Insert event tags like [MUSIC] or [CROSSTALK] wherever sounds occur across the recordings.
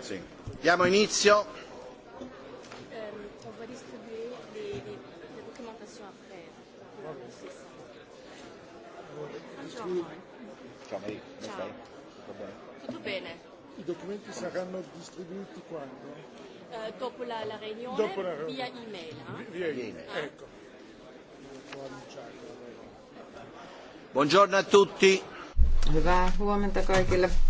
Sì. Diamo inizio. Ehm, eh, Ciao Maria, Tutto bene? Tutto bene. I documenti saranno distribuiti quando? Eh, dopo la, la riunione dopo la... via email. Eh? Via email, ah. ecco. Buongiorno a tutti. Hyvää huomenta kaikille.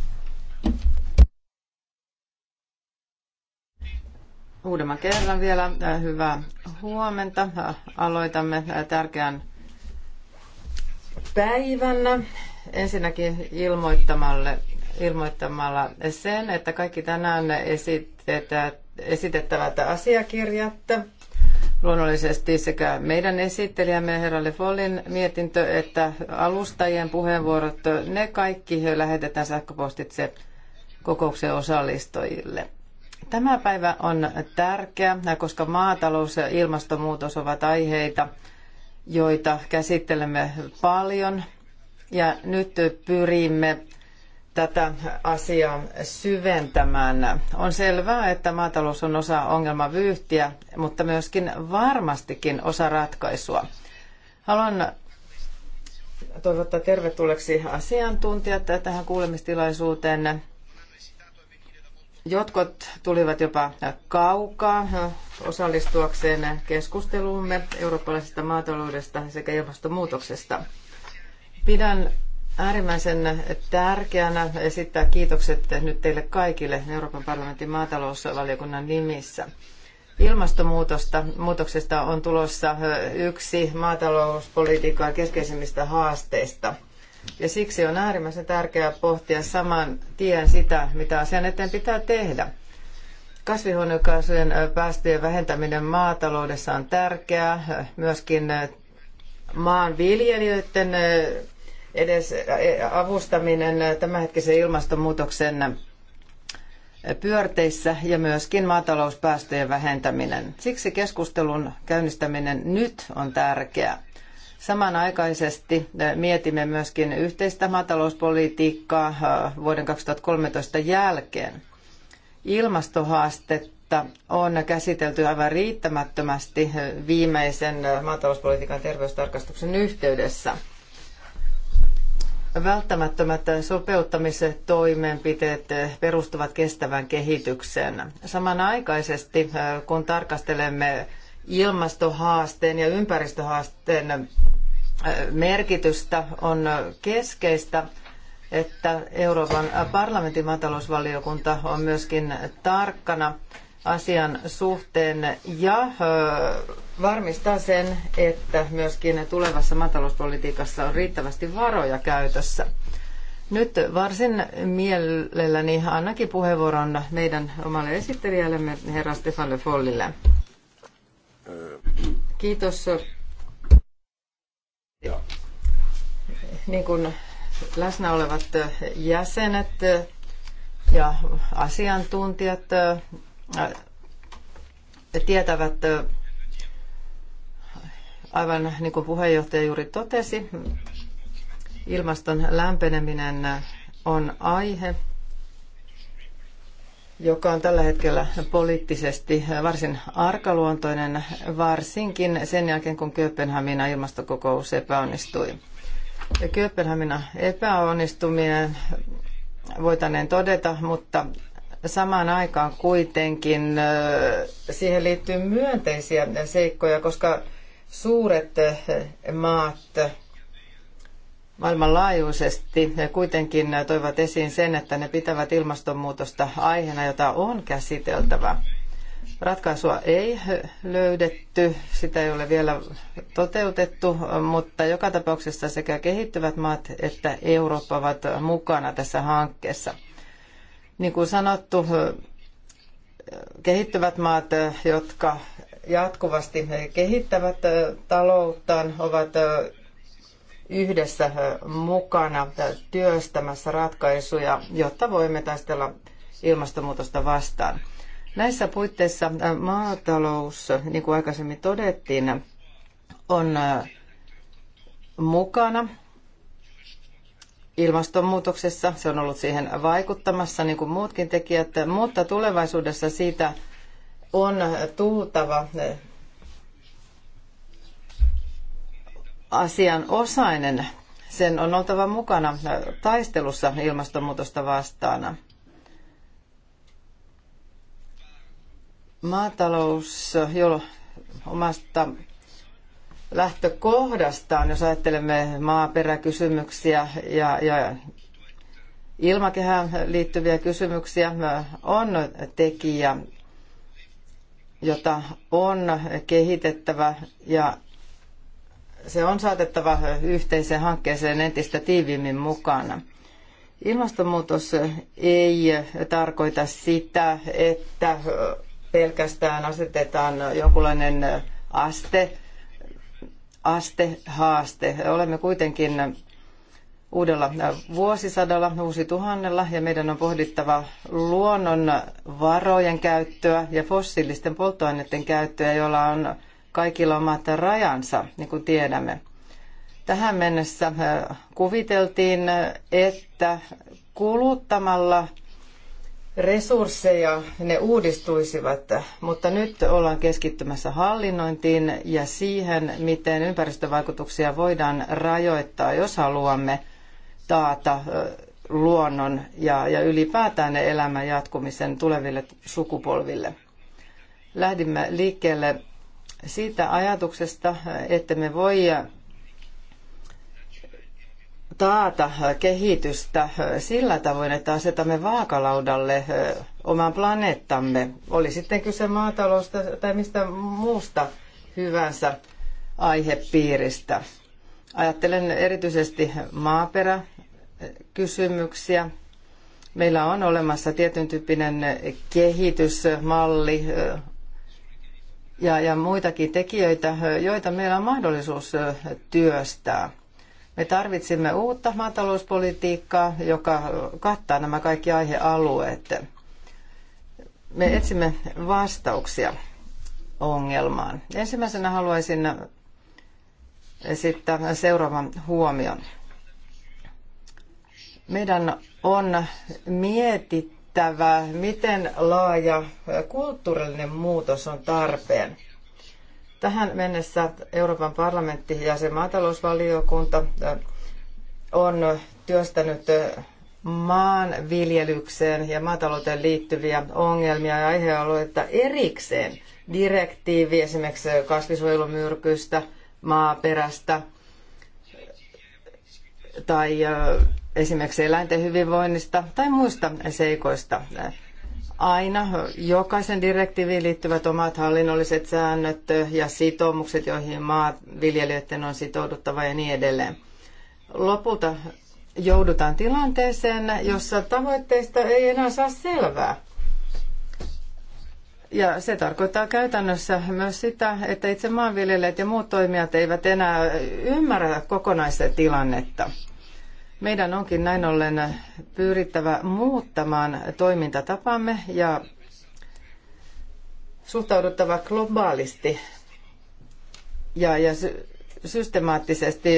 uudemman kerran vielä äh, hyvää huomenta. Äh, aloitamme äh, tärkeän päivän. Ensinnäkin ilmoittamalle, ilmoittamalla sen, että kaikki tänään esitettävät asiakirjat, luonnollisesti sekä meidän esittelijämme herra Lefollin mietintö että alustajien puheenvuorot, ne kaikki lähetetään sähköpostitse kokouksen osallistujille. Tämä päivä on tärkeä, koska maatalous ja ilmastonmuutos ovat aiheita, joita käsittelemme paljon. Ja nyt pyrimme tätä asiaa syventämään. On selvää, että maatalous on osa ongelmavyyhtiä, mutta myöskin varmastikin osa ratkaisua. Haluan toivottaa tervetulleeksi asiantuntijat tähän kuulemistilaisuuteen. Jotkut tulivat jopa kaukaa no, osallistuakseen keskusteluumme eurooppalaisesta maataloudesta sekä ilmastonmuutoksesta. Pidän äärimmäisen tärkeänä esittää kiitokset nyt teille kaikille Euroopan parlamentin maatalousvaliokunnan nimissä. Ilmastonmuutosta muutoksesta on tulossa yksi maatalouspolitiikan keskeisimmistä haasteista – ja siksi on äärimmäisen tärkeää pohtia saman tien sitä, mitä asian eteen pitää tehdä. Kasvihuonekaasujen päästöjen vähentäminen maataloudessa on tärkeää. Myöskin maanviljelijöiden edes e, avustaminen tämänhetkisen ilmastonmuutoksen pyörteissä ja myöskin maatalouspäästöjen vähentäminen. Siksi keskustelun käynnistäminen nyt on tärkeää. Samanaikaisesti eh, mietimme myöskin yhteistä maatalouspolitiikkaa eh, vuoden 2013 jälkeen. Ilmastohaastetta on käsitelty aivan riittämättömästi eh, viimeisen maatalouspolitiikan terveystarkastuksen yhteydessä. Välttämättömät sopeuttamistoimenpiteet perustuvat kestävän kehitykseen. Samanaikaisesti, kun tarkastelemme ilmastohaasteen ja ympäristöhaasteen äh, merkitystä on keskeistä, että Euroopan parlamentin maatalousvaliokunta on myöskin tarkkana asian suhteen ja äh, varmistaa sen, että myöskin tulevassa maatalouspolitiikassa on riittävästi varoja käytössä. Nyt varsin mielelläni annakin puheenvuoron meidän omalle esittelijällemme herra Stefan Follille. Kiitos. Niin kuin läsnä olevat jäsenet ja asiantuntijat äh, tietävät äh, aivan niin kuin puheenjohtaja juuri totesi, ilmaston lämpeneminen on aihe, joka on tällä hetkellä poliittisesti varsin arkaluontoinen, varsinkin sen jälkeen, kun Kööpenhamina ilmastokokous epäonnistui. Kööpenhamina epäonnistuminen voitaneen todeta, mutta samaan aikaan kuitenkin äh, siihen liittyy myönteisiä seikkoja, koska suuret äh, maat maailmanlaajuisesti kuitenkin toivat esiin sen, että ne pitävät ilmastonmuutosta aiheena, jota on käsiteltävä. Ratkaisua ei löydetty, sitä ei ole vielä toteutettu, mutta joka tapauksessa sekä kehittyvät maat että Eurooppa ovat mukana tässä hankkeessa. Niin kuin sanottu, kehittyvät maat, jotka jatkuvasti kehittävät talouttaan, ovat yhdessä mukana työstämässä ratkaisuja, jotta voimme taistella ilmastonmuutosta vastaan. Näissä puitteissa maatalous, niin kuin aikaisemmin todettiin, on mukana ilmastonmuutoksessa. Se on ollut siihen vaikuttamassa, niin kuin muutkin tekijät, mutta tulevaisuudessa siitä on tultava Asian osainen, Sen on oltava mukana taistelussa ilmastonmuutosta vastaan. Maatalous jo omasta lähtökohdastaan, jos ajattelemme maaperäkysymyksiä ja, ja ilmakehään liittyviä kysymyksiä, on tekijä, jota on kehitettävä ja se on saatettava yhteiseen hankkeeseen entistä tiiviimmin mukana. Ilmastonmuutos ei tarkoita sitä, että pelkästään asetetaan jonkunlainen aste, aste, haaste. Olemme kuitenkin uudella vuosisadalla, vuosituhannella, ja meidän on pohdittava luonnonvarojen käyttöä ja fossiilisten polttoaineiden käyttöä, joilla on kaikilla omat rajansa, niin kuin tiedämme. Tähän mennessä äh, kuviteltiin, äh, että kuluttamalla resursseja ne uudistuisivat, mutta nyt ollaan keskittymässä hallinnointiin ja siihen, miten ympäristövaikutuksia voidaan rajoittaa, jos haluamme taata äh, luonnon ja, ja ylipäätään elämän jatkumisen tuleville sukupolville. Lähdimme liikkeelle siitä ajatuksesta, että me voi taata kehitystä sillä tavoin, että asetamme vaakalaudalle oman planeettamme. Oli sitten kyse maatalousta tai mistä muusta hyvänsä aihepiiristä. Ajattelen erityisesti maaperäkysymyksiä. Meillä on olemassa tietyn tyyppinen kehitysmalli, ja, ja muitakin tekijöitä, joita meillä on mahdollisuus työstää. Me tarvitsemme uutta maatalouspolitiikkaa, joka kattaa nämä kaikki aihealueet. Me etsimme vastauksia ongelmaan. Ensimmäisenä haluaisin esittää seuraavan huomion. Meidän on mietitty, merkittävä, miten laaja kulttuurillinen muutos on tarpeen. Tähän mennessä Euroopan parlamentti ja sen maatalousvaliokunta on työstänyt maanviljelykseen ja maatalouteen liittyviä ongelmia ja aihealueita erikseen. Direktiivi esimerkiksi kasvisuojelumyrkystä, maaperästä tai esimerkiksi eläinten hyvinvoinnista tai muista seikoista. Aina jokaisen direktiiviin liittyvät omat hallinnolliset säännöt ja sitoumukset, joihin maanviljelijöiden on sitouduttava ja niin edelleen. Lopulta joudutaan tilanteeseen, jossa tavoitteista ei enää saa selvää. Ja se tarkoittaa käytännössä myös sitä, että itse maanviljelijät ja muut toimijat eivät enää ymmärrä kokonaista tilannetta. Meidän onkin näin ollen pyrittävä muuttamaan toimintatapamme ja suhtauduttava globaalisti ja, ja systemaattisesti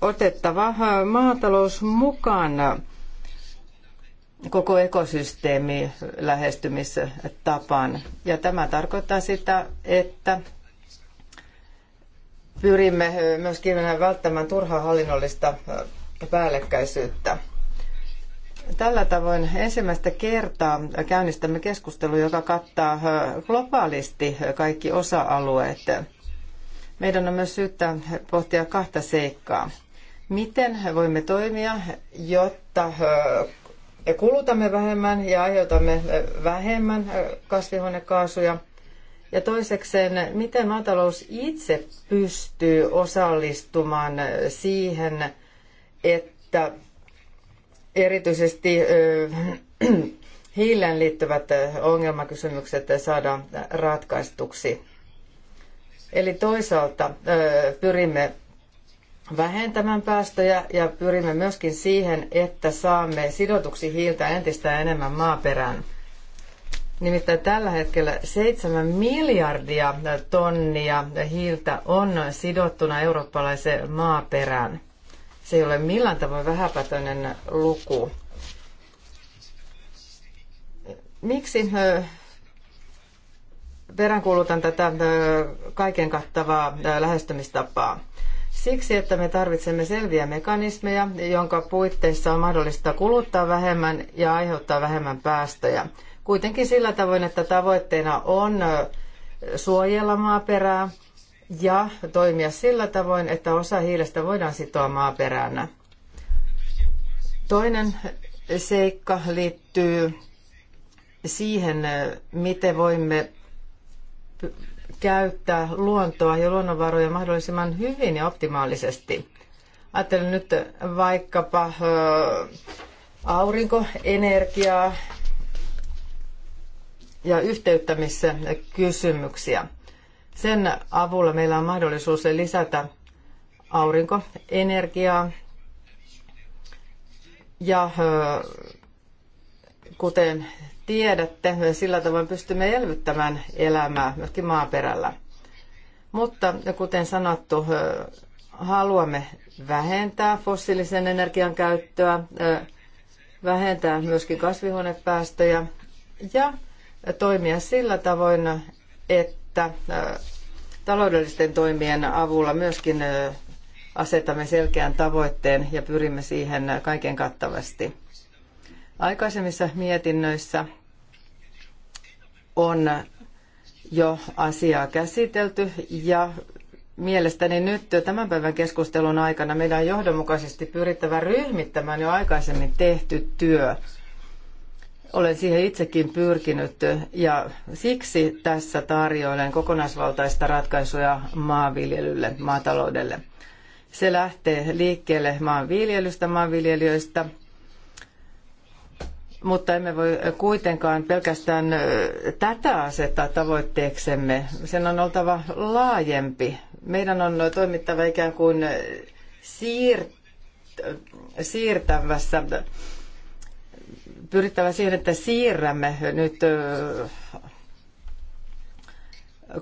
otettava maatalous mukaan koko ekosysteemi lähestymistapaan. Ja tämä tarkoittaa sitä, että pyrimme myöskin välttämään turhaa hallinnollista päällekkäisyyttä. Tällä tavoin ensimmäistä kertaa käynnistämme keskustelun, joka kattaa globaalisti kaikki osa-alueet. Meidän on myös syytä pohtia kahta seikkaa. Miten voimme toimia, jotta kulutamme vähemmän ja aiheutamme vähemmän kasvihuonekaasuja? Ja toisekseen, miten maatalous itse pystyy osallistumaan siihen, että erityisesti [CLEARS THROAT] hiileen liittyvät ongelmakysymykset saadaan ratkaistuksi. Eli toisaalta pyrimme vähentämään päästöjä ja pyrimme myöskin siihen, että saamme sidotuksi hiiltä entistä enemmän maaperään. Nimittäin tällä hetkellä 7 miljardia tonnia hiiltä on sidottuna eurooppalaiseen maaperään. Se ei ole millään tavoin vähäpätöinen luku. Miksi peräänkuulutan tätä kaiken kattavaa lähestymistapaa? Siksi, että me tarvitsemme selviä mekanismeja, jonka puitteissa on mahdollista kuluttaa vähemmän ja aiheuttaa vähemmän päästöjä. Kuitenkin sillä tavoin, että tavoitteena on suojella maaperää ja toimia sillä tavoin, että osa hiilestä voidaan sitoa maaperänä. Toinen seikka liittyy siihen, miten voimme käyttää luontoa ja luonnonvaroja mahdollisimman hyvin ja optimaalisesti. Ajattelen nyt vaikkapa aurinkoenergiaa ja yhteyttämissä kysymyksiä. Sen avulla meillä on mahdollisuus lisätä aurinkoenergiaa. Ja kuten tiedätte, sillä tavoin pystymme elvyttämään elämää myöskin maaperällä. Mutta kuten sanottu, haluamme vähentää fossiilisen energian käyttöä, vähentää myöskin kasvihuonepäästöjä ja toimia sillä tavoin, että että taloudellisten toimien avulla myöskin asetamme selkeän tavoitteen ja pyrimme siihen kaiken kattavasti. Aikaisemmissa mietinnöissä on jo asiaa käsitelty ja mielestäni nyt tämän päivän keskustelun aikana meidän on johdonmukaisesti pyrittävä ryhmittämään jo aikaisemmin tehty työ olen siihen itsekin pyrkinyt ja siksi tässä tarjoilen kokonaisvaltaista ratkaisuja maanviljelylle, maataloudelle. Se lähtee liikkeelle maanviljelystä, maanviljelijöistä, mutta emme voi kuitenkaan pelkästään tätä asettaa tavoitteeksemme. Sen on oltava laajempi. Meidän on toimittava ikään kuin siirt, siirtävässä pyrittävä siihen, että siirrämme nyt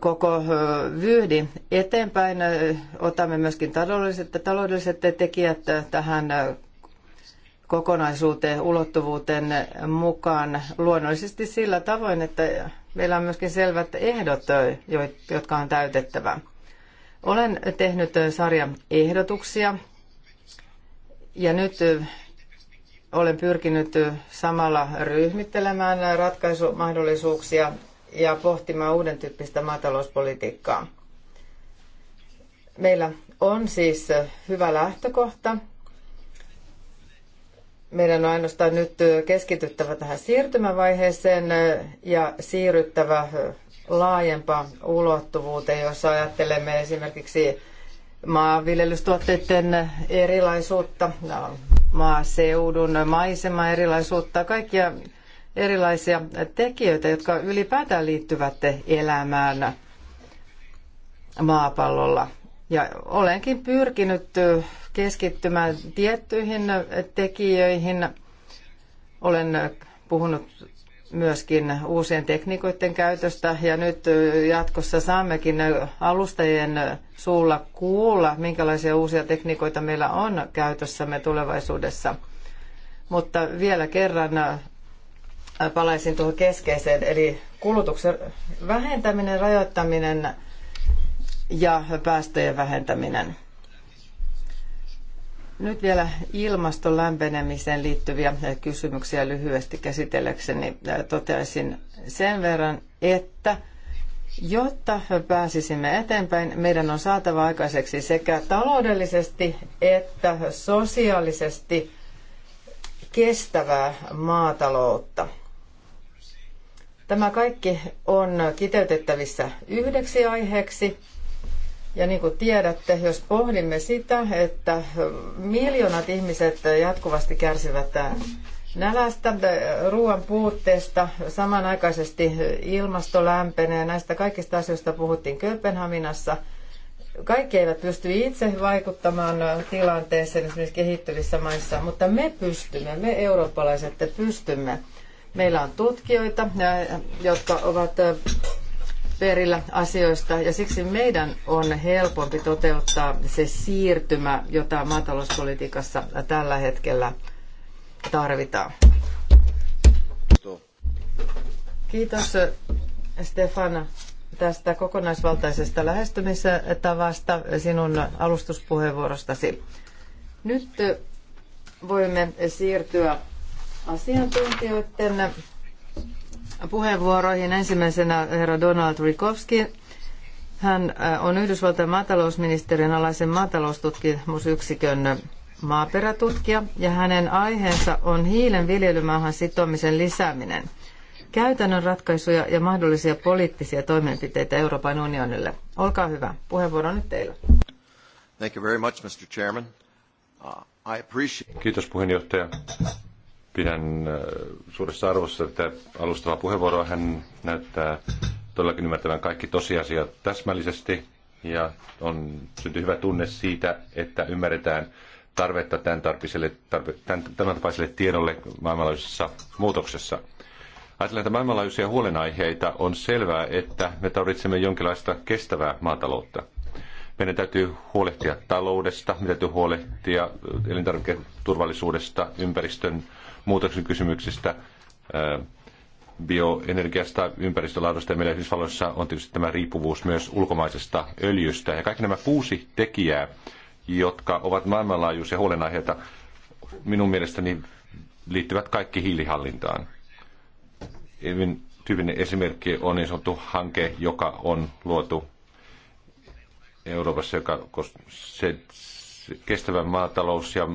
koko vyhdin eteenpäin. Otamme myöskin taloudelliset, taloudelliset tekijät tähän kokonaisuuteen, ulottuvuuteen mukaan luonnollisesti sillä tavoin, että meillä on myöskin selvät ehdot, jotka on täytettävä. Olen tehnyt sarjan ehdotuksia ja nyt olen pyrkinyt samalla ryhmittelemään ratkaisumahdollisuuksia ja pohtimaan uuden tyyppistä maatalouspolitiikkaa. Meillä on siis hyvä lähtökohta. Meidän on ainoastaan nyt keskityttävä tähän siirtymävaiheeseen ja siirryttävä laajempaan ulottuvuuteen, jossa ajattelemme esimerkiksi maanviljelystuotteiden erilaisuutta, maaseudun maisema erilaisuutta, kaikkia erilaisia tekijöitä, jotka ylipäätään liittyvät elämään maapallolla. Ja olenkin pyrkinyt keskittymään tiettyihin tekijöihin. Olen puhunut myöskin uusien tekniikoiden käytöstä ja nyt jatkossa saammekin alustajien suulla kuulla, minkälaisia uusia tekniikoita meillä on käytössämme tulevaisuudessa. Mutta vielä kerran palaisin tuohon keskeiseen, eli kulutuksen vähentäminen, rajoittaminen ja päästöjen vähentäminen. Nyt vielä ilmaston lämpenemiseen liittyviä äh, kysymyksiä lyhyesti käsitelläkseni äh, toteaisin sen verran, että jotta pääsisimme eteenpäin, meidän on saatava aikaiseksi sekä taloudellisesti että sosiaalisesti kestävää maataloutta. Tämä kaikki on kiteytettävissä yhdeksi aiheeksi – ja niin kuin tiedätte, jos pohdimme sitä, että miljoonat ihmiset jatkuvasti kärsivät nälästä, ruoan puutteesta, samanaikaisesti ilmasto lämpenee, näistä kaikista asioista puhuttiin Kööpenhaminassa. Kaikki eivät pysty itse vaikuttamaan tilanteeseen esimerkiksi kehittyvissä maissa, mutta me pystymme, me eurooppalaiset pystymme. Meillä on tutkijoita, jotka ovat perillä asioista ja siksi meidän on helpompi toteuttaa se siirtymä, jota maatalouspolitiikassa tällä hetkellä tarvitaan. Kiitos Stefana tästä kokonaisvaltaisesta lähestymistavasta sinun alustuspuheenvuorostasi. Nyt voimme siirtyä asiantuntijoiden puheenvuoroihin. Ensimmäisenä herra Donald Rikovski. Hän äh, on Yhdysvaltain maatalousministeriön alaisen maataloustutkimusyksikön äh, maaperätutkija ja hänen aiheensa on hiilen viljelymaahan sitomisen lisääminen. Käytännön ratkaisuja ja mahdollisia poliittisia toimenpiteitä Euroopan unionille. Olkaa hyvä. Puheenvuoro on nyt teillä. Thank you very much, Mr. Chairman. Uh, I appreciate... Kiitos puheenjohtaja pidän äh, suuressa arvossa tätä alustavaa puheenvuoroa. Hän näyttää todellakin ymmärtävän kaikki tosiasiat täsmällisesti ja on syntynyt hyvä tunne siitä, että ymmärretään tarvetta tämän, tarpeiselle, tarpe, tämän, tämän tapaiselle tiedolle maailmanlaajuisessa muutoksessa. Ajatellaan, että maailmanlaajuisia huolenaiheita on selvää, että me tarvitsemme jonkinlaista kestävää maataloutta. Meidän täytyy huolehtia taloudesta, meidän täytyy huolehtia elintarviketurvallisuudesta, ympäristön muutoksen kysymyksistä, bioenergiasta, ympäristölaadusta ja meillä Yhdysvalloissa on tietysti tämä riippuvuus myös ulkomaisesta öljystä. Ja kaikki nämä kuusi tekijää, jotka ovat maailmanlaajuisia huolenaiheita, minun mielestäni liittyvät kaikki hiilihallintaan. Hyvin tyypillinen esimerkki on niin sanottu hanke, joka on luotu Euroopassa, joka se kestävä maatalous ja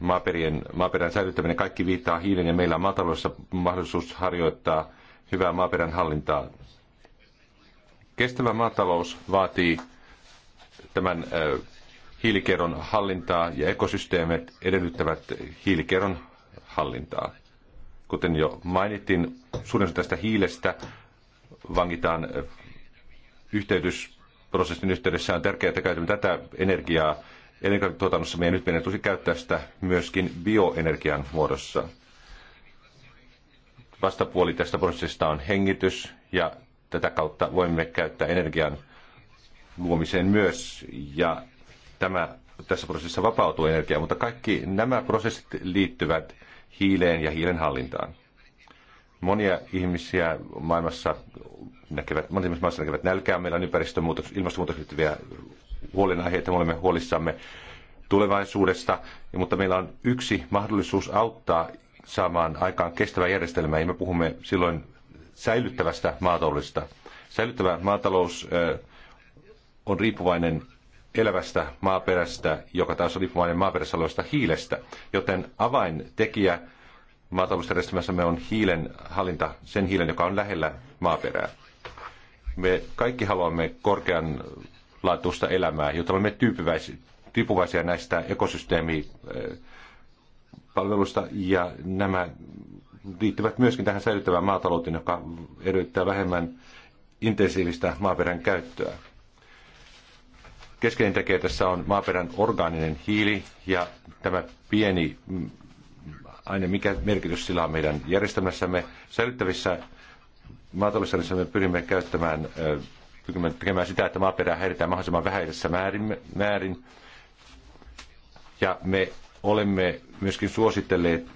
maaperien, maaperän säilyttäminen, kaikki viittaa hiilen ja meillä on maataloudessa mahdollisuus harjoittaa hyvää maaperän hallintaa. Kestävä maatalous vaatii tämän hiilikerron hallintaa ja ekosysteemit edellyttävät hiilikerron hallintaa. Kuten jo mainittiin, suurin osa tästä hiilestä vangitaan yhteydysprosessin yhteydessä. On tärkeää, että käytämme tätä energiaa elintarvituotannossa meidän nyt meidän tulisi käyttää sitä myöskin bioenergian muodossa. Vastapuoli tästä prosessista on hengitys ja tätä kautta voimme käyttää energian luomiseen myös ja tämä tässä prosessissa vapautuu energiaa, mutta kaikki nämä prosessit liittyvät hiileen ja hiilen hallintaan. Monia ihmisiä maailmassa näkevät, monia ihmisiä maailmassa näkevät nälkää, meillä on ympäristömuutos, ilmastonmuutos liittyviä huolenaiheita, me olemme huolissamme tulevaisuudesta, mutta meillä on yksi mahdollisuus auttaa saamaan aikaan kestävää järjestelmää, ja me puhumme silloin säilyttävästä maataloudesta. Säilyttävä maatalous eh, on riippuvainen elävästä maaperästä, joka taas on riippuvainen maaperässä olevasta hiilestä. Joten avaintekijä maatalousjärjestelmässämme on hiilen hallinta, sen hiilen, joka on lähellä maaperää. Me kaikki haluamme korkean laatuista elämää, jotta olemme tyytyväisiä, tyypuvaisia näistä ekosysteemipalveluista ja nämä liittyvät myöskin tähän säilyttävään maatalouteen, joka edellyttää vähemmän intensiivistä maaperän käyttöä. Keskeinen tekijä tässä on maaperän orgaaninen hiili ja tämä pieni aine, mikä merkitys sillä on meidän järjestelmässämme. Säilyttävissä maataloudessa me pyrimme käyttämään pyrkimme tekemään sitä, että maaperää häiritään mahdollisimman vähäisessä määrin, määrin. Ja me olemme myöskin suositelleet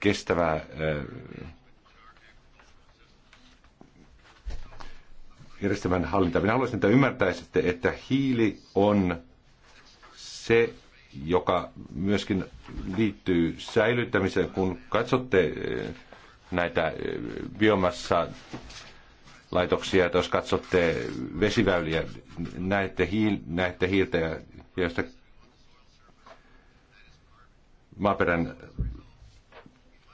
kestävää äh, järjestelmän hallintaa, Minä haluaisin, että ymmärtäisitte, että hiili on se, joka myöskin liittyy säilyttämiseen. Kun katsotte äh, näitä äh, biomassa laitoksia. Että jos katsotte vesiväyliä, näette, hiil, näette hiiltä ja joista maaperän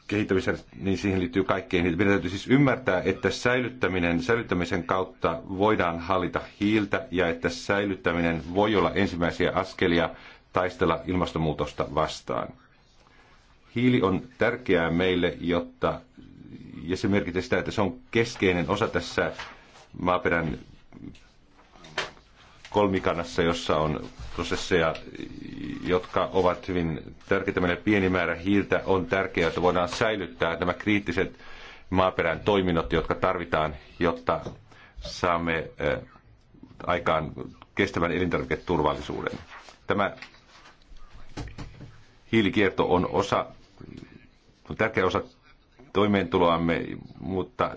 kehittämisen, niin siihen liittyy kaikkein, Meidän täytyy siis ymmärtää, että säilyttäminen, säilyttämisen kautta voidaan hallita hiiltä ja että säilyttäminen voi olla ensimmäisiä askelia taistella ilmastonmuutosta vastaan. Hiili on tärkeää meille, jotta ja se merkitsee sitä, että se on keskeinen osa tässä maaperän kolmikannassa, jossa on prosesseja, jotka ovat hyvin tärkeitä. Meille pieni määrä hiiltä on tärkeää, että voidaan säilyttää nämä kriittiset maaperän toiminnot, jotka tarvitaan, jotta saamme eh, aikaan kestävän elintarviketurvallisuuden. Tämä hiilikierto on osa, on tärkeä osa toimeentuloamme, mutta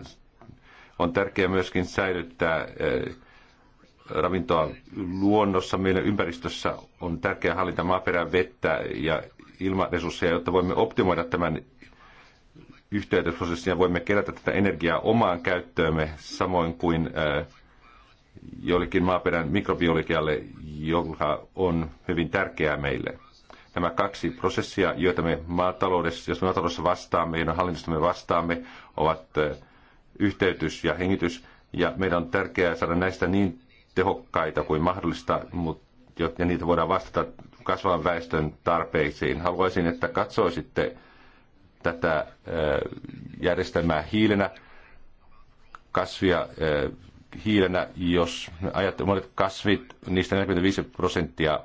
on tärkeää myöskin säilyttää eh, ravintoa luonnossa. Meidän ympäristössä on tärkeää hallita maaperän vettä ja ilmaresursseja, jotta voimme optimoida tämän yhteytysprosessin ja voimme kerätä tätä energiaa omaan käyttöömme samoin kuin eh, jollekin maaperän mikrobiologialle, joka on hyvin tärkeää meille. Nämä kaksi prosessia, joita me maataloudessa, jos maataloudessa vastaamme ja me vastaamme, ovat yhteytys ja hengitys. Ja meidän on tärkeää saada näistä niin tehokkaita kuin mahdollista, mutta ja niitä voidaan vastata kasvavan väestön tarpeisiin. Haluaisin, että katsoisitte tätä järjestelmää hiilenä, kasvia hiilenä, jos ajattelee monet kasvit, niistä 45 prosenttia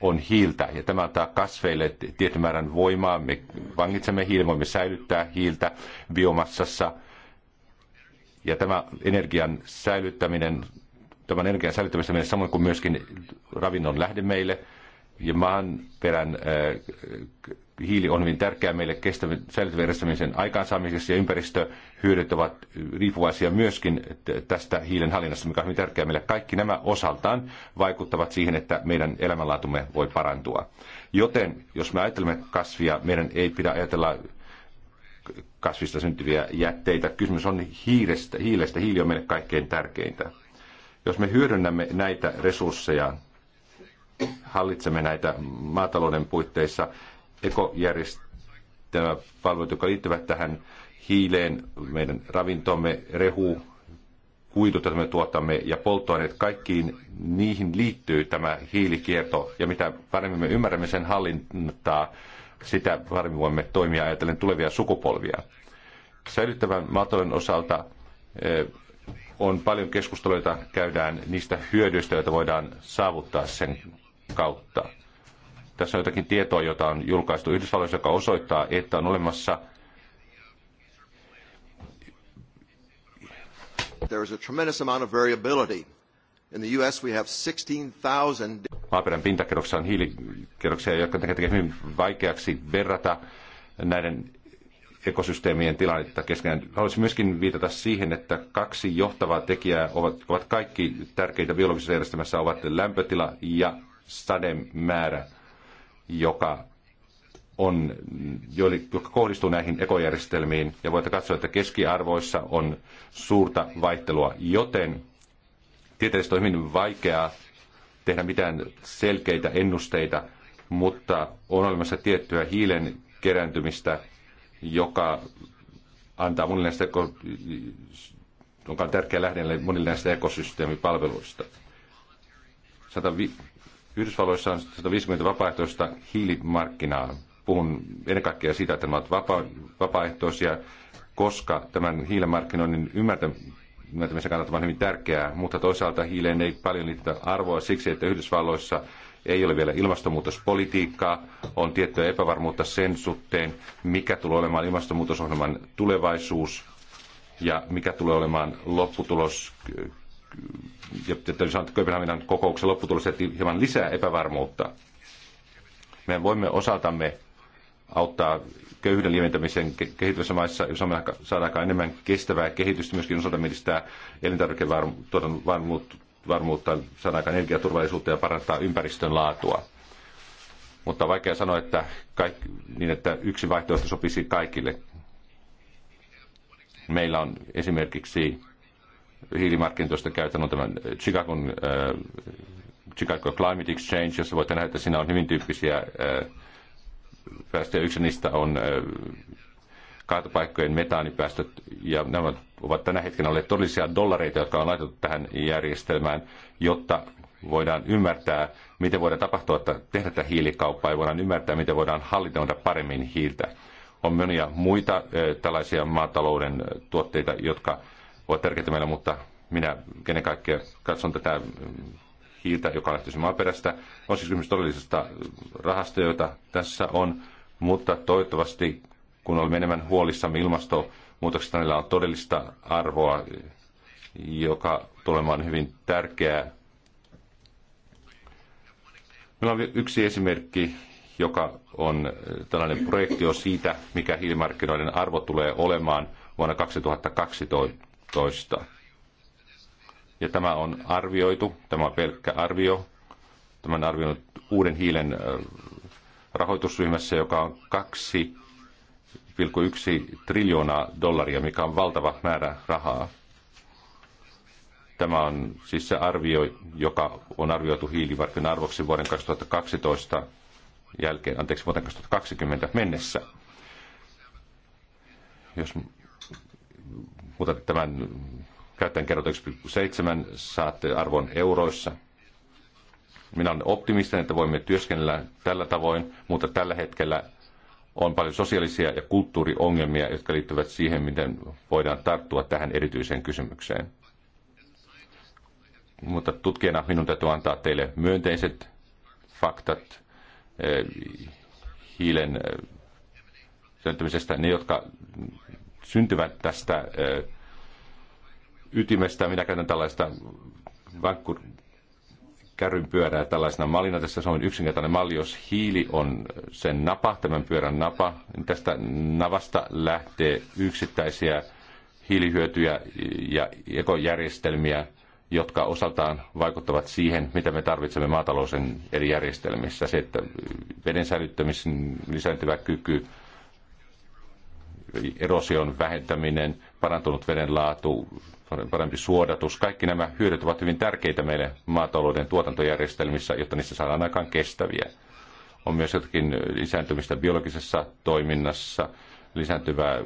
on hiiltä ja tämä antaa kasveille tietyn määrän voimaa. Me vangitsemme hiiltä, voimme säilyttää hiiltä biomassassa ja tämä energian säilyttäminen, tämän energian menee samoin kuin myöskin ravinnon lähde meille ja maanperän äh, hiili on hyvin tärkeää meille kestävän säilyttämisen aikaansaamiseksi ja ympäristöhyödyt ovat riippuvaisia myöskin tästä hiilen hallinnasta, mikä on hyvin tärkeää meille. Kaikki nämä osaltaan vaikuttavat siihen, että meidän elämänlaatumme voi parantua. Joten jos me ajattelemme kasvia, meidän ei pidä ajatella kasvista syntyviä jätteitä. Kysymys on hiilestä. hiilestä. Hiili on meille kaikkein tärkeintä. Jos me hyödynnämme näitä resursseja, hallitsemme näitä maatalouden puitteissa, ekojärjestelmäpalvelut, jotka liittyvät tähän hiileen, meidän ravintomme, rehu, kuidut, joita me tuotamme, ja polttoaineet, kaikkiin niihin liittyy tämä hiilikierto. Ja mitä paremmin me ymmärrämme sen hallintaa, sitä paremmin voimme toimia ajatellen tulevia sukupolvia. Säilyttävän maatalouden osalta eh, on paljon keskusteluita käydään niistä hyödyistä, joita voidaan saavuttaa sen kautta. Tässä on jotakin tietoa, jota on julkaistu Yhdysvalloissa, joka osoittaa, että on olemassa There is a tremendous amount of variability. In the US we have 16,000... Maaperän pintakerroksessa on hiilikerroksia, jotka tekee hyvin vaikeaksi verrata näiden ekosysteemien tilannetta keskenään. Haluaisin myöskin viitata siihen, että kaksi johtavaa tekijää ovat, ovat kaikki tärkeitä biologisessa järjestelmässä, ovat lämpötila ja sademäärä joka on, joka kohdistuu näihin ekojärjestelmiin, ja voitte katsoa, että keskiarvoissa on suurta vaihtelua, joten tieteellisesti on hyvin vaikeaa tehdä mitään selkeitä ennusteita, mutta on olemassa tiettyä hiilen kerääntymistä, joka antaa monille näistä, joka on tärkeä lähdelle monille näistä ekosysteemipalveluista. Yhdysvalloissa on 150 vapaaehtoista hiilimarkkinaa. Puhun ennen kaikkea siitä, että ne ovat vapa- vapaaehtoisia, koska tämän hiilimarkkinoinnin ymmärtämisen kannalta on hyvin tärkeää, mutta toisaalta hiileen ei paljon liitetä arvoa siksi, että Yhdysvalloissa ei ole vielä ilmastonmuutospolitiikkaa, on tiettyä epävarmuutta sen suhteen, mikä tulee olemaan ilmastonmuutosohjelman tulevaisuus ja mikä tulee olemaan lopputulos ja sanoa, Kööpenhaminan kokouksen lopputulos jätti hieman lisää epävarmuutta. Me voimme osaltamme auttaa köyhyyden lieventämisen kehittyvissä maissa, jos saadaan enemmän kestävää kehitystä, myöskin osalta edistää elintarvikevarmuutta, saadaan energiaturvallisuutta ja parantaa ympäristön laatua. Mutta vaikea sanoa, että kaikki, niin, että yksi vaihtoehto sopisi kaikille. Meillä on esimerkiksi hiilimarkkinoista käytän on tämän äh, Chicagon, äh, Chicago Climate Exchange, jossa voitte nähdä, että siinä on hyvin tyyppisiä äh, päästöjä. Yksi niistä on äh, kaatopaikkojen metaanipäästöt, ja nämä ovat tänä hetkenä olleet todellisia dollareita, jotka on laitettu tähän järjestelmään, jotta voidaan ymmärtää, miten voidaan tapahtua, että tehdä tätä hiilikauppaa ja voidaan ymmärtää, miten voidaan hallita paremmin hiiltä. On monia muita äh, tällaisia maatalouden äh, tuotteita, jotka ovat tärkeitä meillä, mutta minä kenen kaikkea katson tätä mm, hiiltä, joka lähtee maaperästä. On siis kysymys todellisesta rahasta, joita tässä on, mutta toivottavasti kun olemme enemmän huolissamme ilmastonmuutoksesta, niillä on todellista arvoa, joka tulemaan hyvin tärkeää. Meillä on yksi esimerkki, joka on eh, tällainen projektio siitä, mikä hiilimarkkinoiden arvo tulee olemaan vuonna 2012 12. Ja tämä on arvioitu, tämä on pelkkä arvio. Tämä on arvioinut uuden hiilen rahoitusryhmässä, joka on 2,1 triljoonaa dollaria, mikä on valtava määrä rahaa. Tämä on siis se arvio, joka on arvioitu hiilivarkkin arvoksi vuoden 2012 jälkeen, anteeksi, vuoden 2020 mennessä. Jos mutta tämän käyttäen kerrot 1,7 saatte arvon euroissa. Minä olen optimistinen, että voimme työskennellä tällä tavoin, mutta tällä hetkellä on paljon sosiaalisia ja kulttuuriongelmia, jotka liittyvät siihen, miten voidaan tarttua tähän erityiseen kysymykseen. Mutta tutkijana minun täytyy antaa teille myönteiset faktat eh, hiilen eh, syntymisestä. Ne, jotka syntyvät tästä ytimestä. Minä käytän tällaista vankku kärryn pyörää tällaisena mallina. Tässä on yksinkertainen malli, jos hiili on sen napa, tämän pyörän napa, niin tästä navasta lähtee yksittäisiä hiilihyötyjä ja ekojärjestelmiä, jotka osaltaan vaikuttavat siihen, mitä me tarvitsemme maatalousen eri järjestelmissä. Se, että veden säilyttämisen lisääntyvä kyky, erosion vähentäminen, parantunut veden laatu, parempi suodatus. Kaikki nämä hyödyt ovat hyvin tärkeitä meille maatalouden tuotantojärjestelmissä, jotta niistä saadaan aikaan kestäviä. On myös jotakin lisääntymistä biologisessa toiminnassa, lisääntyvää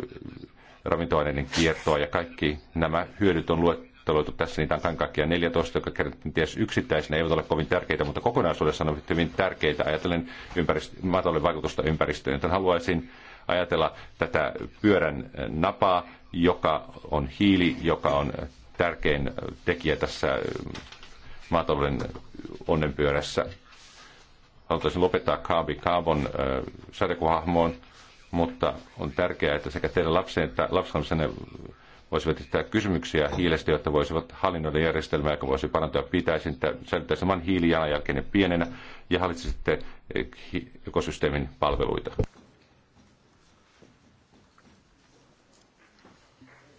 ravintoaineiden kiertoa ja kaikki nämä hyödyt on luetteloitu tässä. Niitä on kaiken kaikkiaan 14, jotka kerrottiin yksittäisinä eivät ole kovin tärkeitä, mutta kokonaisuudessaan ovat hyvin tärkeitä. Ajatellen ympäristö, maatalouden vaikutusta ympäristöön. Joten haluaisin ajatella tätä pyörän napaa, joka on hiili, joka on tärkein tekijä tässä maatalouden onnenpyörässä. Haluaisin lopettaa Kaabi Kaabon sadekuhahmoon, mutta on tärkeää, että sekä teidän lapsen että lapsenlapsenne voisivat esittää kysymyksiä hiilestä, jotta voisivat hallinnoida järjestelmää, joka voisi parantaa pitäisin, että säilyttää saman hiilijalanjälkeen pienenä ja hallitsisitte eh, ekosysteemin palveluita.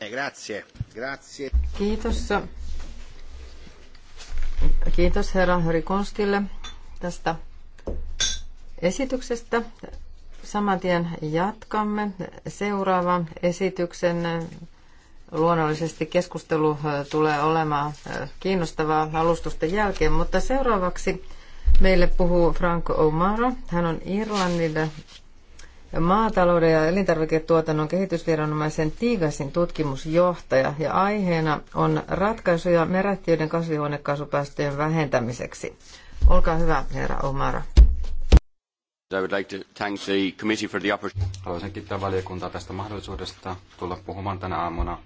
Eh, grazie. Grazie. Kiitos. Kiitos herra Höri tästä esityksestä. Saman tien jatkamme seuraavan esityksen. Luonnollisesti keskustelu eh, tulee olemaan eh, kiinnostavaa alustusten jälkeen, mutta seuraavaksi meille puhuu Franco O'Mara. Hän on Irlannin maatalouden ja elintarviketuotannon kehitysviranomaisen Tiigasin tutkimusjohtaja ja aiheena on ratkaisuja merättiöiden kasvihuonekaasupäästöjen vähentämiseksi. Olkaa hyvä, herra Omara. I would like to thank the committee for the opportunity. Haluaisin kiittää valiokuntaa tästä mahdollisuudesta tulla puhumaan tänä aamuna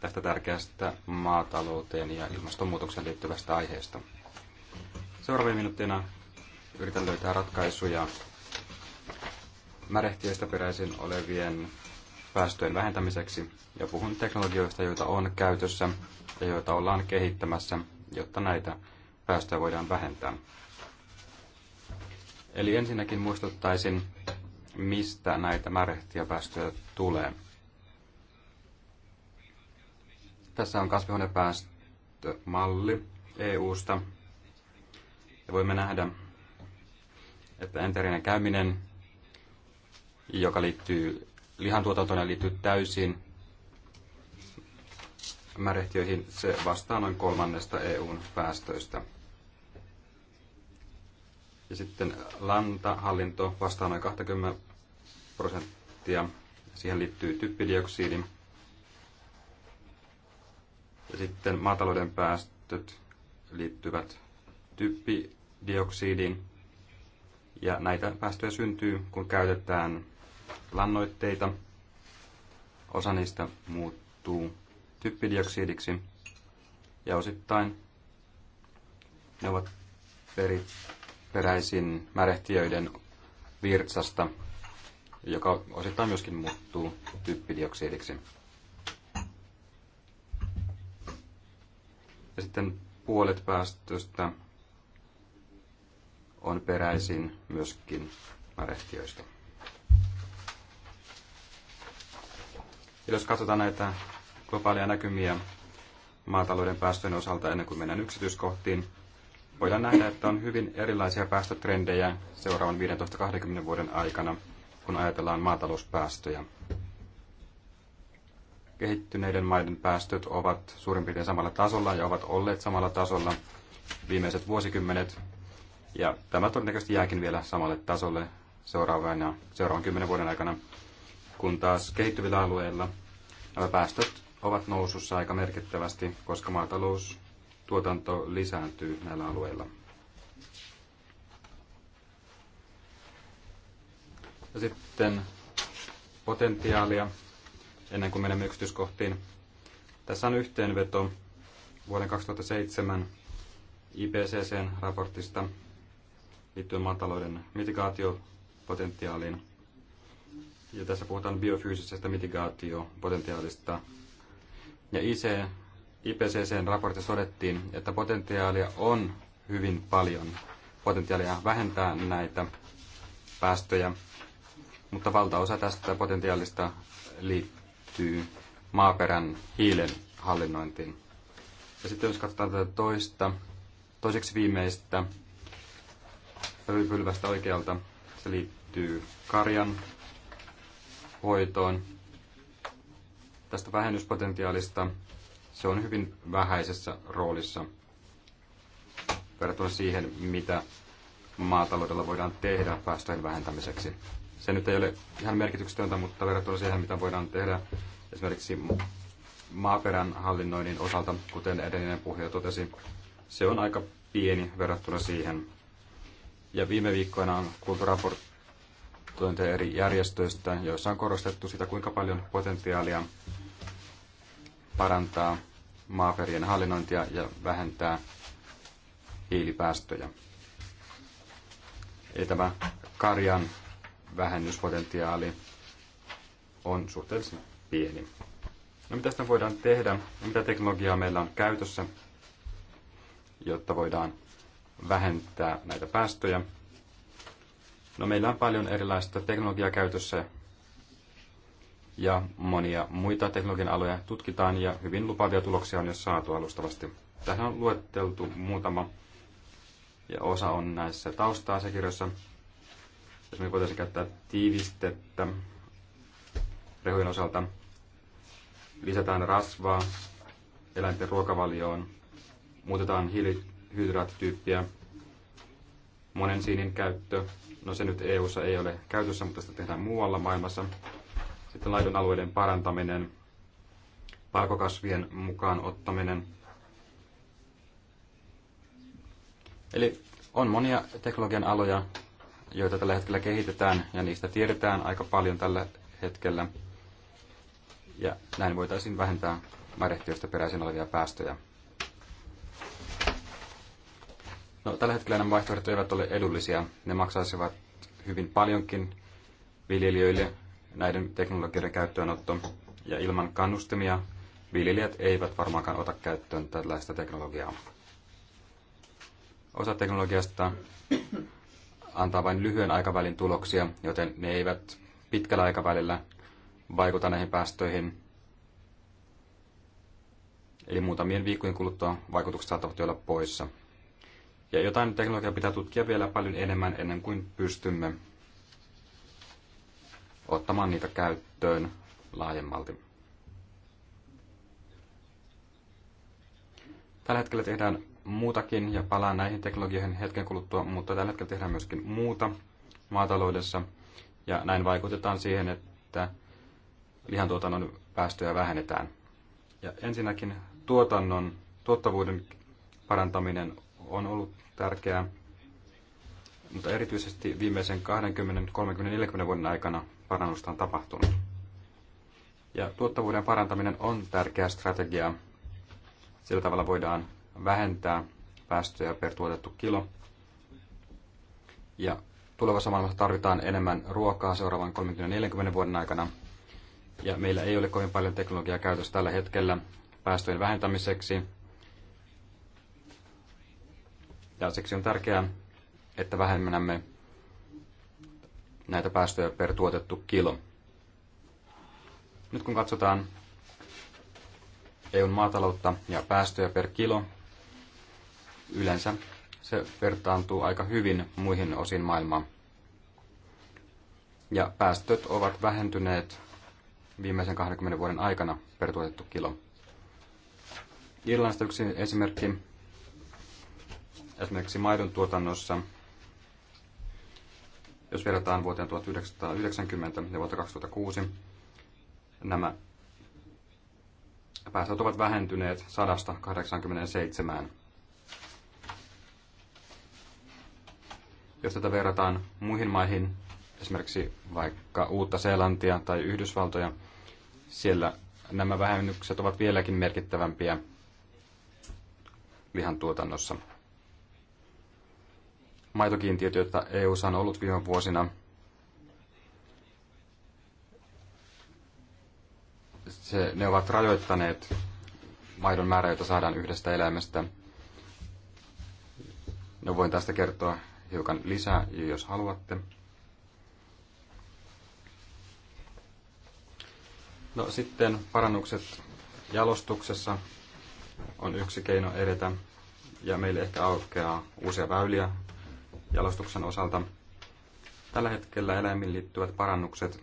tästä tärkeästä maatalouteen ja ilmastonmuutokseen liittyvästä aiheesta. Seuraavien minuuttina yritän löytää ratkaisuja märehtiöistä peräisin olevien päästöjen vähentämiseksi ja puhun teknologioista, joita on käytössä ja joita ollaan kehittämässä, jotta näitä päästöjä voidaan vähentää. Eli ensinnäkin muistuttaisin, mistä näitä märehtiä päästöjä tulee. Tässä on kasvihuonepäästömalli EU-sta. Ja voimme nähdä, että enterinen käyminen joka liittyy lihantuotantoon ja liittyy täysin märehtiöihin. Se vastaa noin kolmannesta EUn päästöistä. Ja sitten lantahallinto vastaa noin 20 prosenttia. Siihen liittyy typpidioksidi. Ja sitten maatalouden päästöt liittyvät typpidioksidiin. Ja näitä päästöjä syntyy, kun käytetään lannoitteita. Osa niistä muuttuu typpidioksidiksi ja osittain ne ovat peri, peräisin märehtiöiden virtsasta, joka osittain myöskin muuttuu typpidioksidiksi. Ja sitten puolet päästöstä on peräisin myöskin märehtiöistä. Eli jos katsotaan näitä globaaleja näkymiä maatalouden päästöjen osalta ennen kuin mennään yksityiskohtiin, voidaan nähdä, että on hyvin erilaisia päästötrendejä seuraavan 15-20 vuoden aikana, kun ajatellaan maatalouspäästöjä. Kehittyneiden maiden päästöt ovat suurin piirtein samalla tasolla ja ovat olleet samalla tasolla viimeiset vuosikymmenet. Ja tämä todennäköisesti jääkin vielä samalle tasolle seuraavana, seuraavan kymmenen vuoden aikana kun taas kehittyvillä alueilla nämä päästöt ovat nousussa aika merkittävästi, koska maataloustuotanto lisääntyy näillä alueilla. Ja sitten potentiaalia, ennen kuin menemme yksityiskohtiin. Tässä on yhteenveto vuoden 2007 IPCCn raportista liittyen maatalouden mitigaatiopotentiaaliin. Ja tässä puhutaan biofyysisestä mitigaatiopotentiaalista. Ja IC, IPCCn raportissa todettiin, että potentiaalia on hyvin paljon. Potentiaalia vähentää näitä päästöjä, mutta valtaosa tästä potentiaalista liittyy maaperän hiilen hallinnointiin. Ja sitten jos katsotaan tätä toista, toiseksi viimeistä sävypylvästä oikealta, se liittyy karjan hoitoon. Tästä vähennyspotentiaalista se on hyvin vähäisessä roolissa verrattuna siihen, mitä maataloudella voidaan tehdä päästöjen vähentämiseksi. Se nyt ei ole ihan merkityksetöntä, mutta verrattuna siihen, mitä voidaan tehdä esimerkiksi maaperän hallinnoinnin osalta, kuten edellinen puhuja totesi, se on aika pieni verrattuna siihen. Ja viime viikkoina on kuultu raportti dokumentointeja eri järjestöistä, joissa on korostettu sitä, kuinka paljon potentiaalia parantaa maaperien hallinnointia ja vähentää hiilipäästöjä. Eli tämä karjan vähennyspotentiaali on suhteellisen pieni. No mitä sitä voidaan tehdä? No, mitä teknologiaa meillä on käytössä, jotta voidaan vähentää näitä päästöjä? No, meillä on paljon erilaista teknologiaa käytössä ja monia muita teknologian aloja tutkitaan ja hyvin lupaavia tuloksia on jo saatu alustavasti. Tähän on luetteltu muutama ja osa on näissä tausta-asiakirjoissa. Jos me voitaisiin käyttää tiivistettä rehujen osalta, lisätään rasvaa eläinten ruokavalioon, muutetaan hiilihydraattityyppiä, monen siinin käyttö, No se nyt EU:ssa ei ole käytössä, mutta sitä tehdään muualla maailmassa. Sitten laidun alueiden parantaminen, palkokasvien mukaan ottaminen. Eli on monia teknologian aloja, joita tällä hetkellä kehitetään ja niistä tiedetään aika paljon tällä hetkellä. Ja näin voitaisiin vähentää märehtiöstä peräisin olevia päästöjä. No, tällä hetkellä nämä vaihtoehdot eivät ole edullisia. Ne maksaisivat hyvin paljonkin viljelijöille näiden teknologioiden käyttöönotto. Ja ilman kannustimia viljelijät eivät varmaankaan ota käyttöön tällaista teknologiaa. Osa teknologiasta antaa vain lyhyen aikavälin tuloksia, joten ne eivät pitkällä aikavälillä vaikuta näihin päästöihin. Eli muutamien viikkojen kuluttua vaikutukset saattavat olla poissa. Ja jotain teknologiaa pitää tutkia vielä paljon enemmän ennen kuin pystymme ottamaan niitä käyttöön laajemmalti. Tällä hetkellä tehdään muutakin ja palaan näihin teknologioihin hetken kuluttua, mutta tällä hetkellä tehdään myöskin muuta maataloudessa ja näin vaikutetaan siihen, että lihantuotannon päästöjä vähennetään. Ja ensinnäkin tuotannon tuottavuuden parantaminen on ollut tärkeää, mutta erityisesti viimeisen 20, 30, 40 vuoden aikana parannusta on tapahtunut. Ja tuottavuuden parantaminen on tärkeä strategia. Sillä tavalla voidaan vähentää päästöjä per tuotettu kilo. Ja tulevassa maailmassa tarvitaan enemmän ruokaa seuraavan 30-40 vuoden aikana. Ja meillä ei ole kovin paljon teknologiaa käytössä tällä hetkellä päästöjen vähentämiseksi ja siksi on tärkeää, että vähennämme näitä päästöjä per tuotettu kilo. Nyt kun katsotaan EUn maataloutta ja päästöjä per kilo, yleensä se vertaantuu aika hyvin muihin osiin maailmaa. Ja päästöt ovat vähentyneet viimeisen 20 vuoden aikana per tuotettu kilo. Irlannista yksi esimerkki. Esimerkiksi maidon tuotannossa, jos verrataan vuoteen 1990 ja vuotta 2006, nämä päästöt ovat vähentyneet 187. Jos tätä verrataan muihin maihin, esimerkiksi vaikka Uutta-Seelantia tai Yhdysvaltoja, siellä nämä vähennykset ovat vieläkin merkittävämpiä lihantuotannossa. tuotannossa maitokiintiöt, joita EU on ollut viime vuosina, se, ne ovat rajoittaneet maidon määrää, jota saadaan yhdestä eläimestä. No voin tästä kertoa hiukan lisää, jos haluatte. No sitten parannukset jalostuksessa on yksi keino edetä ja meille ehkä aukeaa uusia väyliä jalostuksen osalta. Tällä hetkellä eläimiin liittyvät parannukset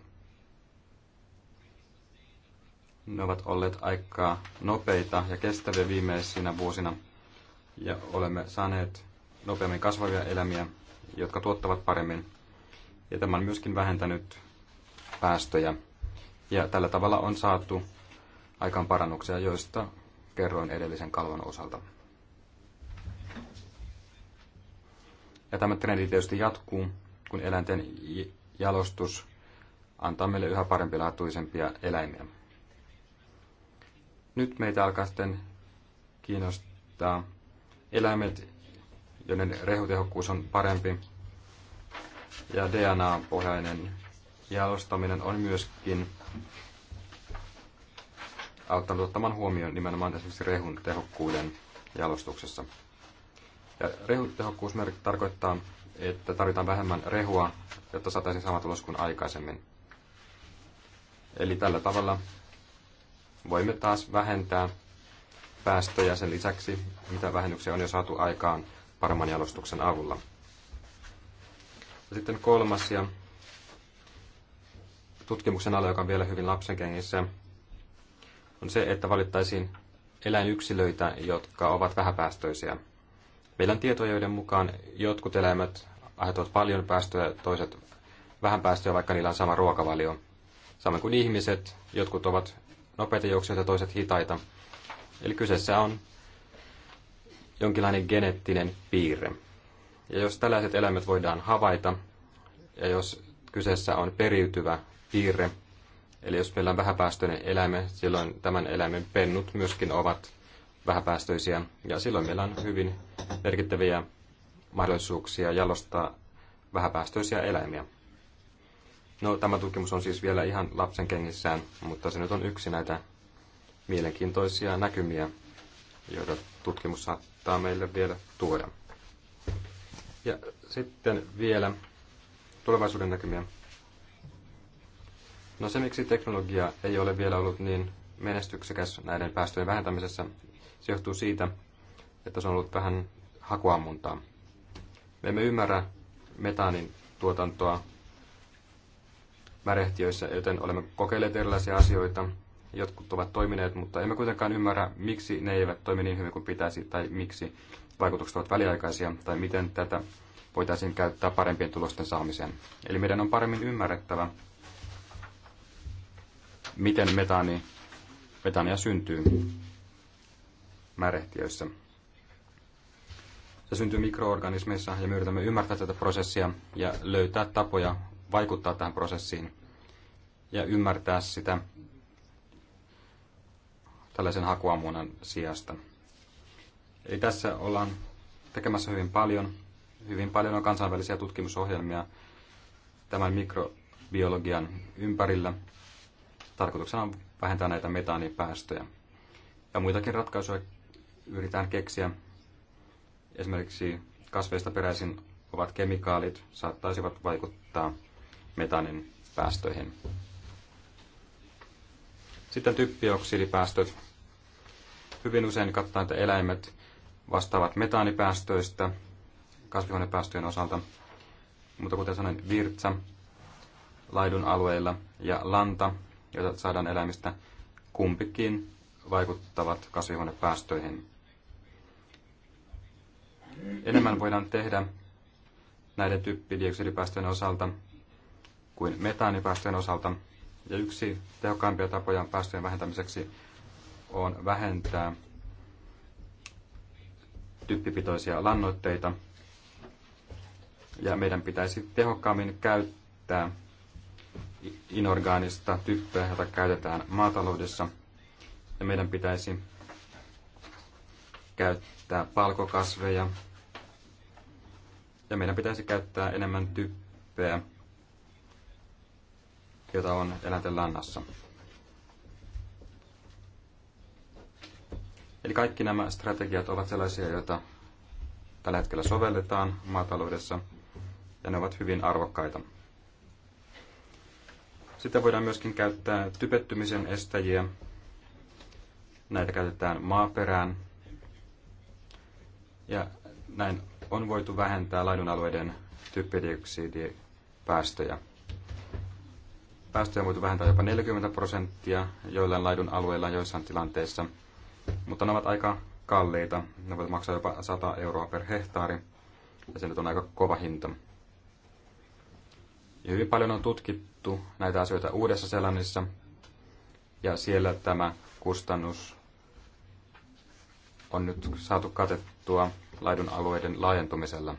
ne ovat olleet aika nopeita ja kestäviä viimeisinä vuosina ja olemme saaneet nopeammin kasvavia eläimiä, jotka tuottavat paremmin. Ja tämä on myöskin vähentänyt päästöjä. Ja tällä tavalla on saatu aikaan parannuksia, joista kerroin edellisen kalvon osalta. Ja tämä trendi tietysti jatkuu, kun eläinten jalostus antaa meille yhä parempilaatuisempia eläimiä. Nyt meitä alkaa sitten kiinnostaa eläimet, joiden rehutehokkuus on parempi. Ja DNA-pohjainen jalostaminen on myöskin auttanut ottamaan huomioon nimenomaan esimerkiksi rehun tehokkuuden jalostuksessa. Ja rehutehokkuusmerkki tarkoittaa, että tarvitaan vähemmän rehua, jotta saataisiin sama tulos kuin aikaisemmin. Eli tällä tavalla voimme taas vähentää päästöjä sen lisäksi, mitä vähennyksiä on jo saatu aikaan paremman jalostuksen avulla. Ja sitten kolmas ja tutkimuksen ala, joka on vielä hyvin lapsenkengissä, on se, että valittaisiin eläinyksilöitä, jotka ovat vähäpäästöisiä. Meillä on tietoja, joiden mukaan jotkut eläimet aiheuttavat paljon päästöjä, toiset vähän päästöjä, vaikka niillä on sama ruokavalio. Samoin kuin ihmiset, jotkut ovat nopeita juoksijoita, toiset hitaita. Eli kyseessä on jonkinlainen geneettinen piirre. Ja jos tällaiset eläimet voidaan havaita, ja jos kyseessä on periytyvä piirre, eli jos meillä on vähäpäästöinen eläime, silloin tämän eläimen pennut myöskin ovat vähäpäästöisiä. Ja silloin meillä on hyvin merkittäviä mahdollisuuksia jalostaa vähäpäästöisiä eläimiä. No, tämä tutkimus on siis vielä ihan lapsen kengissään, mutta se nyt on yksi näitä mielenkiintoisia näkymiä, joita tutkimus saattaa meille vielä tuoda. Ja sitten vielä tulevaisuuden näkymiä. No se, miksi teknologia ei ole vielä ollut niin menestyksekäs näiden päästöjen vähentämisessä, se johtuu siitä, että se on ollut vähän hakuammuntaa. Me emme ymmärrä metaanin tuotantoa märehtiöissä, joten olemme kokeilleet erilaisia asioita. Jotkut ovat toimineet, mutta emme kuitenkaan ymmärrä, miksi ne eivät toimi niin hyvin kuin pitäisi, tai miksi vaikutukset ovat väliaikaisia, tai miten tätä voitaisiin käyttää parempien tulosten saamiseen. Eli meidän on paremmin ymmärrettävä, miten metaani, metaania syntyy märehtiöissä. Se syntyy mikroorganismeissa ja me yritämme ymmärtää tätä prosessia ja löytää tapoja vaikuttaa tähän prosessiin ja ymmärtää sitä tällaisen hakuammunnan sijasta. Eli tässä ollaan tekemässä hyvin paljon. Hyvin paljon on kansainvälisiä tutkimusohjelmia tämän mikrobiologian ympärillä. Tarkoituksena on vähentää näitä metaanipäästöjä. Ja muitakin ratkaisuja yritetään keksiä. Esimerkiksi kasveista peräisin ovat kemikaalit saattaisivat vaikuttaa metanin päästöihin. Sitten typpioksidipäästöt. Hyvin usein kattaa, että eläimet vastaavat metaanipäästöistä kasvihuonepäästöjen osalta, mutta kuten sanoin, virtsa laidun alueilla ja lanta, joita saadaan eläimistä, kumpikin vaikuttavat kasvihuonepäästöihin enemmän voidaan tehdä näiden typpidioksidipäästöjen osalta kuin metaanipäästöjen osalta. Ja yksi tehokkaimpia tapoja päästöjen vähentämiseksi on vähentää typpipitoisia lannoitteita. Ja meidän pitäisi tehokkaammin käyttää inorgaanista typpeä, jota käytetään maataloudessa. Ja meidän pitäisi käyttää palkokasveja, ja meidän pitäisi käyttää enemmän typpeä, jota on eläinten lannassa. Eli kaikki nämä strategiat ovat sellaisia, joita tällä hetkellä sovelletaan maataloudessa, ja ne ovat hyvin arvokkaita. Sitä voidaan myöskin käyttää typettymisen estäjiä. Näitä käytetään maaperään. Ja näin on voitu vähentää laidunalueiden typpidioksidipäästöjä. Päästöjä on voitu vähentää jopa 40 prosenttia joillain laidun alueilla joissain tilanteissa, mutta ne ovat aika kalliita. Ne voivat maksaa jopa 100 euroa per hehtaari, ja se nyt on aika kova hinta. Ja hyvin paljon on tutkittu näitä asioita Uudessa selannissa ja siellä tämä kustannus on nyt saatu katettua laidunalueiden laajentumisella.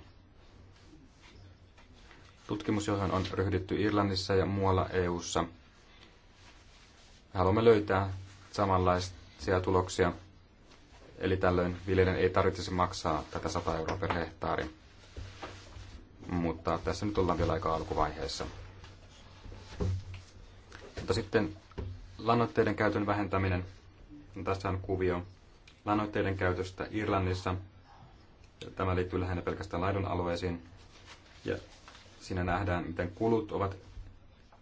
Tutkimus, johon on ryhdytty Irlannissa ja muualla EU:ssa. Haluamme löytää samanlaisia tuloksia, eli tällöin viljelijän ei tarvitsisi maksaa tätä 100 euroa per hehtaari. Mutta tässä nyt ollaan vielä aika alkuvaiheessa. Mutta sitten lannoitteiden käytön vähentäminen. Tässä on kuvio lannoitteiden käytöstä Irlannissa – Tämä liittyy lähinnä pelkästään laidun alueisiin. Ja siinä nähdään, miten kulut ovat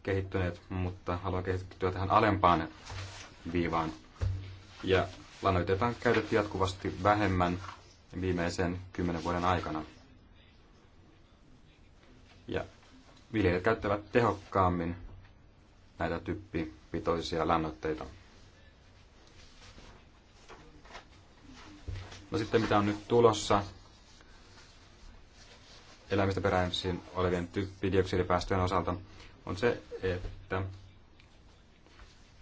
kehittyneet, mutta haluan kehittyä tähän alempaan viivaan. Ja lannoitteita on käytetty jatkuvasti vähemmän viimeisen kymmenen vuoden aikana. Ja viljelijät käyttävät tehokkaammin näitä typpipitoisia lannoitteita. No sitten mitä on nyt tulossa eläimistä peräisin olevien typpidioksidipäästöjen osalta on se, että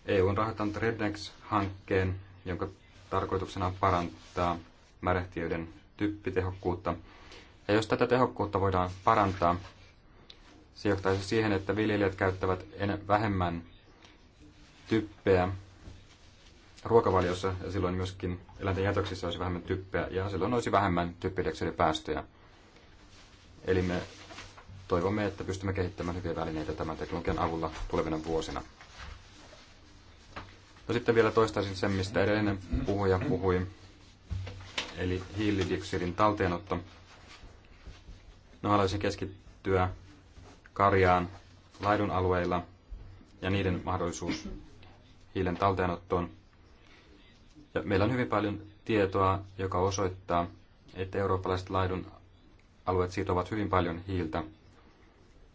EU on rahoittanut Rednex-hankkeen, jonka tarkoituksena on parantaa märehtiöiden typpitehokkuutta. Ja jos tätä tehokkuutta voidaan parantaa, se johtaisi siihen, että viljelijät käyttävät vähemmän typpeä ruokavaliossa ja silloin myöskin eläinten jätöksissä olisi vähemmän typpeä ja silloin olisi vähemmän typpidioksidipäästöjä. Eli me toivomme, että pystymme kehittämään hyviä välineitä tämän teknologian avulla tulevina vuosina. No sitten vielä toistaisin sen, mistä edellinen puhuja puhui, eli hiilidioksidin talteenotto. No haluaisin keskittyä karjaan laidun alueilla ja niiden mahdollisuus hiilen talteenottoon. Ja meillä on hyvin paljon tietoa, joka osoittaa, että eurooppalaiset laidun alueet sitovat hyvin paljon hiiltä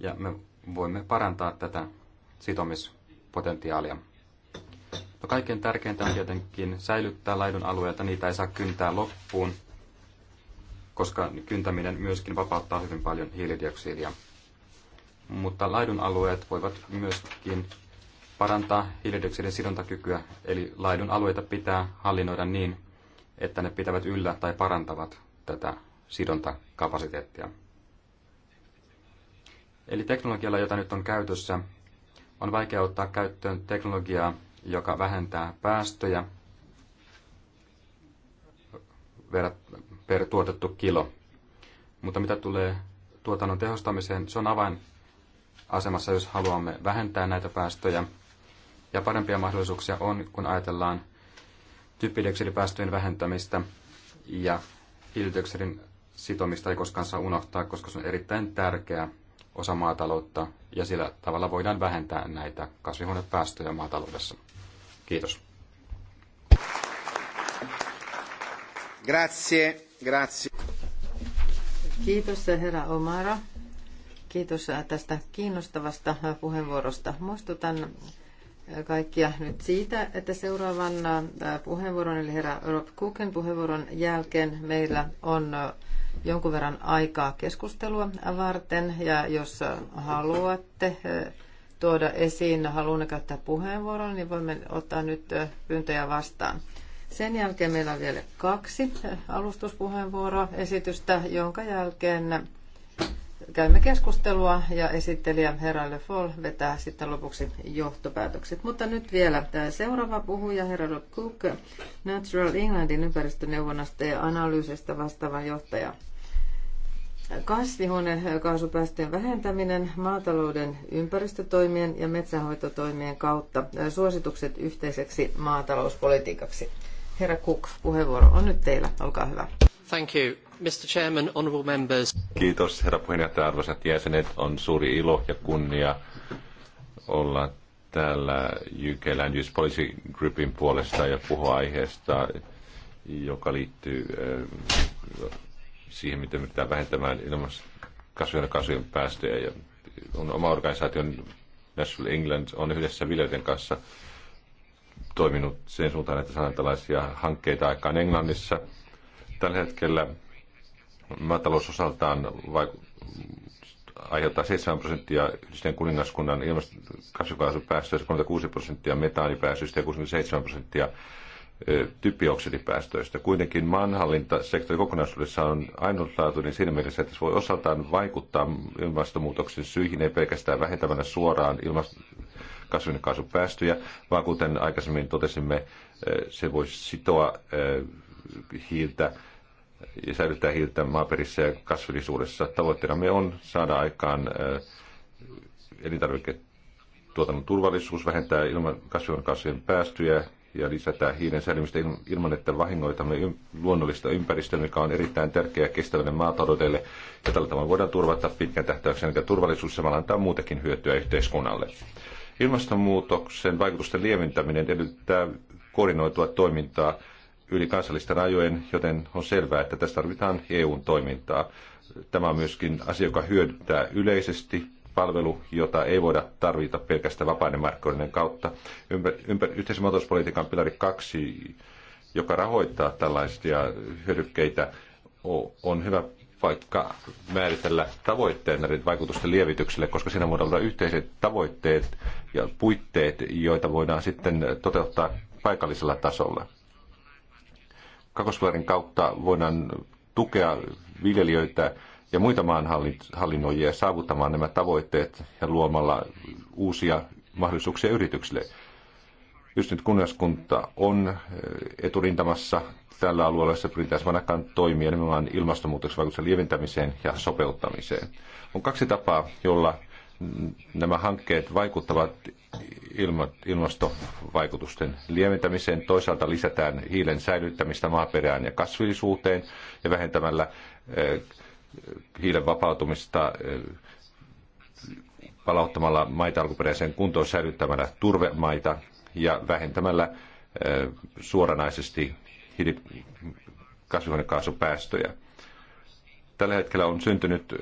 ja me voimme parantaa tätä sitomispotentiaalia. No kaikkein tärkeintä on tietenkin säilyttää laidun alueelta, niitä ei saa kyntää loppuun, koska kyntäminen myöskin vapauttaa hyvin paljon hiilidioksidia. Mutta laidun alueet voivat myöskin parantaa hiilidioksidin sidontakykyä, eli laidun alueita pitää hallinnoida niin, että ne pitävät yllä tai parantavat tätä sidontakapasiteettia. Eli teknologialla, jota nyt on käytössä, on vaikea ottaa käyttöön teknologiaa, joka vähentää päästöjä per tuotettu kilo. Mutta mitä tulee tuotannon tehostamiseen, se on avainasemassa, jos haluamme vähentää näitä päästöjä. Ja parempia mahdollisuuksia on, kun ajatellaan typpidioksidipäästöjen vähentämistä ja hiilidioksidin sitomista ei koskaan saa unohtaa, koska se on erittäin tärkeä osa maataloutta ja sillä tavalla voidaan vähentää näitä kasvihuonepäästöjä maataloudessa. Kiitos. Grazie, grazie. Kiitos herra Omara. Kiitos äh, tästä kiinnostavasta äh, puheenvuorosta. Muistutan äh, kaikkia nyt siitä, että seuraavan puheenvuoron, eli herra Rob Cooken puheenvuoron jälkeen meillä on jonkun verran aikaa keskustelua varten ja jos haluatte eh, tuoda esiin haluan käyttää puheenvuoron, niin voimme ottaa nyt eh, pyyntöjä vastaan. Sen jälkeen meillä on vielä kaksi eh, alustuspuheenvuoroa esitystä, jonka jälkeen käymme keskustelua ja esittelijä herra Le Foll vetää sitten lopuksi johtopäätökset. Mutta nyt vielä tämä seuraava puhuja, herra Le Cook, Natural Englandin ympäristöneuvonnasta ja analyysistä vastaava johtaja. Kasvihuonekaasupäästöjen vähentäminen maatalouden ympäristötoimien ja metsähoitotoimien kautta suositukset yhteiseksi maatalouspolitiikaksi. Herra Cook, puheenvuoro on nyt teillä. Olkaa hyvä. Thank you. Mr. Chairman, honorable members. Kiitos herra puheenjohtaja, arvoisat jäsenet. On suuri ilo ja kunnia olla täällä UK Land Use Policy Groupin puolesta ja puhua aiheesta, joka liittyy eh, siihen, miten pitää vähentämään ilmastokasvien ja kasvien päästöjä. Ja on oma organisaation Nashville England on yhdessä viljelijöiden kanssa toiminut sen suuntaan, että saadaan tällaisia hankkeita aikaan Englannissa. Tällä hetkellä maatalous osaltaan vaik- aiheuttaa 7 prosenttia yhdistyneen kuningaskunnan ilmastokasvukaasupäästöistä, 36 prosenttia metaanipäästöistä ja 67 prosenttia typioksidipäästöistä. Kuitenkin maanhallintasektori kokonaisuudessaan on ainutlaatuinen siinä mielessä, että se voi osaltaan vaikuttaa ilmastonmuutoksen syihin, ei pelkästään vähentämällä suoraan ilmastokasvukaasupäästöjä, vaan kuten aikaisemmin totesimme, se voi sitoa hiiltä ja säilyttää hiiltä maaperissä ja kasvillisuudessa. Tavoitteenamme on saada aikaan elintarviketuotannon turvallisuus, vähentää ilman kasvihuonekaasujen päästöjä ja lisätä hiilen säilymistä ilman, että vahingoitamme luonnollista ympäristöä, mikä on erittäin tärkeä kestävälle maataloudelle. Ja tällä tavalla voidaan turvata pitkän tähtäyksen ja turvallisuus ja antaa muutakin hyötyä yhteiskunnalle. Ilmastonmuutoksen vaikutusten lieventäminen edellyttää koordinoitua toimintaa yli kansallisten rajojen, joten on selvää, että tässä tarvitaan EUn toimintaa. Tämä on myöskin asia, joka hyödyttää yleisesti palvelu, jota ei voida tarvita pelkästään vapaiden markkinoiden kautta. Ympär, ympär, yhteisen maatalouspolitiikan pilari 2, joka rahoittaa tällaisia hyödykkeitä, on hyvä vaikka määritellä tavoitteen näiden vaikutusten lievitykselle, koska siinä voidaan olla yhteiset tavoitteet ja puitteet, joita voidaan sitten toteuttaa paikallisella tasolla kakosvarin kautta voidaan tukea viljelijöitä ja muita maanhallinnoijia saavuttamaan nämä tavoitteet ja luomalla uusia mahdollisuuksia yrityksille. nyt kunnaskunta on eh, eturintamassa tällä alueella, jossa pyritään vanhakaan toimia nimenomaan ilmastonmuutoksen vaikutuksen lieventämiseen ja sopeuttamiseen. On kaksi tapaa, jolla nämä hankkeet vaikuttavat ilma, ilmastovaikutusten lieventämiseen. Toisaalta lisätään hiilen säilyttämistä maaperään ja kasvillisuuteen ja vähentämällä hiilen vapautumista palauttamalla maita alkuperäiseen kuntoon säilyttämällä turvemaita ja vähentämällä suoranaisesti kasvihuonekaasupäästöjä. Tällä hetkellä on syntynyt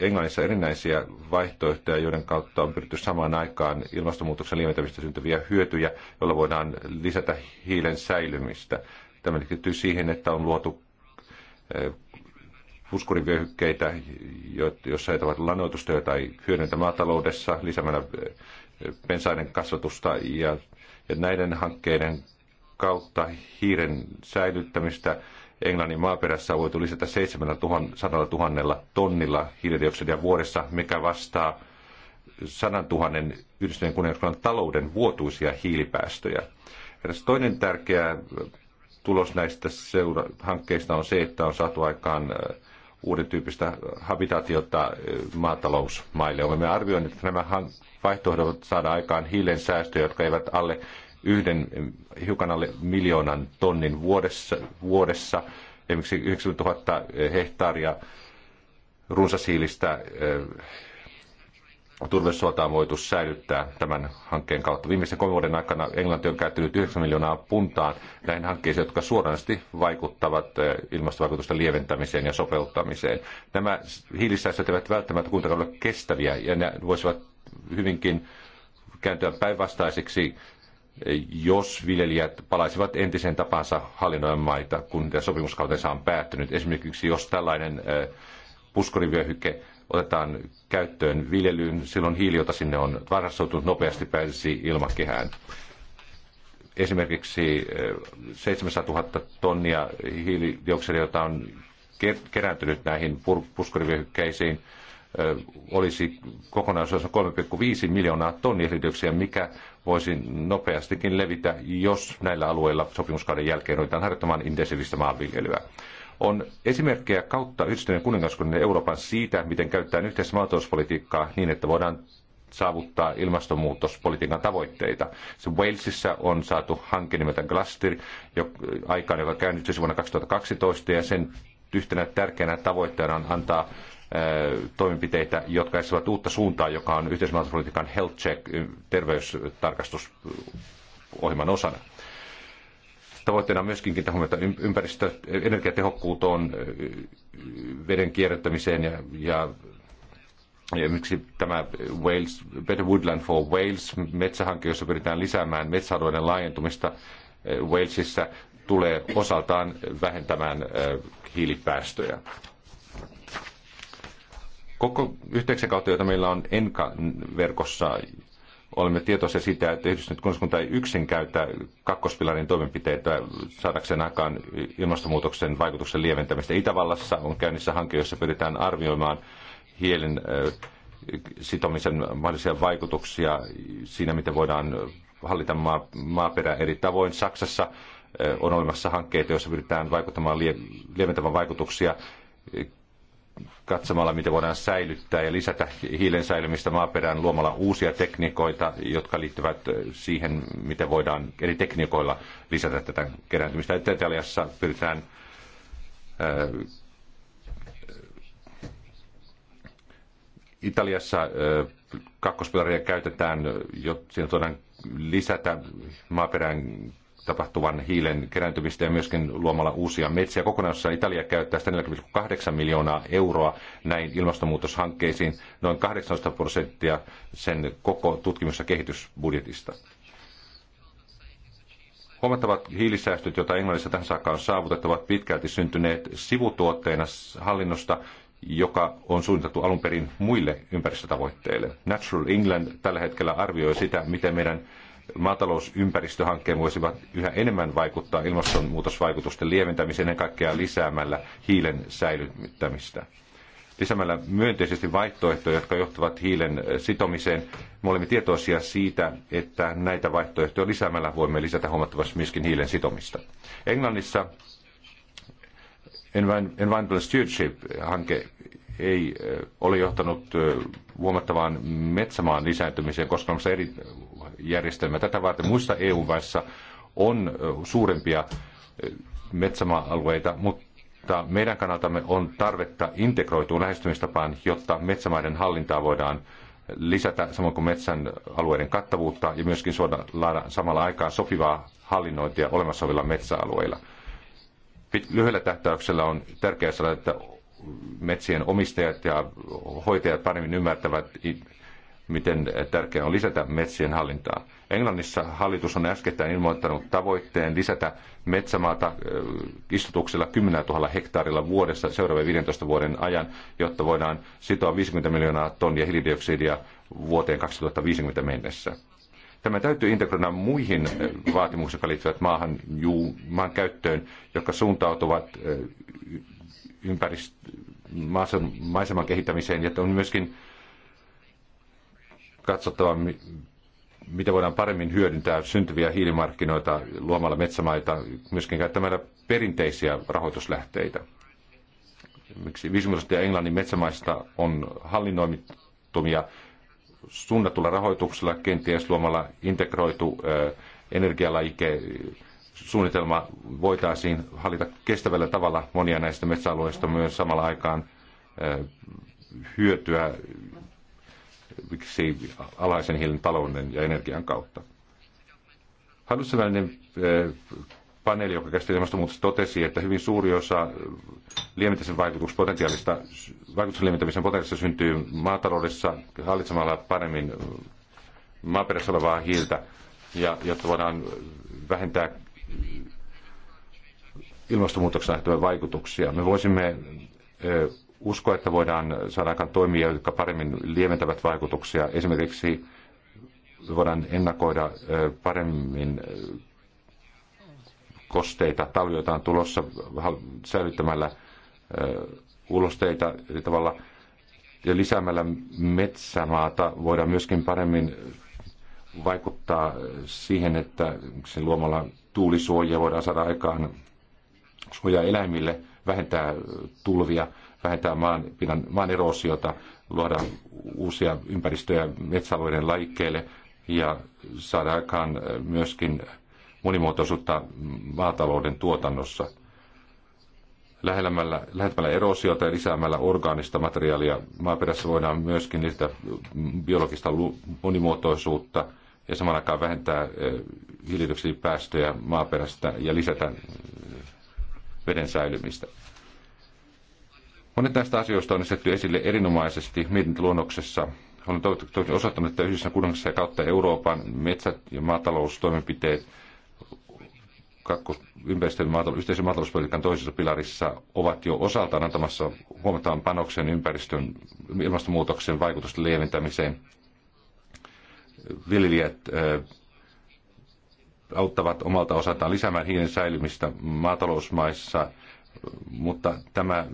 Englannissa erinäisiä vaihtoehtoja, joiden kautta on pyritty samaan aikaan ilmastonmuutoksen lieventämistä syntyviä hyötyjä, joilla voidaan lisätä hiilen säilymistä. Tämä liittyy siihen, että on luotu e, puskurivyöhykkeitä, joissa ei tapahdu lanoitusta tai hyödyntä maataloudessa, lisäämällä pensaiden e, kasvatusta ja, ja näiden hankkeiden kautta hiiren säilyttämistä Englannin maaperässä on voitu lisätä 700 000 tonnilla hiilidioksidia vuodessa, mikä vastaa 100 000 Yhdistyneen kuningaskunnan talouden vuotuisia hiilipäästöjä. Eräs toinen tärkeä tulos näistä seura- hankkeista on se, että on saatu aikaan äh, uuden tyyppistä habitaatiota äh, maatalousmaille. Olemme arvioineet, että nämä vaihtoehdot saada aikaan hiilen säästöjä, jotka eivät alle yhden hiukan alle miljoonan tonnin vuodessa, vuodessa esimerkiksi 90 000 eh, hehtaaria runsashiilistä eh, turvesuota on voitu säilyttää tämän hankkeen kautta. Viimeisen kolmen vuoden aikana Englanti on käyttänyt 9 miljoonaa puntaa näihin hankkeisiin, jotka suoranaisesti vaikuttavat eh, ilmastovaikutusten lieventämiseen ja sopeuttamiseen. Nämä hiilisäästöt eivät välttämättä kuitenkaan ole kestäviä ja ne voisivat hyvinkin kääntyä päinvastaisiksi jos viljelijät palaisivat entiseen tapansa hallinnoimaan maita, kun sopimuskautensa on päättynyt. Esimerkiksi jos tällainen puskurivyöhyke otetaan käyttöön viljelyyn, silloin hiili, jota sinne on varastoitunut, nopeasti pääsisi ilmakehään. Esimerkiksi 700 000 tonnia hiilidioksidia, jota on kerääntynyt näihin puskurivyöhykkeisiin, olisi kokonaisuudessa 3,5 miljoonaa tonnia hiilidioksidia, mikä voisi nopeastikin levitä, jos näillä alueilla sopimuskauden jälkeen ruvetaan harjoittamaan intensiivistä maanviljelyä. On esimerkkejä kautta yhdistyneen kuningaskunnan Euroopan siitä, miten käyttää yhteistä maatalouspolitiikkaa niin, että voidaan saavuttaa ilmastonmuutospolitiikan tavoitteita. Se Walesissa on saatu hanke nimeltä Glaster, aikaan, joka käynnistyi vuonna 2012, ja sen yhtenä tärkeänä tavoitteena on antaa toimenpiteitä, jotka etsivät uutta suuntaa, joka on yhteismaailmapolitiikan health check, terveystarkastusohjelman osana. Tavoitteena on myöskin kiinnittää huomiota ympäristö, energiatehokkuuteen, veden kierrättämiseen ja, ja ja miksi tämä Wales, Better Woodland for Wales metsähanke, jossa pyritään lisäämään metsäalueiden laajentumista Walesissa, tulee osaltaan vähentämään hiilipäästöjä. Koko yhteyksen kautta, jota meillä on ENKA-verkossa, olemme tietoisia sitä, että yhdistynyt kunnaskunta ei yksin käytä kakkospilarin toimenpiteitä saadakseen aikaan ilmastonmuutoksen vaikutuksen lieventämistä. Itävallassa on käynnissä hanke, jossa pyritään arvioimaan hielen sitomisen mahdollisia vaikutuksia siinä, miten voidaan hallita maa, maaperää eri tavoin. Saksassa on olemassa hankkeita, joissa pyritään vaikuttamaan lie, lieventämään vaikutuksia katsomalla, miten voidaan säilyttää ja lisätä hiilen säilymistä maaperään luomalla uusia tekniikoita, jotka liittyvät siihen, miten voidaan eri tekniikoilla lisätä tätä kerääntymistä. Italiassa pyritään äh, Italiassa äh, kakkospilaria käytetään, jo, siinä tuodaan lisätä maaperän tapahtuvan hiilen kerääntymistä ja myöskin luomalla uusia metsiä. Kokonaisuudessa Italia käyttää 48 miljoonaa euroa näin ilmastonmuutoshankkeisiin, noin 18 prosenttia sen koko tutkimus- ja kehitysbudjetista. Huomattavat hiilisäästöt, joita Englannissa tähän saakka on saavutettu, ovat pitkälti syntyneet sivutuotteena hallinnosta, joka on suunniteltu alun perin muille ympäristötavoitteille. Natural England tällä hetkellä arvioi sitä, miten meidän maatalousympäristöhankkeet voisivat yhä enemmän vaikuttaa ilmastonmuutosvaikutusten lieventämiseen ennen kaikkea lisäämällä hiilen säilyttämistä. Lisäämällä myönteisesti vaihtoehtoja, jotka johtavat hiilen sitomiseen, me olemme tietoisia siitä, että näitä vaihtoehtoja lisäämällä voimme lisätä huomattavasti myöskin hiilen sitomista. Englannissa Environmental Stewardship-hanke ei ole johtanut huomattavaan metsämaan lisääntymiseen, koska on eri järjestelmä. Tätä varten muissa EU-maissa on suurempia metsämaa-alueita, mutta meidän kannaltamme on tarvetta integroituun lähestymistapaan, jotta metsämaiden hallintaa voidaan lisätä, samoin kuin metsän alueiden kattavuutta ja myöskin suoda samalla aikaan sopivaa hallinnointia olemassa olevilla metsäalueilla. Lyhyellä tähtäyksellä on tärkeää sanoa, että metsien omistajat ja hoitajat paremmin ymmärtävät, miten tärkeää on lisätä metsien hallintaa. Englannissa hallitus on äskettäin ilmoittanut tavoitteen lisätä metsämaata istutuksella 10 000 hektaarilla vuodessa seuraavien 15 vuoden ajan, jotta voidaan sitoa 50 miljoonaa tonnia hiilidioksidia vuoteen 2050 mennessä. Tämä täytyy integroida muihin vaatimuksiin, jotka liittyvät maahan, juu, maan käyttöön, jotka suuntautuvat ympäristö, maiseman kehittämiseen, ja on myöskin katsottava, mitä voidaan paremmin hyödyntää syntyviä hiilimarkkinoita luomalla metsämaita, myöskin käyttämällä perinteisiä rahoituslähteitä. Miksi 50 Englannin metsämaista on hallinnoimittomia suunnatulla rahoituksella, kenties luomalla integroitu energialaike, suunnitelma voitaisiin hallita kestävällä tavalla monia näistä metsäalueista myös samalla aikaan eh, hyötyä miksi alaisen hiilen talouden ja energian kautta. Hallitusvälinen eh, paneeli, joka käsitteli ilmastonmuutosta, totesi, että hyvin suuri osa eh, lieventämisen vaikutuspotentiaalista, vaikutuksen liemittämisen potentiaalista syntyy maataloudessa hallitsemalla paremmin maaperässä olevaa hiiltä, ja, jotta voidaan vähentää ilmastonmuutoksen aiheuttamia vaikutuksia. Me voisimme uskoa, että voidaan saada aikaan toimia, jotka paremmin lieventävät vaikutuksia. Esimerkiksi voidaan ennakoida paremmin kosteita, talvioita on tulossa säilyttämällä ulosteita eli tavalla ja lisäämällä metsämaata voidaan myöskin paremmin vaikuttaa siihen, että luomalla tuulisuojia voidaan saada aikaan suoja eläimille, vähentää tulvia, vähentää maan, maan erosiota, luoda uusia ympäristöjä metsäalueiden laikkeelle ja saada aikaan myöskin monimuotoisuutta maatalouden tuotannossa. Lähemmällä, lähemmällä erosiota ja lisäämällä orgaanista materiaalia maaperässä voidaan myöskin lisätä biologista monimuotoisuutta – ja samalla aikaan vähentää hiilidioksidipäästöjä maaperästä ja lisätä veden säilymistä. Monet näistä asioista on esitetty esille erinomaisesti mietintöluonnoksessa. Olen toivottavasti osoittanut, että yhdessä kuningasessa ja kautta Euroopan metsät ja maataloustoimenpiteet ympäristö- ja maatalous, yhteisen maatalouspolitiikan toisessa pilarissa ovat jo osaltaan antamassa huomattavan panoksen ympäristön ilmastonmuutoksen vaikutusten lieventämiseen viljelijät auttavat omalta osaltaan lisäämään hiilen säilymistä maatalousmaissa, mutta tämä,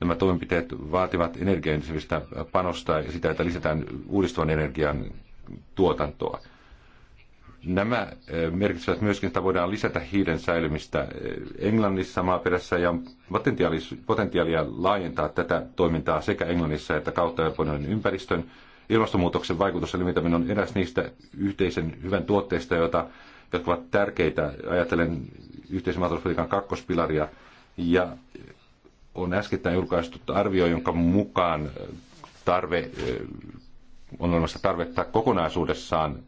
nämä toimenpiteet vaativat energiaintensiivistä panosta ja sitä, että lisätään uudistuvan energian tuotantoa. Nämä merkitsevät myöskin, että voidaan lisätä hiilen säilymistä Englannissa maaperässä ja potentiaalia laajentaa tätä toimintaa sekä Englannissa että kautta Euroopan ympäristön Ilmastonmuutoksen vaikutusten limitäminen on eräs niistä yhteisen hyvän tuotteista, joita, jotka ovat tärkeitä. Ajattelen yhteisen maatalouspolitiikan kakkospilaria ja on äskettäin julkaistu arvio, jonka mukaan tarve, eh, on olemassa tarvetta kokonaisuudessaan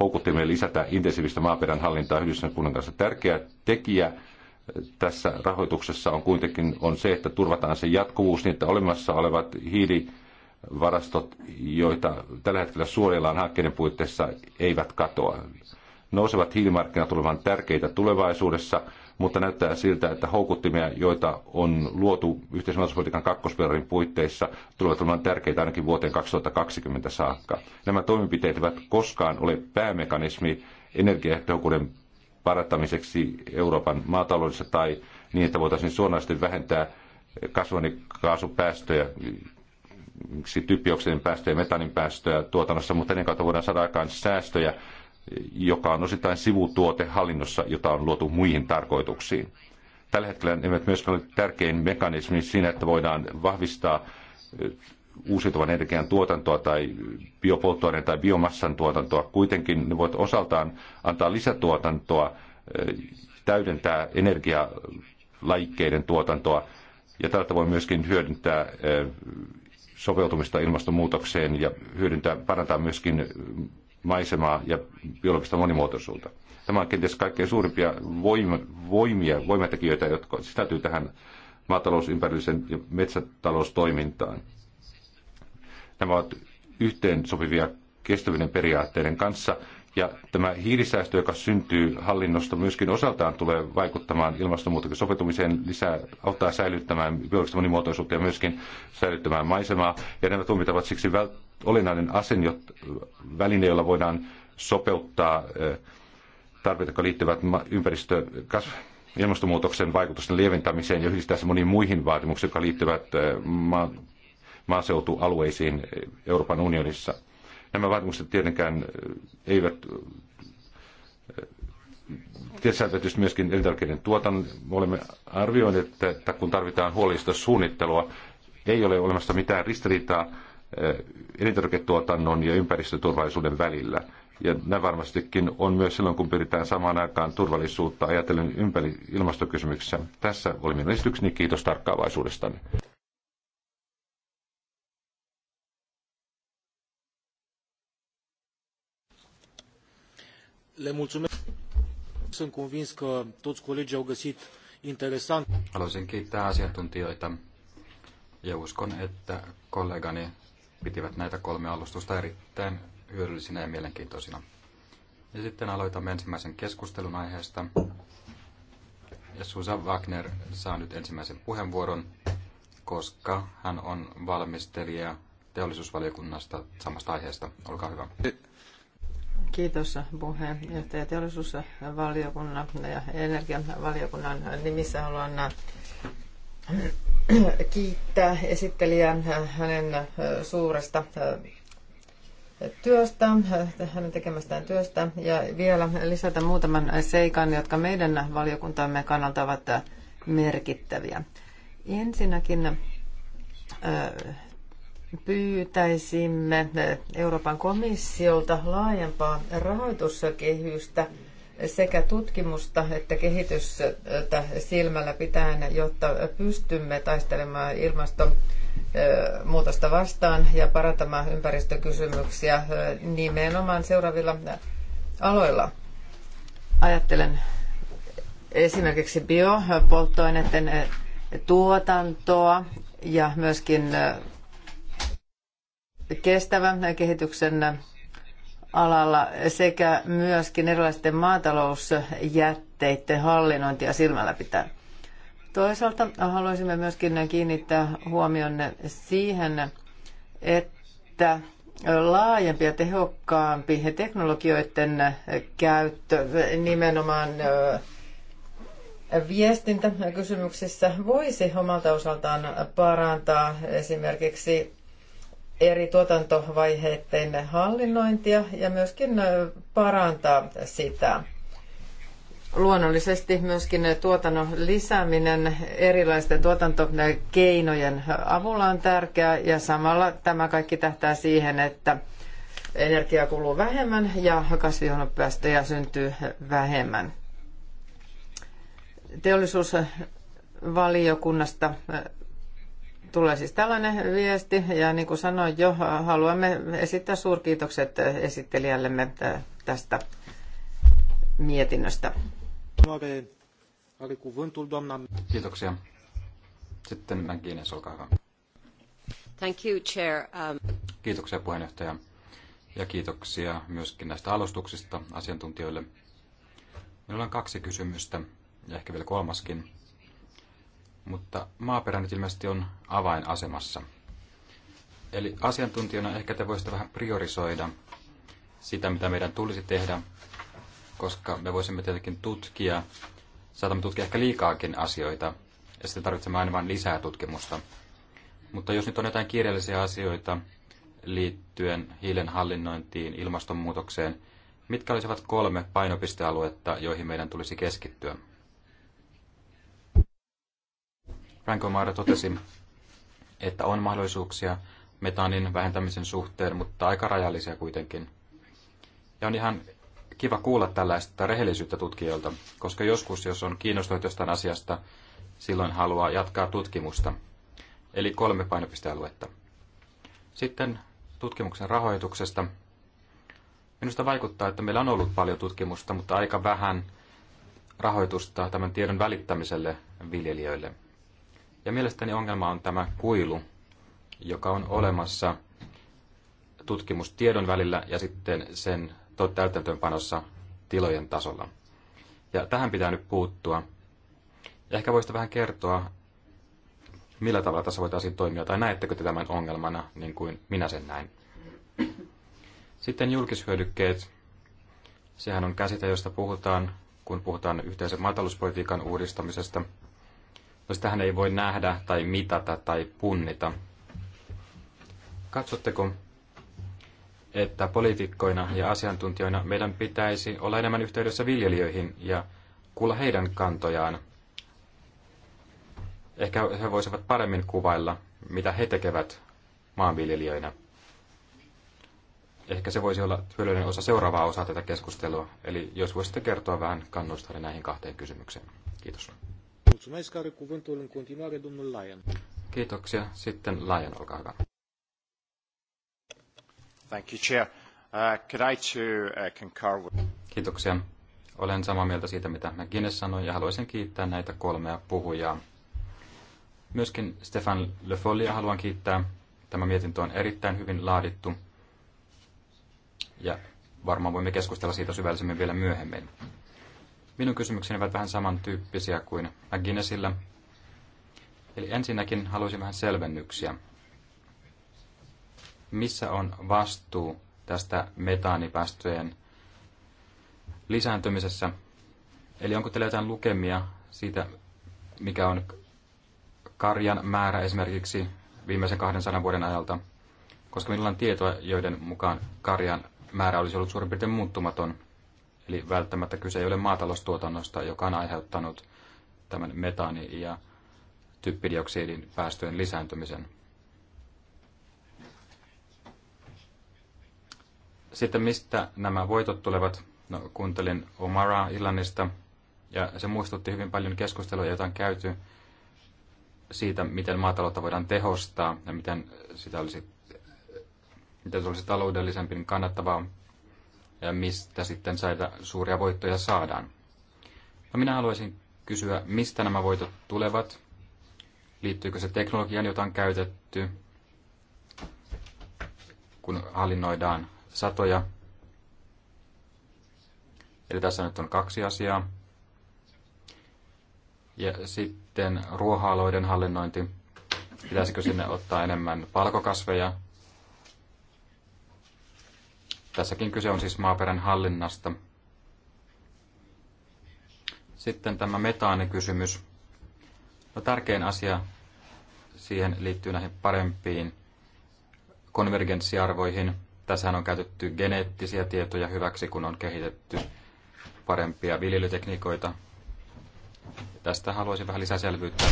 houkuttimeen lisätä intensiivistä maaperän hallintaa kunnan kanssa. Tärkeä tekijä eh, tässä rahoituksessa on kuitenkin on se, että turvataan se jatkuvuus niin, että olemassa olevat hiili varastot, joita tällä hetkellä suojellaan hakkeiden puitteissa, eivät katoa. Nousevat hiilimarkkinat olevan tärkeitä tulevaisuudessa, mutta näyttää siltä, että houkuttimia, joita on luotu yhteismaatuspolitiikan kakkospelarin puitteissa, tulevat olemaan tärkeitä ainakin vuoteen 2020 saakka. Nämä toimenpiteet eivät koskaan ole päämekanismi energiatehokkuuden parantamiseksi Euroopan maataloudessa tai niin, että voitaisiin suoranaisesti vähentää kasvaikaasupäästöjä typioksidin päästöjä metanin päästöjä tuotannossa, mutta ennen kautta voidaan saada aikaan säästöjä, joka on osittain sivutuote hallinnossa, jota on luotu muihin tarkoituksiin. Tällä hetkellä ne ovat myöskään ole tärkein mekanismi siinä, että voidaan vahvistaa uusiutuvan energian tuotantoa tai biopolttoaineen tai biomassan tuotantoa. Kuitenkin ne voivat osaltaan antaa lisätuotantoa, täydentää energialaikkeiden tuotantoa ja tällä tavoin myöskin hyödyntää sopeutumista ilmastonmuutokseen ja hyödyntää, parantaa myöskin maisemaa ja biologista monimuotoisuutta. Tämä on kenties kaikkein suurimpia voima, voimia, voimatekijöitä, jotka sisältyy tähän maatalousympäristön ja metsätaloustoimintaan. Nämä ovat yhteen sopivia kestävyyden periaatteiden kanssa, ja tämä hiilisäästö, joka syntyy hallinnosta, myöskin osaltaan tulee vaikuttamaan ilmastonmuutoksen sopeutumiseen, lisää, auttaa säilyttämään biologista monimuotoisuutta ja myöskin säilyttämään maisemaa. Ja nämä tuomit ovat siksi olennainen asen, väline, jolla voidaan sopeuttaa tarpeita, jotka liittyvät ympäristö ilmastonmuutoksen vaikutusten lieventämiseen ja yhdistää se moniin muihin vaatimuksiin, jotka liittyvät ma- maaseutualueisiin Euroopan unionissa. Nämä vaatimukset tietenkään eivät Tietysti tietysti myöskin elintarvikkeiden tuotannon. Me olemme arvioineet, että kun tarvitaan huolellista suunnittelua, ei ole olemassa mitään ristiriitaa elintarviketuotannon ja ympäristöturvallisuuden välillä. Ja nämä varmastikin on myös silloin, kun pyritään samaan aikaan turvallisuutta ajatellen ympäri ilmastokysymyksissä. Tässä oli minun esitykseni. Kiitos tarkkaavaisuudestanne. Sunt convins că toți colegii au găsit interesant. Haluaisin kiittää asiantuntijoita ja uskon, että kollegani pitivät näitä kolme alustusta erittäin hyödyllisinä ja mielenkiintoisina. Ja sitten aloitamme ensimmäisen keskustelun aiheesta. Ja Susan Wagner saa nyt ensimmäisen puheenvuoron, koska hän on valmistelija teollisuusvaliokunnasta samasta aiheesta. Olkaa hyvä. Kiitos puheenjohtaja teollisuusvaliokunnan ja energian valiokunnan nimissä haluan äh, kiittää esittelijän hänen äh, suuresta äh, työstä, hänen tekemästään työstä ja vielä lisätä muutaman seikan, jotka meidän valiokuntamme kannalta ovat merkittäviä. Ensinnäkin pyytäisimme eh, Euroopan komissiolta laajempaa rahoituskehystä sekä tutkimusta että kehitystä silmällä pitäen, jotta pystymme taistelemaan ilmastonmuutosta eh, vastaan ja parantamaan ympäristökysymyksiä eh, nimenomaan seuraavilla aloilla. Ajattelen esimerkiksi biopolttoaineiden tuotantoa ja myöskin kestävän kehityksen alalla sekä myöskin erilaisten maatalousjätteiden hallinnointia silmällä pitää. Toisaalta haluaisimme myöskin kiinnittää huomion siihen, että laajempi ja tehokkaampi teknologioiden käyttö nimenomaan viestintäkysymyksissä voisi omalta osaltaan parantaa esimerkiksi eri tuotantovaiheiden hallinnointia ja myöskin parantaa sitä. Luonnollisesti myöskin tuotannon lisääminen erilaisten tuotantokeinojen avulla on tärkeää ja samalla tämä kaikki tähtää siihen, että energiaa kuluu vähemmän ja kasvihuonepäästöjä syntyy vähemmän. Teollisuusvaliokunnasta tulee siis tällainen viesti ja niin kuin sanoin jo, haluamme esittää suurkiitokset esittelijällemme tästä mietinnöstä. Kiitoksia. Sitten Mäkinen, olkaa hyvä. Thank you, Chair. Um... Kiitoksia puheenjohtaja ja kiitoksia myöskin näistä alustuksista asiantuntijoille. Minulla on kaksi kysymystä ja ehkä vielä kolmaskin mutta maaperä nyt ilmeisesti on avainasemassa. Eli asiantuntijana ehkä te voisitte vähän priorisoida sitä, mitä meidän tulisi tehdä, koska me voisimme tietenkin tutkia, saatamme tutkia ehkä liikaakin asioita, ja sitten tarvitsemme aina vain lisää tutkimusta. Mutta jos nyt on jotain kiireellisiä asioita liittyen hiilen hallinnointiin, ilmastonmuutokseen, mitkä olisivat kolme painopistealuetta, joihin meidän tulisi keskittyä? Franco Maara totesi, että on mahdollisuuksia metaanin vähentämisen suhteen, mutta aika rajallisia kuitenkin. Ja on ihan kiva kuulla tällaista rehellisyyttä tutkijoilta, koska joskus, jos on kiinnostunut jostain asiasta, silloin haluaa jatkaa tutkimusta. Eli kolme painopistealuetta. Sitten tutkimuksen rahoituksesta. Minusta vaikuttaa, että meillä on ollut paljon tutkimusta, mutta aika vähän rahoitusta tämän tiedon välittämiselle viljelijöille. Ja mielestäni ongelma on tämä kuilu, joka on olemassa tutkimustiedon välillä ja sitten sen täytäntöönpanossa tilojen tasolla. Ja tähän pitää nyt puuttua. Ja ehkä voisitte vähän kertoa, millä tavalla tässä voitaisiin toimia, tai näettekö te tämän ongelmana, niin kuin minä sen näin. Sitten julkishyödykkeet. Sehän on käsite, josta puhutaan, kun puhutaan yhteisen maatalouspolitiikan uudistamisesta – No sitähän ei voi nähdä tai mitata tai punnita. Katsotteko, että poliitikkoina ja asiantuntijoina meidän pitäisi olla enemmän yhteydessä viljelijöihin ja kuulla heidän kantojaan. Ehkä he voisivat paremmin kuvailla, mitä he tekevät maanviljelijöinä. Ehkä se voisi olla hyödyllinen osa seuraavaa osaa tätä keskustelua, eli jos voisitte kertoa vähän kannustani näihin kahteen kysymykseen. Kiitos. Mulțumesc, are cuvântul în continuare domnul Lyon. Kiitoksia. Sitten Lyon, olkaa hyvä. Thank you, Chair. Uh, could I too, uh, concur with... Kiitoksia. Olen samaa mieltä siitä, mitä McGuinness sanoi, ja haluaisin kiittää näitä kolmea puhujaa. Myöskin Stefan Le Follia haluan kiittää. Tämä mietintö on erittäin hyvin laadittu, ja varmaan voimme keskustella siitä syvällisemmin vielä myöhemmin. Minun kysymykseni ovat vähän samantyyppisiä kuin McGuinnessillä. Eli ensinnäkin haluaisin vähän selvennyksiä. Missä on vastuu tästä metaanipäästöjen lisääntymisessä? Eli onko teillä jotain lukemia siitä, mikä on karjan määrä esimerkiksi viimeisen 200 vuoden ajalta? Koska minulla on tietoa, joiden mukaan karjan määrä olisi ollut suurin piirtein muuttumaton Eli välttämättä kyse ei ole maataloustuotannosta, joka on aiheuttanut tämän metaani- ja typpidioksidin päästöjen lisääntymisen. Sitten mistä nämä voitot tulevat? No, kuuntelin Omaraa Illannista ja se muistutti hyvin paljon keskustelua, jota on käyty siitä, miten maataloutta voidaan tehostaa ja miten sitä olisi, miten se olisi taloudellisempi, niin kannattavaa ja mistä sitten saada, suuria voittoja saadaan. No minä haluaisin kysyä, mistä nämä voitot tulevat? Liittyykö se teknologiaan, jota on käytetty, kun hallinnoidaan satoja? Eli tässä nyt on kaksi asiaa. Ja sitten ruoha-aloiden hallinnointi. Pitäisikö sinne ottaa enemmän palkokasveja Tässäkin kyse on siis maaperän hallinnasta. Sitten tämä metaanikysymys. No, tärkein asia siihen liittyy näihin parempiin konvergenssiarvoihin. Tässähän on käytetty geneettisiä tietoja hyväksi, kun on kehitetty parempia viljelytekniikoita. Tästä haluaisin vähän lisää selvyyttä.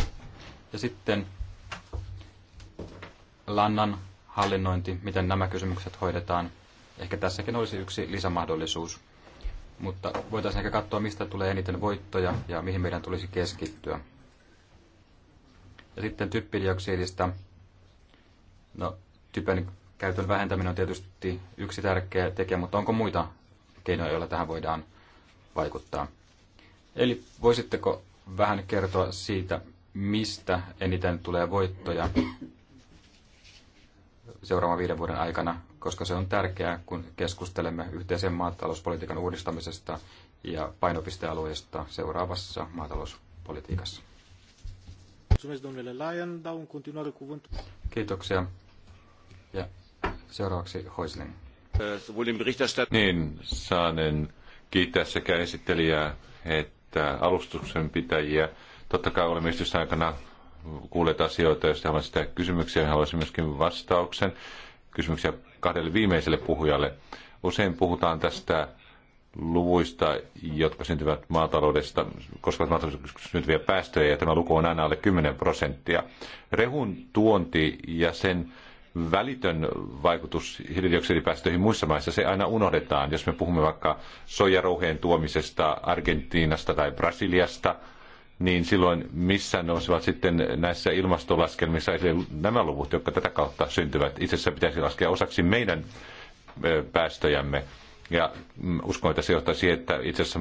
Ja sitten lannan hallinnointi, miten nämä kysymykset hoidetaan. Ehkä tässäkin olisi yksi lisämahdollisuus, mutta voitaisiin ehkä katsoa, mistä tulee eniten voittoja ja mihin meidän tulisi keskittyä. Ja sitten typpidioksidista. No, typen käytön vähentäminen on tietysti yksi tärkeä tekijä, mutta onko muita keinoja, joilla tähän voidaan vaikuttaa? Eli voisitteko vähän kertoa siitä, mistä eniten tulee voittoja seuraavan viiden vuoden aikana koska se on tärkeää, kun keskustelemme yhteisen maatalouspolitiikan uudistamisesta ja painopistealueista seuraavassa maatalouspolitiikassa. Kiitoksia. Ja seuraavaksi Hoisling. Äh, niin, saanen kiittää sekä esittelijää että alustuksen pitäjiä. Totta kai olemme aikana kuulleet asioita, jos haluan sitä kysymyksiä, haluaisin myöskin vastauksen. Kysymyksiä kahdelle viimeiselle puhujalle. Usein puhutaan tästä luvuista, jotka syntyvät maataloudesta, koska maataloudesta syntyviä päästöjä, ja tämä luku on aina alle 10 prosenttia. Rehun tuonti ja sen välitön vaikutus hiilidioksidipäästöihin muissa maissa, se aina unohdetaan. Jos me puhumme vaikka soijarouheen tuomisesta Argentiinasta tai Brasiliasta, niin silloin missä nousevat sitten näissä ilmastolaskelmissa esille nämä luvut, jotka tätä kautta syntyvät. Itse asiassa pitäisi laskea osaksi meidän päästöjämme. Ja mm, uskon, että se johtaa siihen, että itse asiassa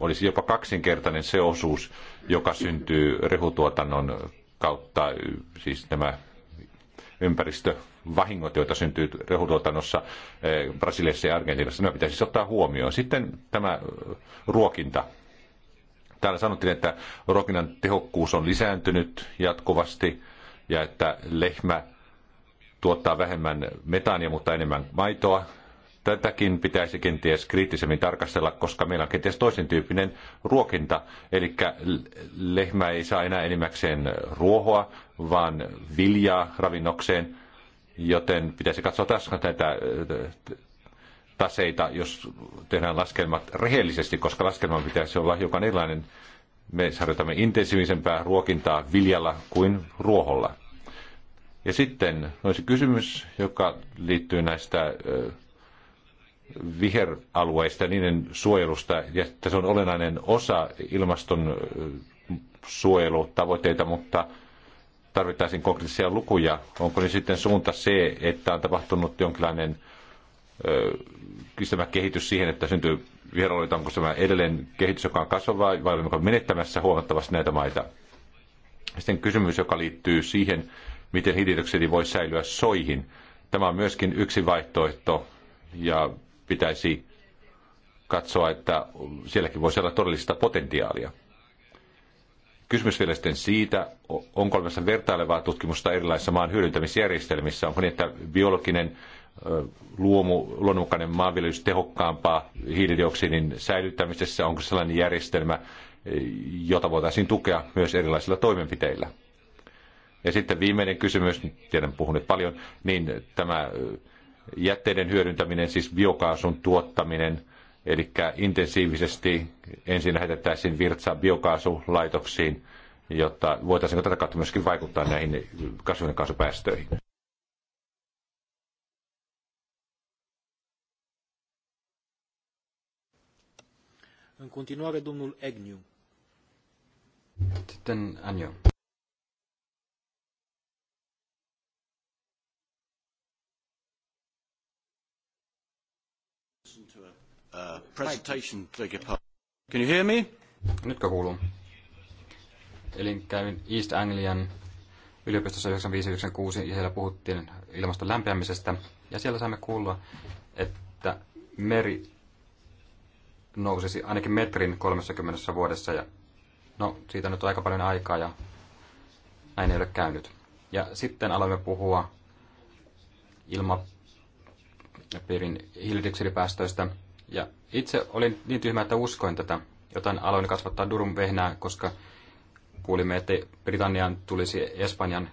olisi jopa kaksinkertainen se osuus, joka syntyy rehutuotannon kautta, siis nämä ympäristövahingot, joita syntyy rehutuotannossa Brasiliassa ja Argentiinassa, nämä pitäisi siis ottaa huomioon. Sitten tämä ruokinta, Täällä sanottiin, että rokinan tehokkuus on lisääntynyt jatkuvasti ja että lehmä tuottaa vähemmän metaania, mutta enemmän maitoa. Tätäkin pitäisi kenties kriittisemmin tarkastella, koska meillä on kenties toisen tyyppinen ruokinta. Eli lehmä ei saa enää enimmäkseen ruohoa, vaan viljaa ravinnokseen, joten pitäisi katsoa tässä tätä taseita, jos tehdään laskelmat rehellisesti, koska laskelman pitäisi olla hiukan erilainen. Me harjoitamme intensiivisempää ruokintaa viljalla kuin ruoholla. Ja sitten olisi kysymys, joka liittyy näistä viheralueista, niiden suojelusta, ja se on olennainen osa ilmaston suojelutavoitteita, mutta tarvittaisiin konkreettisia lukuja. Onko niin sitten suunta se, että on tapahtunut jonkinlainen tämä kehitys siihen, että syntyy vierailuita, onko tämä edelleen kehitys, joka on kasvava vai onko menettämässä huomattavasti näitä maita. Sitten kysymys, joka liittyy siihen, miten hiilidioksidi voi säilyä soihin. Tämä on myöskin yksi vaihtoehto ja pitäisi katsoa, että sielläkin voisi olla todellista potentiaalia. Kysymys vielä sitten siitä, onko olemassa vertailevaa tutkimusta erilaisissa maan hyödyntämisjärjestelmissä, onko niin, että biologinen luomu, luonnonmukainen maanviljelys tehokkaampaa hiilidioksidin säilyttämisessä? Onko sellainen järjestelmä, jota voitaisiin tukea myös erilaisilla toimenpiteillä? Ja sitten viimeinen kysymys, tiedän puhun nyt paljon, niin tämä jätteiden hyödyntäminen, siis biokaasun tuottaminen, eli intensiivisesti ensin lähetettäisiin virtsa biokaasulaitoksiin, jotta voitaisiinko tätä kautta myöskin vaikuttaa näihin kasvihuonekaasupäästöihin? În continuare, domnul Agnew. Sitten Agnew. presentation, beg Can you hear me? Nytkö kuuluu? Eli kävin East Anglian yliopistossa 9596 ja siellä puhuttiin ilmaston lämpiämisestä. Ja siellä saimme kuulla, että meri nousisi ainakin metrin 30 vuodessa. Ja no, siitä nyt on aika paljon aikaa ja näin ei ole käynyt. Ja sitten aloimme puhua ilmapiirin hiilidioksidipäästöistä. Ja itse olin niin tyhmä, että uskoin tätä, joten aloin kasvattaa durun vehnää, koska kuulimme, että Britannian tulisi Espanjan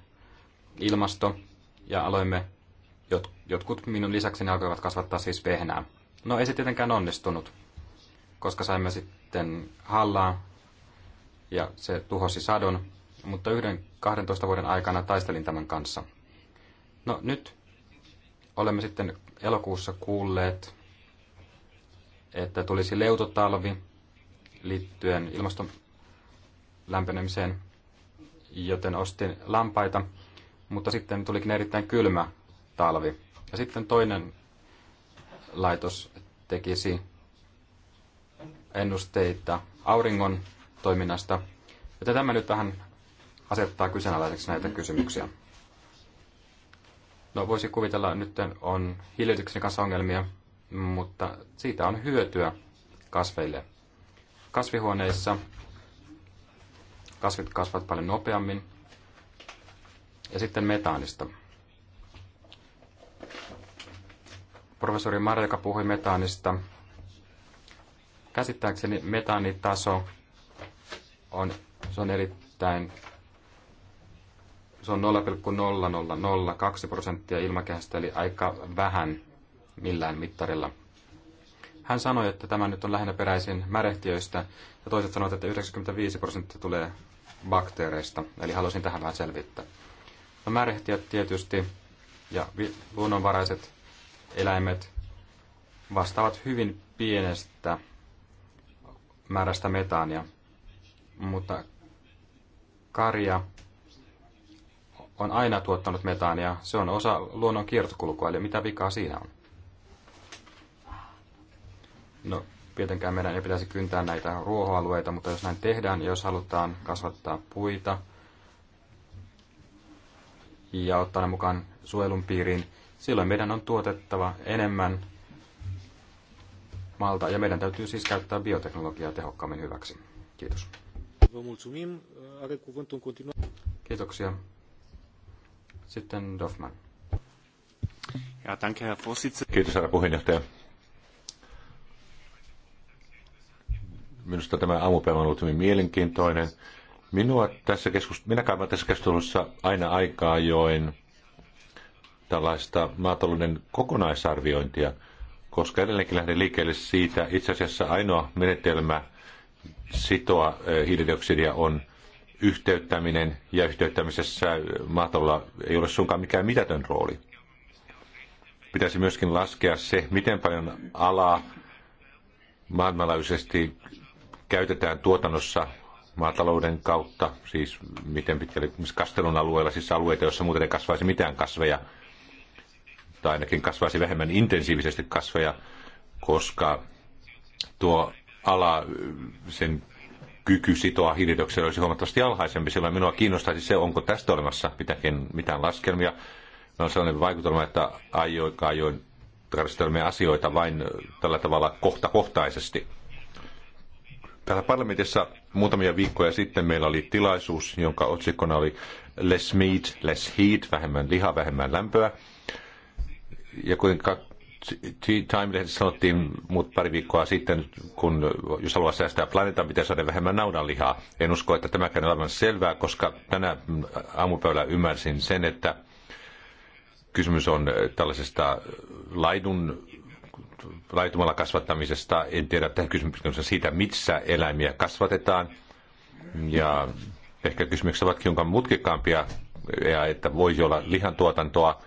ilmasto, ja aloimme, jotkut minun lisäkseni alkoivat kasvattaa siis vehnää. No ei se tietenkään onnistunut koska saimme sitten hallaa ja se tuhosi sadon, mutta yhden 12 vuoden aikana taistelin tämän kanssa. No nyt olemme sitten elokuussa kuulleet, että tulisi leutotalvi liittyen ilmaston lämpenemiseen, joten ostin lampaita, mutta sitten tulikin erittäin kylmä talvi. Ja sitten toinen laitos tekisi ennusteita auringon toiminnasta, joten tämä nyt vähän asettaa kyseenalaiseksi näitä kysymyksiä. No voisi kuvitella, nyt on hiljityksen kanssa ongelmia, mutta siitä on hyötyä kasveille. Kasvihuoneissa kasvit kasvavat paljon nopeammin. Ja sitten metaanista. Professori Mare, joka puhui metaanista, Käsittääkseni metaanitaso on, se on erittäin se on 0,0002 prosenttia ilmakehästä, eli aika vähän millään mittarilla. Hän sanoi, että tämä nyt on lähinnä peräisin märehtiöistä, ja toiset sanoivat, että 95 prosenttia tulee bakteereista, eli halusin tähän vähän selvittää. No märehtiöt tietysti ja luonnonvaraiset eläimet vastaavat hyvin pienestä määrästä metaania, mutta karja on aina tuottanut metaania. Se on osa luonnon kiertokulkua, eli mitä vikaa siinä on? No, tietenkään meidän ei pitäisi kyntää näitä ruohoalueita, mutta jos näin tehdään, jos halutaan kasvattaa puita ja ottaa ne mukaan suojelun piiriin, silloin meidän on tuotettava enemmän maalta, ja meidän täytyy siis käyttää bioteknologiaa tehokkaammin hyväksi. Kiitos. Kiitoksia. Sitten Doffman. Ja, danke, Herr Kiitos, herra puheenjohtaja. Minusta tämä aamupäivä on ollut hyvin mielenkiintoinen. Minua tässä keskust- Minä kaivan tässä keskustelussa aina aikaa join tällaista maatalouden kokonaisarviointia koska edelleenkin lähden liikkeelle siitä, itse asiassa ainoa menetelmä sitoa eh, hiilidioksidia on yhteyttäminen, ja yhteyttämisessä eh, maatolla ei ole suinkaan mikään mitätön rooli. Pitäisi myöskin laskea se, miten paljon alaa maailmanlaajuisesti käytetään tuotannossa maatalouden kautta, siis miten pitkälle kastelun alueella, siis alueita, joissa muuten ei kasvaisi mitään kasveja – tai ainakin kasvaisi vähemmän intensiivisesti kasveja, koska tuo ala, sen kyky sitoa hiilidioksidia olisi huomattavasti alhaisempi. Silloin minua kiinnostaisi se, onko tästä olemassa mitään, mitään laskelmia. Meillä on sellainen vaikutelma, että ajoin, ajoin tarkastelemme asioita vain tällä tavalla kohtakohtaisesti. Täällä parlamentissa muutamia viikkoja sitten meillä oli tilaisuus, jonka otsikkona oli Less meat, less heat, vähemmän liha vähemmän lämpöä ja kuinka Time-lehdessä sanottiin muut pari viikkoa sitten, kun jos haluaa säästää planeetan, pitää saada vähemmän naudanlihaa. En usko, että tämäkään on aivan selvää, koska tänä aamupäivällä ymmärsin sen, että kysymys on tällaisesta laidun laitumalla kasvattamisesta. En tiedä, että kysymys on siitä, missä eläimiä kasvatetaan. Ja ehkä kysymykset ovat jonkun mutkikkaampia, ja että voisi olla lihantuotantoa,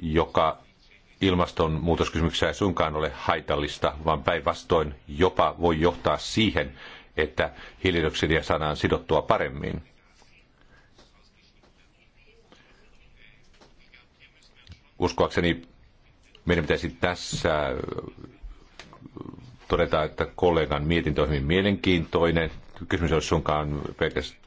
joka ilmastonmuutoskysymyksessä ei suinkaan ole haitallista, vaan päinvastoin jopa voi johtaa siihen, että hiilidioksidia saadaan sidottua paremmin. Uskoakseni meidän pitäisi tässä äh, todeta, että kollegan mietintö on hyvin mielenkiintoinen. Kysymys olisi suinkaan pelkästään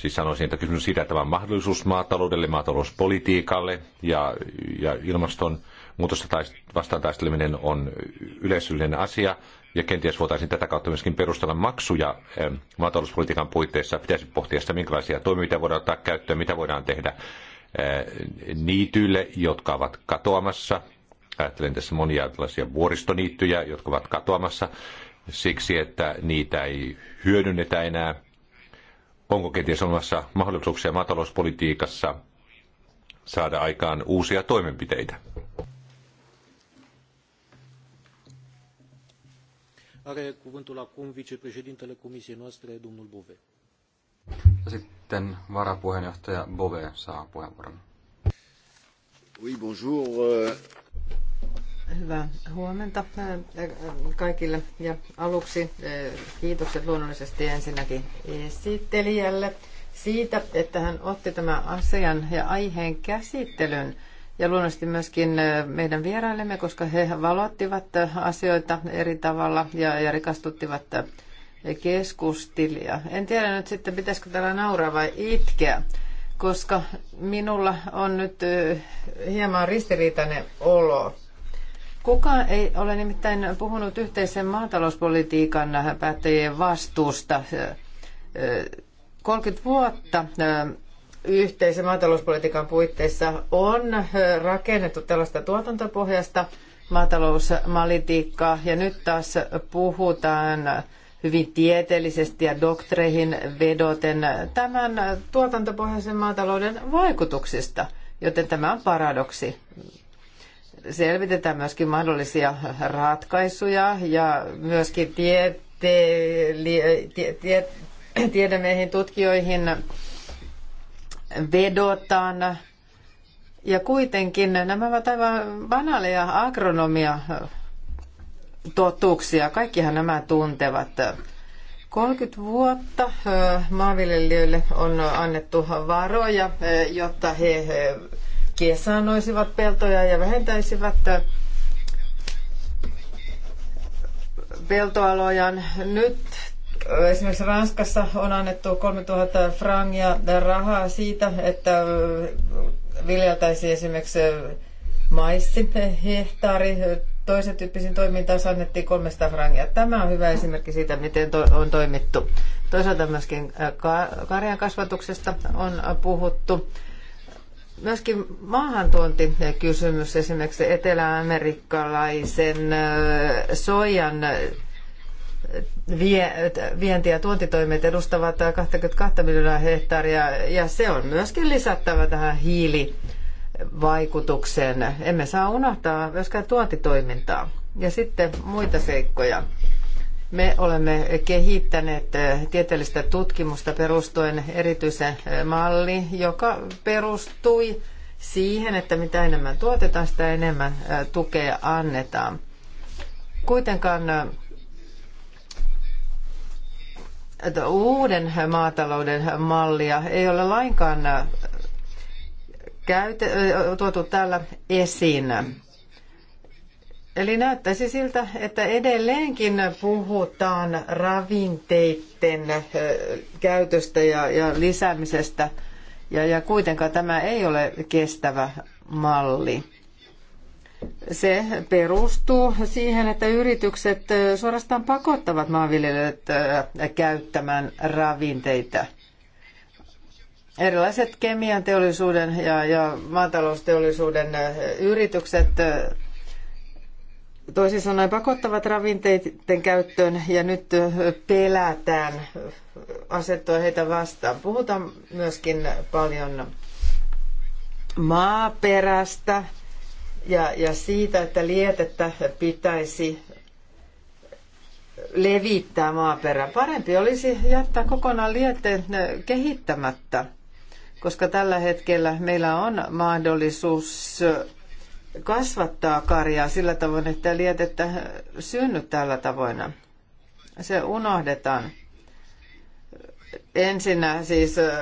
Siis sanoisin, että kysymys siitä, että tämä on mahdollisuus maataloudelle, maatalouspolitiikalle ja, ja ilmastonmuutosta taist, vastaan taisteleminen on yleisöllinen asia. Ja kenties voitaisiin tätä kautta myöskin perustella maksuja ähm, maatalouspolitiikan puitteissa. Pitäisi pohtia sitä, minkälaisia toimia voidaan ottaa käyttöön, mitä voidaan tehdä äh, niityille, jotka ovat katoamassa. Ajattelen tässä monia tällaisia vuoristoniittyjä, jotka ovat katoamassa siksi, että niitä ei hyödynnetä enää – Onko kenties olemassa mahdollisuuksia maatalouspolitiikassa saada aikaan uusia toimenpiteitä? Are cuvântul acum vicepreședintele comisiei noastre, domnul Bove. Sitten varapuheenjohtaja Bove saa puheenvuoron. Oui, bonjour. Euh, Hyvää huomenta äh, kaikille ja aluksi äh, kiitokset luonnollisesti ensinnäkin esittelijälle siitä, että hän otti tämän asian ja aiheen käsittelyn ja luonnollisesti myöskin äh, meidän vieraillemme, koska he valottivat asioita eri tavalla ja, ja rikastuttivat keskustilia. En tiedä nyt sitten, pitäisikö täällä nauraa vai itkeä, koska minulla on nyt hieman ristiriitainen olo. Kukaan ei ole nimittäin puhunut yhteisen maatalouspolitiikan päättäjien vastuusta. 30 vuotta yhteisen maatalouspolitiikan puitteissa on rakennettu tällaista tuotantopohjasta maatalouspolitiikkaa ja nyt taas puhutaan hyvin tieteellisesti ja doktreihin vedoten tämän tuotantopohjaisen maatalouden vaikutuksista, joten tämä on paradoksi selvitetään myöskin mahdollisia ratkaisuja ja myöskin tieteili- tie- tie- tiedemiehiin tutkijoihin vedotaan. Ja kuitenkin nämä ovat aivan banaaleja agronomia totuuksia. Kaikkihan nämä tuntevat. 30 vuotta maanviljelijöille on annettu varoja, jotta he kesanoisivat peltoja ja vähentäisivät äh, peltoalojaan. Nyt äh, esimerkiksi Ranskassa on annettu 3000 frangia rahaa siitä, että äh, viljeltäisiin esimerkiksi maissi, hehtaari, toisen tyyppisiin toimintaan annettiin 300 frangia. Tämä on hyvä esimerkki siitä, miten on toimittu. Toisaalta myöskin karjan kasvatuksesta on puhuttu. Myöskin maahantuontikysymys esimerkiksi eteläamerikkalaisen soijan vienti- ja tuontitoimet edustavat 22 miljoonaa hehtaaria ja se on myöskin lisättävä tähän hiilivaikutukseen. Emme saa unohtaa myöskään tuontitoimintaa. Ja sitten muita seikkoja. Me olemme kehittäneet eh, tieteellistä tutkimusta perustuen erityisen eh, malli, joka perustui siihen, että mitä enemmän tuotetaan, sitä enemmän eh, tukea annetaan. Kuitenkaan uuden maatalouden mallia ei ole lainkaan käyte, tuotu täällä esiin. Eli näyttäisi siltä, että edelleenkin puhutaan ravinteiden käytöstä ja, ja lisäämisestä, ja, ja kuitenkaan tämä ei ole kestävä malli. Se perustuu siihen, että yritykset suorastaan pakottavat maanviljelijät käyttämään ravinteita. Erilaiset kemian teollisuuden ja, ja maatalousteollisuuden yritykset Toisin sanoen pakottavat ravinteiden käyttöön ja nyt pelätään asettua heitä vastaan. Puhutaan myöskin paljon maaperästä ja, ja siitä, että lietettä pitäisi levittää maaperää Parempi olisi jättää kokonaan lietteen kehittämättä, koska tällä hetkellä meillä on mahdollisuus kasvattaa karjaa sillä tavoin, että lietettä synny tällä tavoin. Se unohdetaan. Ensinnä äh, siis äh,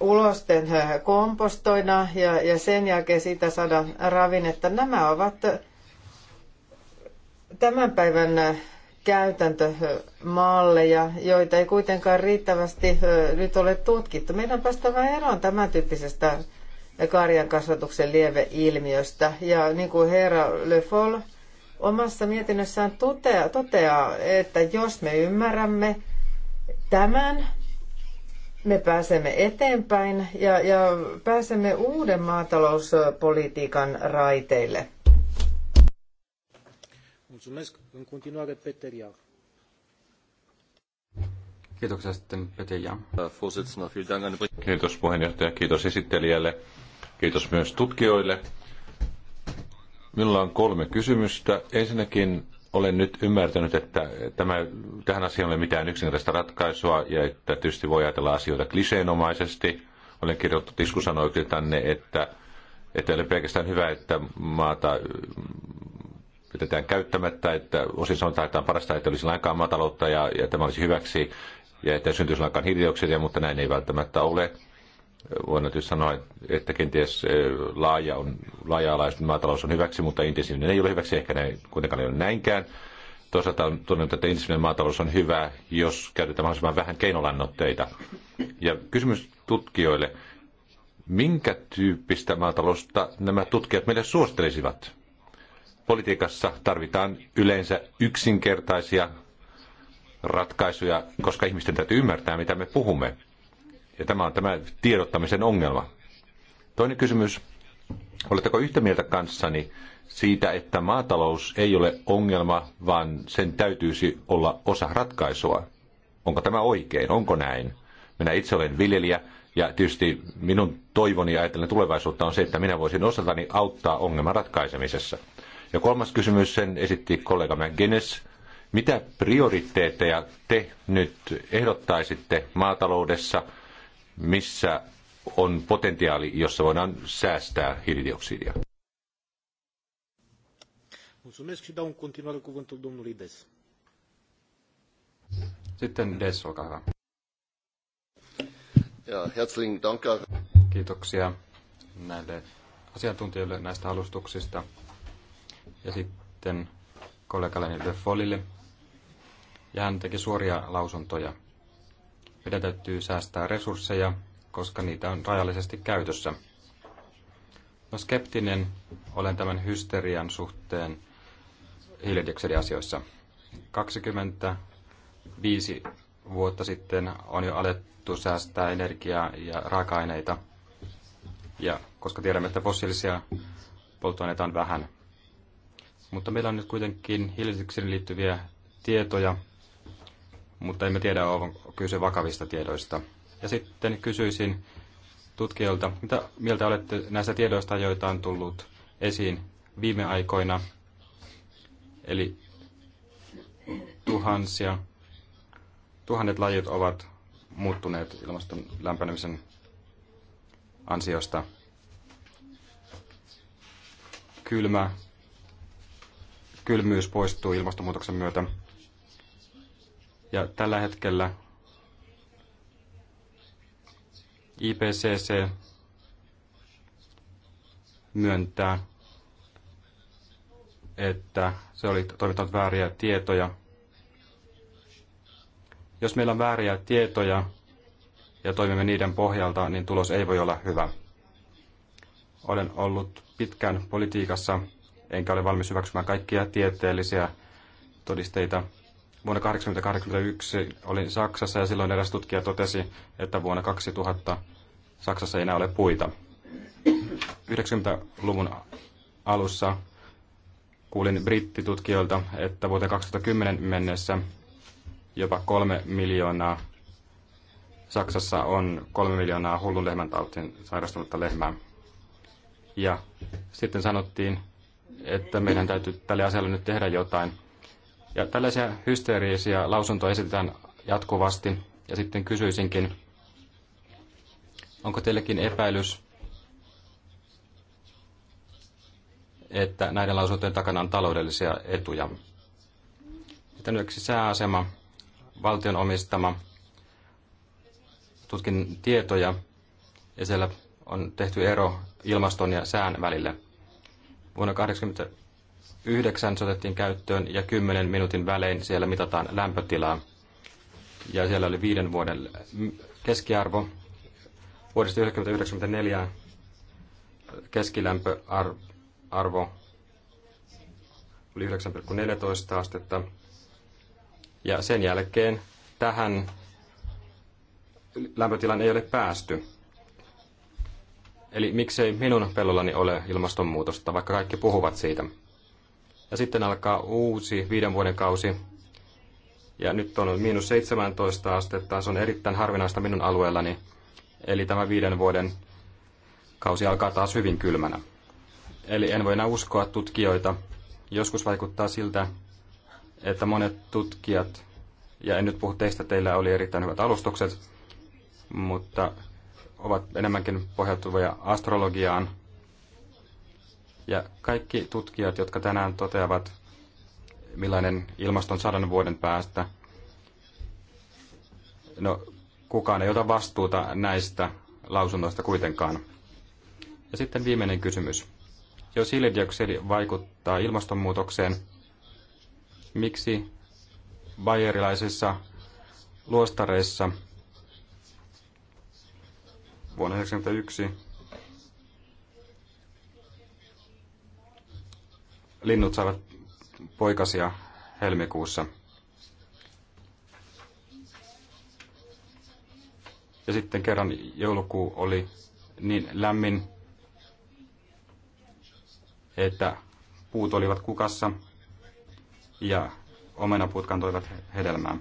ulosten äh, kompostoina ja, ja sen jälkeen siitä saadaan ravinnetta. Nämä ovat tämän päivän käytäntömalleja, joita ei kuitenkaan riittävästi nyt ole tutkittu. Meidän on päästävä eroon tämän tyyppisestä karjan kasvatuksen lieveilmiöstä. Ja niin kuin herra Le Foll omassa mietinnössään toteaa, toteaa, että jos me ymmärrämme tämän, me pääsemme eteenpäin ja, ja pääsemme uuden maatalouspolitiikan raiteille. Kiitoksia sitten Kiitos puheenjohtaja, kiitos esittelijälle. Kiitos myös tutkijoille. Minulla on kolme kysymystä. Ensinnäkin olen nyt ymmärtänyt, että tämä, tähän asiaan ei ole mitään yksinkertaista ratkaisua ja että tietysti voi ajatella asioita kliseenomaisesti. Olen kirjoittanut iskusanoiksi tänne, että, että ei ole pelkästään hyvä, että maata pidetään mm, käyttämättä, että osin sanotaan, että on parasta, että olisi lainkaan maataloutta ja, ja tämä olisi hyväksi ja että syntyisi lainkaan hiilidioksidia, mutta näin ei välttämättä ole voin nyt sanoa, että kenties eh, laaja on, laaja-alaisuuden maatalous on hyväksi, mutta intensiivinen ei ole hyväksi, ehkä näin, kuitenkaan ei ole näinkään. Toisaalta on tunnettu, että intensiivinen maatalous on hyvä, jos käytetään mahdollisimman vähän keinolannoitteita. Ja kysymys tutkijoille, minkä tyyppistä maatalousta nämä tutkijat meille suosittelisivat? Politiikassa tarvitaan yleensä yksinkertaisia ratkaisuja, koska ihmisten täytyy ymmärtää, mitä me puhumme ja tämä on tämä tiedottamisen ongelma. Toinen kysymys. Oletteko yhtä mieltä kanssani siitä, että maatalous ei ole ongelma, vaan sen täytyisi olla osa ratkaisua? Onko tämä oikein? Onko näin? Minä itse olen viljelijä ja tietysti minun toivoni ajatellen tulevaisuutta on se, että minä voisin osaltani auttaa ongelman ratkaisemisessa. Ja kolmas kysymys, sen esitti kollega McGuinness. Mitä prioriteetteja te nyt ehdottaisitte maataloudessa – missä on potentiaali, jossa voidaan säästää hiilidioksidia. Sitten Des, olkaa hyvä. Ja, herzlichen Dank. Kiitoksia näille asiantuntijoille näistä alustuksista. Ja sitten kollegalleni De Follille. Ja hän teki suoria lausuntoja meidän täytyy säästää resursseja, koska niitä on rajallisesti käytössä. No skeptinen olen tämän hysterian suhteen hiilidioksidiasioissa. 25 vuotta sitten on jo alettu säästää energiaa ja raaka-aineita. Ja koska tiedämme, että fossiilisia polttoaineita on vähän. Mutta meillä on nyt kuitenkin hiilidioksidin liittyviä tietoja mutta emme tiedä, onko kyse vakavista tiedoista. Ja sitten kysyisin tutkijoilta, mitä mieltä olette näistä tiedoista, joita on tullut esiin viime aikoina, eli tuhansia, tuhannet lajit ovat muuttuneet ilmaston lämpenemisen ansiosta. Kylmä, kylmyys poistuu ilmastonmuutoksen myötä. Ja tällä hetkellä IPCC myöntää, että se oli toimittanut vääriä tietoja. Jos meillä on vääriä tietoja ja toimimme niiden pohjalta, niin tulos ei voi olla hyvä. Olen ollut pitkään politiikassa, enkä ole valmis hyväksymään kaikkia tieteellisiä todisteita Vuonna 1981 olin Saksassa ja silloin eräs tutkija totesi, että vuonna 2000 Saksassa ei enää ole puita. 90-luvun alussa kuulin brittitutkijoilta, että vuoteen 2010 mennessä jopa kolme miljoonaa Saksassa on kolme miljoonaa hullun lehmän tautin sairastunutta lehmää. Ja sitten sanottiin, että meidän täytyy tälle asialle nyt tehdä jotain. Ja tällaisia hysteerisiä lausuntoja esitetään jatkuvasti. Ja sitten kysyisinkin, onko teillekin epäilys, että näiden lausuntojen takana on taloudellisia etuja? Sitten yksi sääasema, valtion omistama. Tutkin tietoja ja siellä on tehty ero ilmaston ja sään välillä. Vuonna 80 Yhdeksän se otettiin käyttöön ja kymmenen minuutin välein siellä mitataan lämpötilaa. Ja siellä oli viiden vuoden keskiarvo. Vuodesta 1994 keskilämpöarvo oli 9,14 astetta. Ja sen jälkeen tähän lämpötilan ei ole päästy. Eli miksei minun pellollani ole ilmastonmuutosta, vaikka kaikki puhuvat siitä. Ja sitten alkaa uusi viiden vuoden kausi. Ja nyt on miinus 17 astetta. Se on erittäin harvinaista minun alueellani. Eli tämä viiden vuoden kausi alkaa taas hyvin kylmänä. Eli en voi enää uskoa tutkijoita. Joskus vaikuttaa siltä, että monet tutkijat, ja en nyt puhu teistä, teillä oli erittäin hyvät alustukset, mutta ovat enemmänkin pohjautuvia astrologiaan ja kaikki tutkijat, jotka tänään toteavat, millainen ilmaston sadan vuoden päästä, no kukaan ei ota vastuuta näistä lausunnoista kuitenkaan. Ja sitten viimeinen kysymys. Jos hiilidioksidi vaikuttaa ilmastonmuutokseen, miksi bayerilaisissa luostareissa vuonna 1991 linnut saivat poikasia helmikuussa. Ja sitten kerran joulukuu oli niin lämmin, että puut olivat kukassa ja omenapuut kantoivat hedelmää.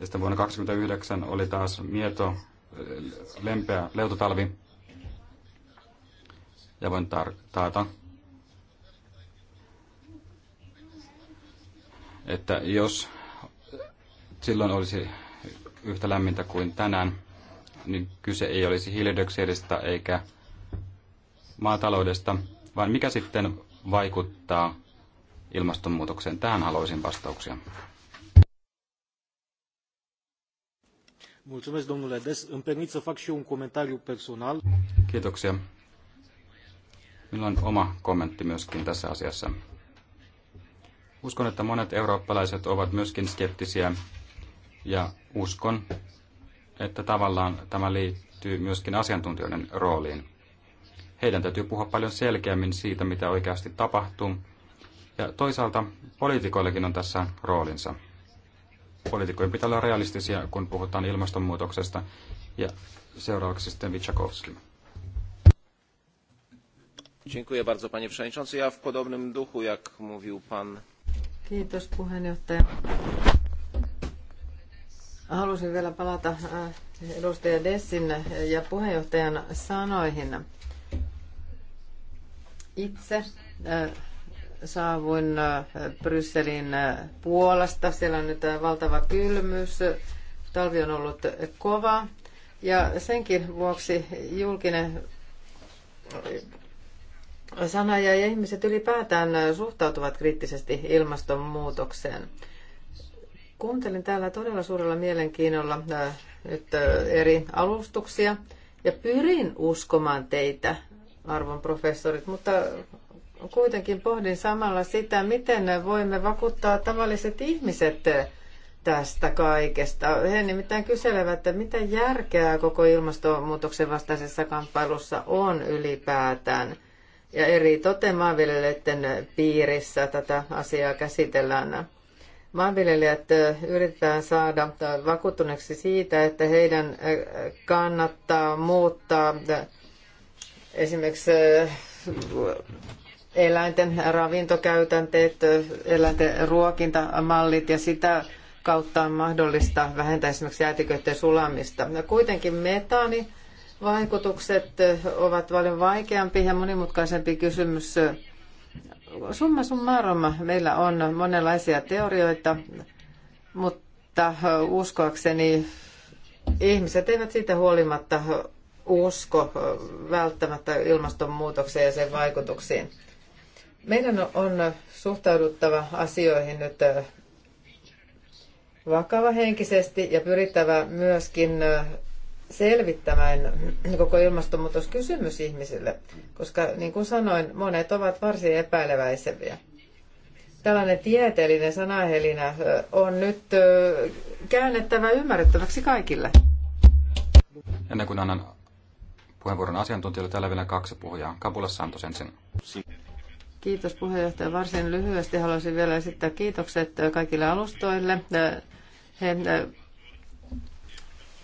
Ja sitten vuonna 1929 oli taas mieto, lempeä leutotalvi. Ja voin tar- taata, että jos silloin olisi yhtä lämmintä kuin tänään, niin kyse ei olisi hiilidioksidista eikä maataloudesta, vaan mikä sitten vaikuttaa ilmastonmuutokseen? Tähän haluaisin vastauksia. Mulțumesc, domnule Des. Îmi permit să fac și eu un comentariu personal. Kiitoksia. Minulla on oma kommentti myöskin tässä asiassa. Uskon, että monet eurooppalaiset ovat myöskin skeptisiä ja uskon, että tavallaan tämä liittyy myöskin asiantuntijoiden rooliin. Heidän täytyy puhua paljon selkeämmin siitä, mitä oikeasti tapahtuu. Ja toisaalta poliitikoillekin on tässä roolinsa. Poliitikkojen pitää olla realistisia, kun puhutaan ilmastonmuutoksesta. Ja seuraavaksi sitten Witschakowski. Dziękuję bardzo panie przewodniczący. Ja w podobnym duchu jak mówił pan Kiitos puheenjohtaja. Halusin vielä palata äh, edustaja Dessin ja puheenjohtajan sanoihin. Itse äh, saavuin äh, Brysselin Puolasta. Siellä on nyt valtava kylmyys. Talvi on ollut kova. Ja senkin vuoksi julkinen sanaja ja ihmiset ylipäätään suhtautuvat kriittisesti ilmastonmuutokseen. Kuuntelin täällä todella suurella mielenkiinnolla äh, nyt äh, eri alustuksia ja pyrin uskomaan teitä, arvon professorit, mutta kuitenkin pohdin samalla sitä, miten voimme vakuuttaa tavalliset ihmiset tästä kaikesta. He nimittäin kyselevät, että mitä järkeä koko ilmastonmuutoksen vastaisessa kamppailussa on ylipäätään – ja eri toten maanviljelijöiden piirissä tätä asiaa käsitellään. Maanviljelijät yritetään saada vakuuttuneeksi siitä, että heidän kannattaa muuttaa esimerkiksi eläinten ravintokäytänteet, eläinten ruokintamallit ja sitä kautta on mahdollista vähentää esimerkiksi jäätiköiden sulamista. Ja no kuitenkin metaani vaikutukset ovat paljon vaikeampi ja monimutkaisempi kysymys. Summa summarum, meillä on monenlaisia teorioita, mutta uskoakseni ihmiset eivät siitä huolimatta usko välttämättä ilmastonmuutokseen ja sen vaikutuksiin. Meidän on suhtauduttava asioihin nyt vakava henkisesti ja pyrittävä myöskin selvittämään koko ilmastonmuutoskysymys ihmisille, koska niin kuin sanoin, monet ovat varsin epäileväisempiä. Tällainen tieteellinen sanahelinä on nyt käännettävä ymmärrettäväksi kaikille. Ennen kuin annan puheenvuoron asiantuntijoille, täällä vielä kaksi puhujaa. Kapula Santos ensin. Kiitos puheenjohtaja. Varsin lyhyesti haluaisin vielä esittää kiitokset kaikille alustoille. He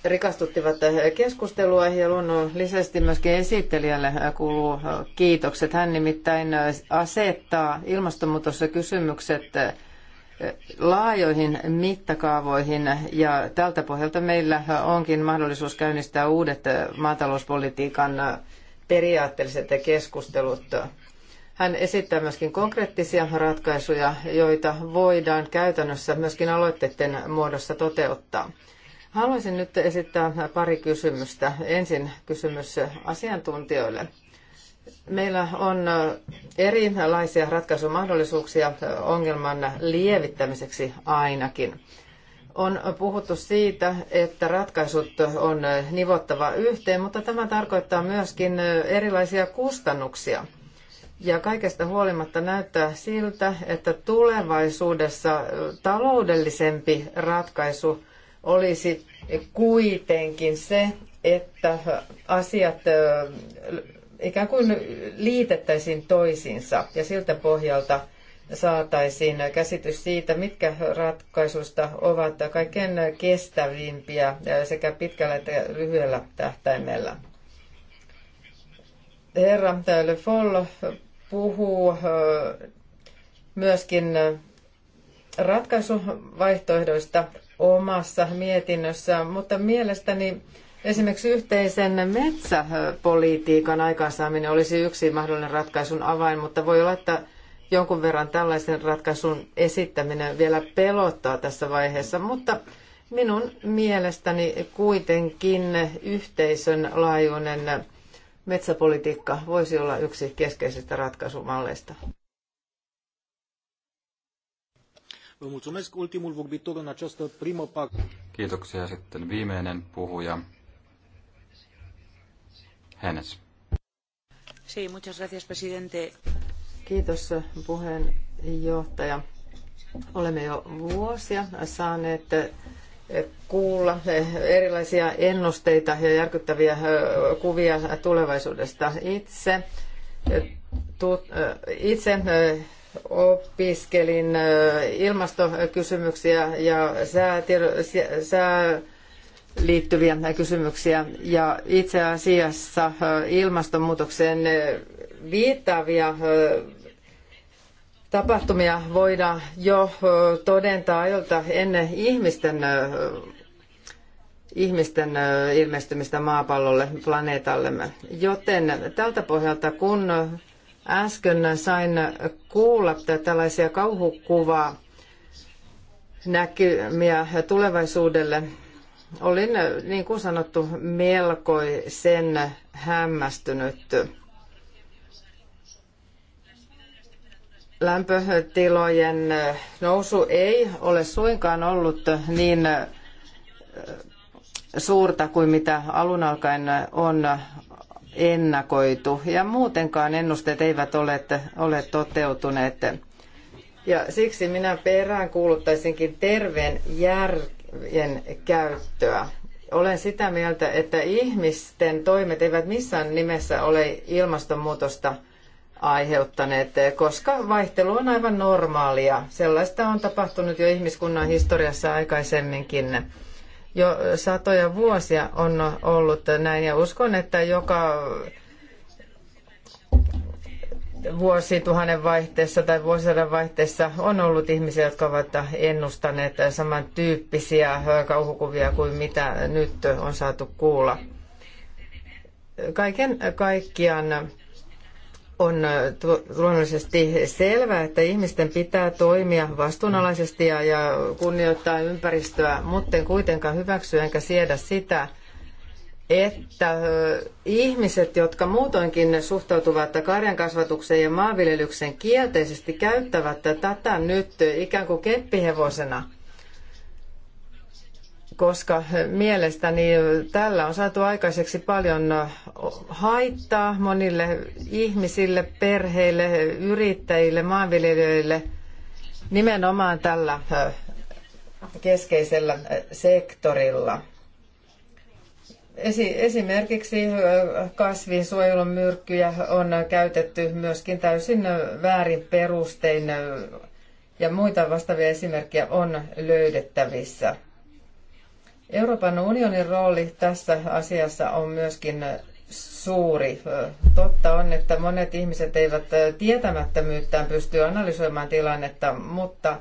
rikastuttivat keskustelua ja luonnollisesti myöskin esittelijälle kuuluu kiitokset. Hän nimittäin asettaa kysymykset laajoihin mittakaavoihin ja tältä pohjalta meillä onkin mahdollisuus käynnistää uudet maatalouspolitiikan periaatteelliset keskustelut. Hän esittää myöskin konkreettisia ratkaisuja, joita voidaan käytännössä myöskin aloitteiden muodossa toteuttaa. Haluaisin nyt esittää pari kysymystä. Ensin kysymys asiantuntijoille. Meillä on erilaisia ratkaisumahdollisuuksia ongelman lievittämiseksi ainakin. On puhuttu siitä, että ratkaisut on nivottava yhteen, mutta tämä tarkoittaa myöskin erilaisia kustannuksia. Ja kaikesta huolimatta näyttää siltä, että tulevaisuudessa taloudellisempi ratkaisu – olisi kuitenkin se, että asiat ikään kuin liitettäisiin toisiinsa ja siltä pohjalta saataisiin käsitys siitä, mitkä ratkaisusta ovat kaikkein kestävimpiä sekä pitkällä että lyhyellä tähtäimellä. Herra Le Foll puhuu myöskin ratkaisuvaihtoehdoista omassa mietinnössä, mutta mielestäni esimerkiksi yhteisen metsäpolitiikan aikaansaaminen olisi yksi mahdollinen ratkaisun avain, mutta voi olla, että jonkun verran tällaisen ratkaisun esittäminen vielä pelottaa tässä vaiheessa, mutta minun mielestäni kuitenkin yhteisön laajuinen metsäpolitiikka voisi olla yksi keskeisistä ratkaisumalleista. Vă mulțumesc. Ultimul vorbitor în această primă parte. Kiitoksia. Sitten viimeinen puhuja, Hennes. Sí, muchas gracias, presidente. Kiitos puheenjohtaja. Olemme jo vuosia saaneet kuulla erilaisia ennusteita ja järkyttäviä kuvia tulevaisuudesta. Itse, itse Opiskelin ilmastokysymyksiä ja sää, liittyviä kysymyksiä. Ja itse asiassa ilmastonmuutokseen viittaavia tapahtumia voidaan jo todentaa ajoilta ennen ihmisten, ihmisten ilmestymistä maapallolle, planeetallemme. Joten tältä pohjalta, kun Äsken sain kuulla tällaisia kauhukuvaa näkymiä tulevaisuudelle. Olin, niin kuin sanottu, melkoisen hämmästynyt. lämpötilojen nousu ei ole suinkaan ollut niin äh, suurta kuin mitä alun alkaen on ennakoitu ja muutenkaan ennusteet eivät ole, ole toteutuneet. Ja siksi minä perään kuuluttaisinkin terveen järjen käyttöä. Olen sitä mieltä, että ihmisten toimet eivät missään nimessä ole ilmastonmuutosta aiheuttaneet, koska vaihtelu on aivan normaalia. Sellaista on tapahtunut jo ihmiskunnan historiassa aikaisemminkin jo satoja vuosia on ollut näin ja uskon, että joka vuosituhannen vaihteessa tai vuosisadan vaihteessa on ollut ihmisiä, jotka ovat ennustaneet samantyyppisiä kauhukuvia kuin mitä nyt on saatu kuulla. Kaiken kaikkiaan on äh, luonnollisesti selvää, että ihmisten pitää toimia vastuunalaisesti ja, ja kunnioittaa ympäristöä, mutta en kuitenkaan hyväksy enkä siedä sitä, että äh, ihmiset, jotka muutoinkin suhtautuvat karjan kasvatukseen ja maanviljelykseen kielteisesti, käyttävät tätä nyt ikään kuin keppihevosena – koska mielestäni tällä on saatu aikaiseksi paljon haittaa monille ihmisille, perheille, yrittäjille, maanviljelijöille nimenomaan tällä keskeisellä sektorilla. Esimerkiksi kasvinsuojelun myrkkyjä on käytetty myöskin täysin väärin perustein ja muita vastaavia esimerkkejä on löydettävissä. Euroopan unionin rooli tässä asiassa on myöskin suuri. Totta on, että monet ihmiset eivät tietämättömyyttään pysty analysoimaan tilannetta, mutta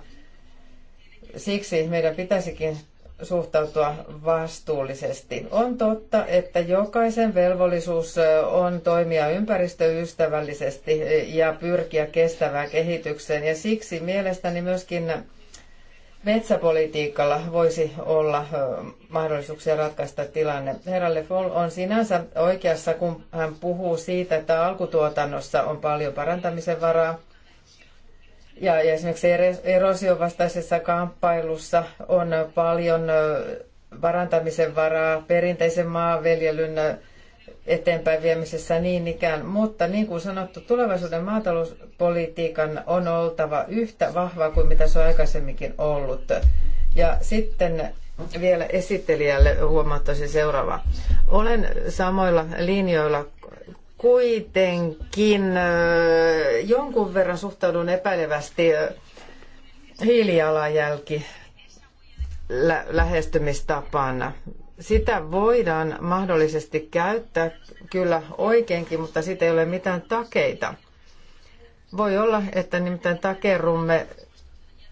siksi meidän pitäisikin suhtautua vastuullisesti. On totta, että jokaisen velvollisuus on toimia ympäristöystävällisesti ja pyrkiä kestävään kehitykseen. Ja siksi mielestäni myöskin metsäpolitiikalla voisi olla mahdollisuuksia ratkaista tilanne. Herra Le Foll on sinänsä oikeassa, kun hän puhuu siitä, että alkutuotannossa on paljon parantamisen varaa. Ja esimerkiksi erosion vastaisessa kamppailussa on paljon parantamisen varaa perinteisen maanviljelyn eteenpäin viemisessä niin ikään. Mutta niin kuin sanottu, tulevaisuuden maatalouspolitiikan on oltava yhtä vahvaa kuin mitä se on aikaisemminkin ollut. Ja sitten vielä esittelijälle huomauttaisin seuraava. Olen samoilla linjoilla kuitenkin jonkun verran suhtaudun epäilevästi hiilijalanjälki lähestymistapana sitä voidaan mahdollisesti käyttää kyllä oikeinkin, mutta siitä ei ole mitään takeita. Voi olla, että nimittäin takerrumme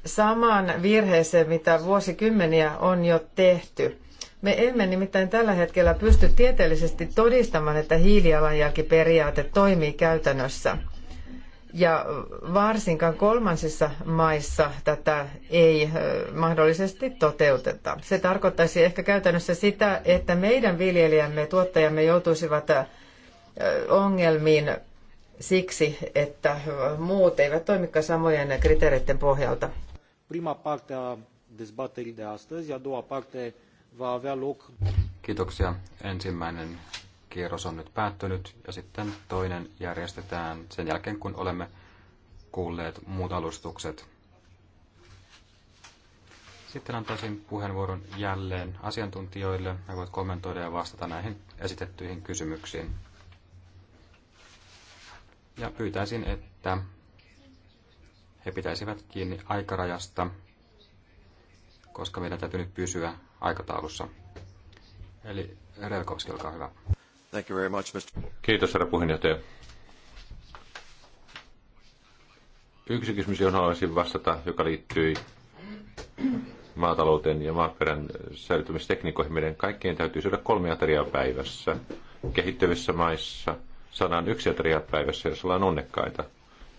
samaan virheeseen, mitä vuosikymmeniä on jo tehty. Me emme nimittäin tällä hetkellä pysty tieteellisesti todistamaan, että hiilijalanjälkiperiaate toimii käytännössä – ja varsinkaan kolmansissa maissa tätä ei mahdollisesti toteuteta. Se tarkoittaisi ehkä käytännössä sitä, että meidän viljelijämme, tuottajamme joutuisivat ongelmiin siksi, että muut eivät toimikaan samojen kriteereiden pohjalta. Prima parte a dezbaterii de astăzi, a doua parte va avea loc... Kiitoksia. Ensimmäinen kierros on nyt päättynyt ja sitten toinen järjestetään sen jälkeen, kun olemme kuulleet muut alustukset. Sitten antaisin puheenvuoron jälleen asiantuntijoille. He voivat kommentoida ja vastata näihin esitettyihin kysymyksiin. Ja pyytäisin, että he pitäisivät kiinni aikarajasta, koska meidän täytyy nyt pysyä aikataulussa. Eli Relkovski, olkaa hyvä. Thank you very much, Mr. Kiitos, herra puheenjohtaja. Yksi kysymys, johon haluaisin vastata, joka liittyy maatalouteen ja maaperän säilytymistekniikoihin, Meidän kaikkien täytyy syödä kolme ateriaa päivässä. Kehittyvissä maissa saadaan yksi ateria päivässä, jos ollaan onnekkaita.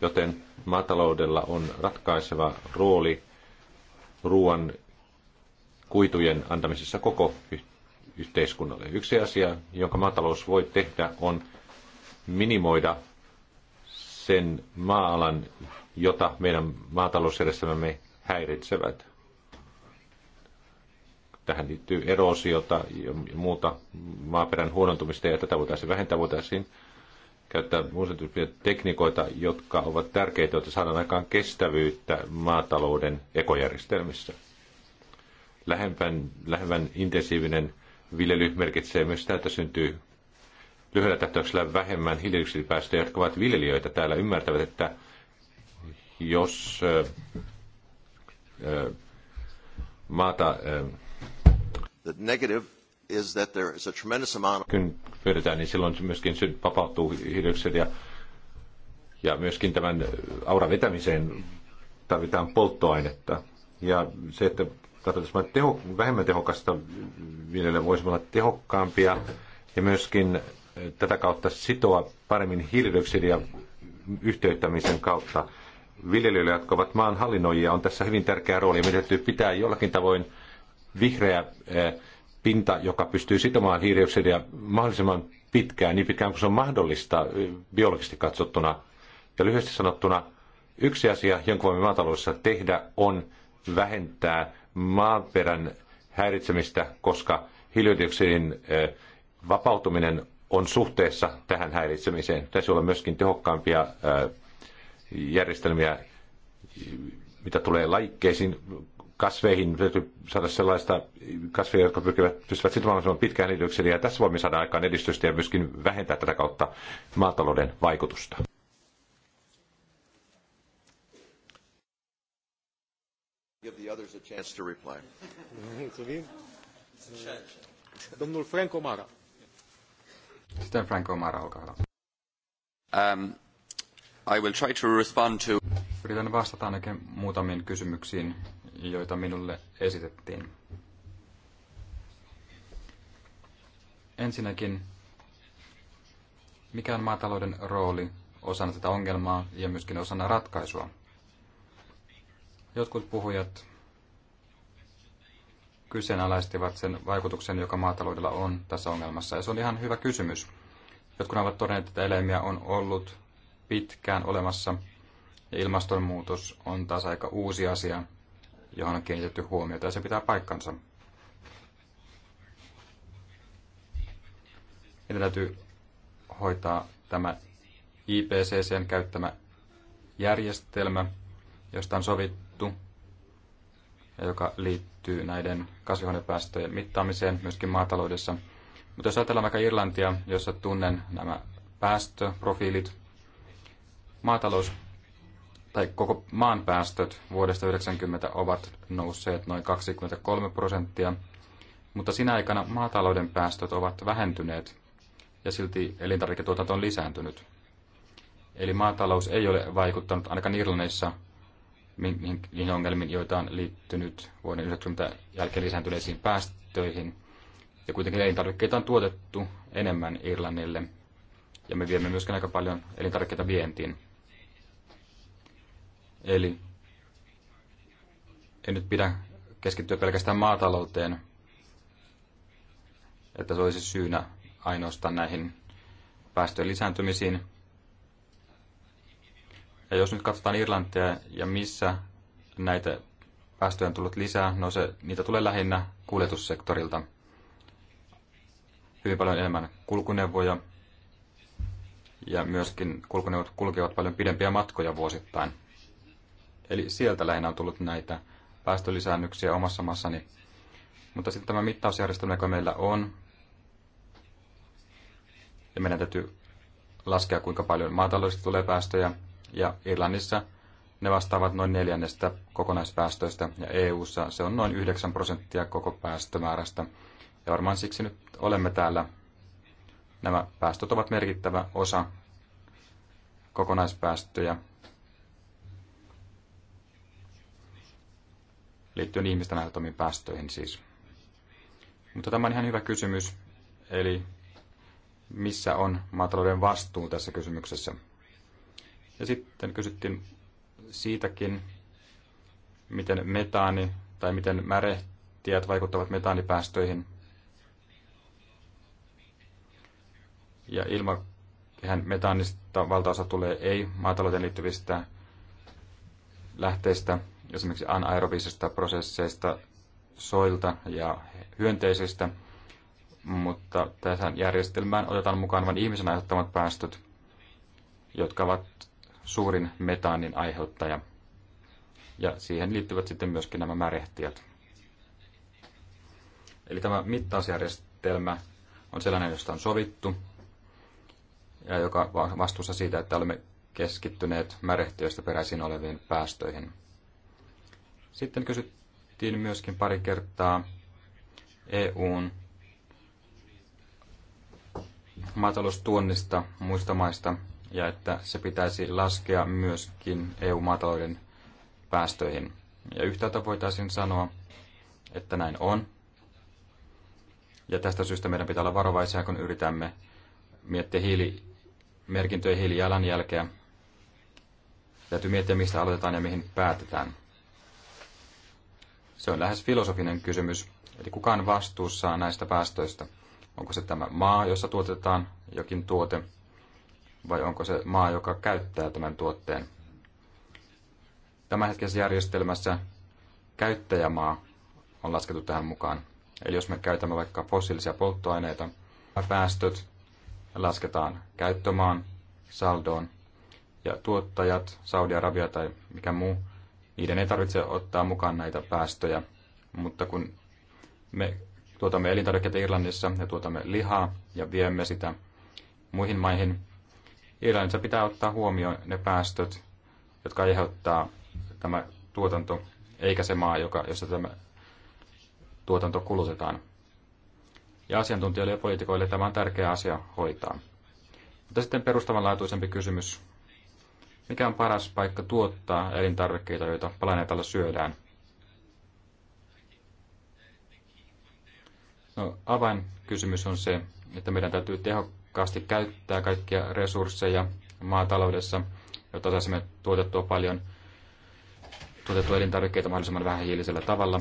Joten maataloudella on ratkaiseva rooli ruoan kuitujen antamisessa koko yhteiskunnalle. Yksi asia, jonka maatalous voi tehdä, on minimoida sen maalan, jota meidän maatalousjärjestelmämme häiritsevät. Tähän liittyy erosiota ja muuta maaperän huonontumista, ja tätä voitaisiin vähentää, voitaisiin käyttää muun tekniikoita, jotka ovat tärkeitä, jotta saadaan aikaan kestävyyttä maatalouden ekojärjestelmissä. Lähempän, lähemmän intensiivinen viljely merkitsee myös sitä, että syntyy lyhyellä tähtäyksellä vähemmän hiilidioksidipäästöjä, jotka ovat viljelijöitä täällä ymmärtävät, että jos maata... The negative is that there is a tremendous amount... Kun pyydetään, niin silloin myöskin vapautuu hiilidioksidia ja myöskin tämän auran vetämiseen tarvitaan polttoainetta. Ja se, että tarkoitus teho, vähemmän tehokasta viljelyä, voisi olla tehokkaampia ja myöskin eh, tätä kautta sitoa paremmin hiilidioksidia yhteyttämisen kautta. Viljelijöille, jotka ovat maan hallinnoijia, on tässä hyvin tärkeä rooli. Meidän täytyy pitää jollakin tavoin vihreä eh, pinta, joka pystyy sitomaan hiilidioksidia mahdollisimman pitkään, niin pitkään kuin se on mahdollista eh, biologisesti katsottuna. Ja lyhyesti sanottuna, yksi asia, jonka voimme maataloudessa tehdä, on vähentää maaperän häiritsemistä, koska hiilidioksidin vapautuminen on suhteessa tähän häiritsemiseen. Tässä olla myöskin tehokkaampia järjestelmiä, mitä tulee laikkeisiin kasveihin täytyy saada sellaista kasveja, jotka pyrkivät, pystyvät sitomaan mahdollisimman pitkään hiilidioksidia. Tässä voimme saada aikaan edistystä ja myöskin vähentää tätä kautta maatalouden vaikutusta. chance to reply. [LAUGHS] Uh, domnul Franco Omara. Mr. Franco Omara, olkaa hyvä. Um, I will try to respond to... Yritän vastata ainakin muutamiin kysymyksiin, joita minulle esitettiin. Ensinnäkin, mikä on maatalouden rooli osana tätä ongelmaa ja myöskin osana ratkaisua? Jotkut puhujat kyseenalaistivat sen vaikutuksen, joka maataloudella on tässä ongelmassa. Ja se on ihan hyvä kysymys. Jotkut ovat todenneet, että eläimiä on ollut pitkään olemassa ja ilmastonmuutos on taas aika uusi asia, johon on kiinnitetty huomiota ja se pitää paikkansa. Meidän täytyy hoitaa tämä IPCCn käyttämä järjestelmä, josta on sovittu ja joka liittyy näiden kasvihuonepäästöjen mittaamiseen myöskin maataloudessa. Mutta jos ajatellaan vaikka Irlantia, jossa tunnen nämä päästöprofiilit, maatalous tai koko maan päästöt vuodesta 90 ovat nousseet noin 23 prosenttia, mutta sinä aikana maatalouden päästöt ovat vähentyneet ja silti elintarviketuotanto on lisääntynyt. Eli maatalous ei ole vaikuttanut ainakaan Irlannissa niihin ongelmiin, joita on liittynyt vuoden 90 jälkeen lisääntyneisiin päästöihin. Ja kuitenkin elintarvikkeita on tuotettu enemmän Irlannille. Ja me viemme myöskin aika paljon elintarvikkeita vientiin. Eli en nyt pidä keskittyä pelkästään maatalouteen, että se olisi syynä ainoastaan näihin päästöjen lisääntymisiin, ja jos nyt katsotaan Irlantia ja missä näitä päästöjä on tullut lisää, no se, niitä tulee lähinnä kuljetussektorilta. Hyvin paljon enemmän kulkuneuvoja ja myöskin kulkuneuvot kulkevat paljon pidempiä matkoja vuosittain. Eli sieltä lähinnä on tullut näitä päästölisäännyksiä omassa maassani. Mutta sitten tämä mittausjärjestelmä, joka meillä on, ja meidän täytyy laskea, kuinka paljon maataloudesta tulee päästöjä, ja Irlannissa ne vastaavat noin neljännestä kokonaispäästöistä ja EU:ssa se on noin 9 prosenttia koko päästömäärästä. Ja varmaan siksi nyt olemme täällä. Nämä päästöt ovat merkittävä osa kokonaispäästöjä liittyen ihmisten aiheuttamiin päästöihin siis. Mutta tämä on ihan hyvä kysymys, eli missä on maatalouden vastuu tässä kysymyksessä? Ja sitten kysyttiin siitäkin, miten metaani tai miten märehtiät vaikuttavat metaanipäästöihin. Ja ilmakehän metaanista valtaosa tulee ei-maatalouteen liittyvistä lähteistä, esimerkiksi anaerobisista prosesseista, soilta ja hyönteisistä, mutta tähän järjestelmään otetaan mukaan vain ihmisen aiheuttamat päästöt, jotka ovat suurin metaanin aiheuttaja. Ja siihen liittyvät sitten myöskin nämä märehtijät. Eli tämä mittausjärjestelmä on sellainen, josta on sovittu ja joka vastuussa siitä, että olemme keskittyneet märehtiöistä peräisin oleviin päästöihin. Sitten kysyttiin myöskin pari kertaa EUn maataloustuonnista muista maista ja että se pitäisi laskea myöskin EU-maatalouden päästöihin. Ja yhtäältä voitaisiin sanoa, että näin on. Ja tästä syystä meidän pitää olla varovaisia, kun yritämme miettiä hiilimerkintöjen hiilijalanjälkeä. Täytyy miettiä, mistä aloitetaan ja mihin päätetään. Se on lähes filosofinen kysymys, eli kuka on vastuussa näistä päästöistä. Onko se tämä maa, jossa tuotetaan jokin tuote, vai onko se maa, joka käyttää tämän tuotteen. Tämänhetkisessä järjestelmässä käyttäjämaa on laskettu tähän mukaan. Eli jos me käytämme vaikka fossiilisia polttoaineita, päästöt lasketaan käyttömaan, saldoon, ja tuottajat, Saudi-Arabia tai mikä muu, niiden ei tarvitse ottaa mukaan näitä päästöjä, mutta kun me tuotamme elintarvikkeita Irlannissa ja tuotamme lihaa ja viemme sitä muihin maihin, Irlannissa pitää ottaa huomioon ne päästöt, jotka aiheuttaa tämä tuotanto, eikä se maa, joka, jossa tämä tuotanto kulutetaan. Ja asiantuntijoille ja poliitikoille tämä on tärkeä asia hoitaa. Mutta sitten perustavanlaatuisempi kysymys. Mikä on paras paikka tuottaa elintarvikkeita, joita planeetalla syödään? No, avainkysymys on se, että meidän täytyy tehokkaasti tehokkaasti käyttää kaikkia resursseja maataloudessa, jotta saisimme tuotettua paljon tuotettua elintarvikkeita mahdollisimman hiilisellä tavalla.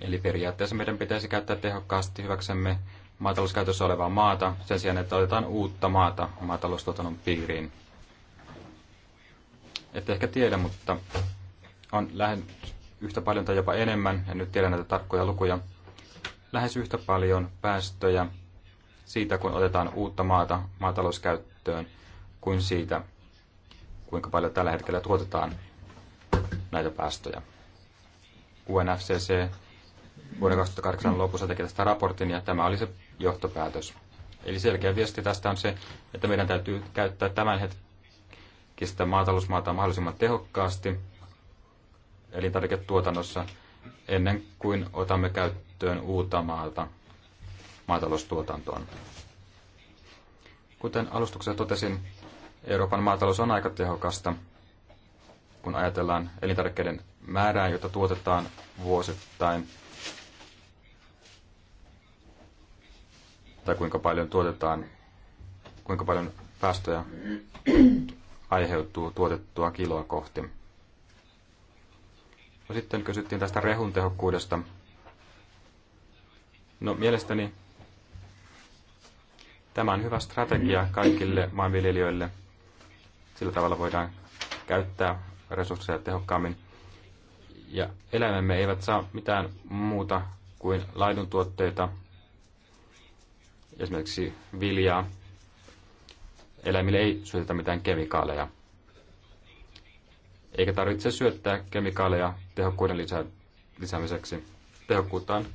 Eli periaatteessa meidän pitäisi käyttää tehokkaasti hyväksemme maatalouskäytössä olevaa maata sen sijaan, että otetaan uutta maata maataloustuotannon piiriin. Ette ehkä tiedä, mutta on lähes yhtä paljon tai jopa enemmän, en nyt tiedä näitä tarkkoja lukuja, lähes yhtä paljon päästöjä siitä, kun otetaan uutta maata maatalouskäyttöön, kuin siitä, kuinka paljon tällä hetkellä tuotetaan näitä päästöjä. UNFCC vuoden 2008 lopussa teki tästä raportin ja tämä oli se johtopäätös. Eli selkeä viesti tästä on se, että meidän täytyy käyttää tämän hetkistä maatalousmaata mahdollisimman tehokkaasti elintarviketuotannossa ennen kuin otamme käyttöön uutta maata maataloustuotantoon. Kuten alustuksessa totesin, Euroopan maatalous on aika tehokasta, kun ajatellaan elintarvikkeiden määrää, jota tuotetaan vuosittain, tai kuinka paljon tuotetaan, kuinka paljon päästöjä aiheutuu tuotettua kiloa kohti. No sitten kysyttiin tästä rehun tehokkuudesta. No mielestäni Tämä on hyvä strategia kaikille maanviljelijöille. Sillä tavalla voidaan käyttää resursseja tehokkaammin. Ja eläimemme eivät saa mitään muuta kuin laidun tuotteita, esimerkiksi viljaa. Eläimille ei syötetä mitään kemikaaleja. Eikä tarvitse syöttää kemikaaleja tehokkuuden lisä- lisäämiseksi. Tehokkuutta on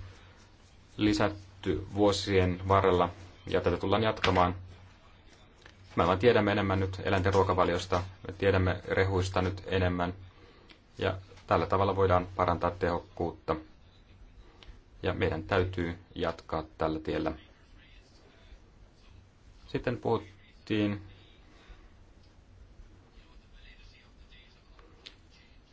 lisätty vuosien varrella ja tätä tullaan jatkamaan. Me vaan tiedämme enemmän nyt eläinten ruokavaliosta, me tiedämme rehuista nyt enemmän, ja tällä tavalla voidaan parantaa tehokkuutta. Ja meidän täytyy jatkaa tällä tiellä. Sitten puhuttiin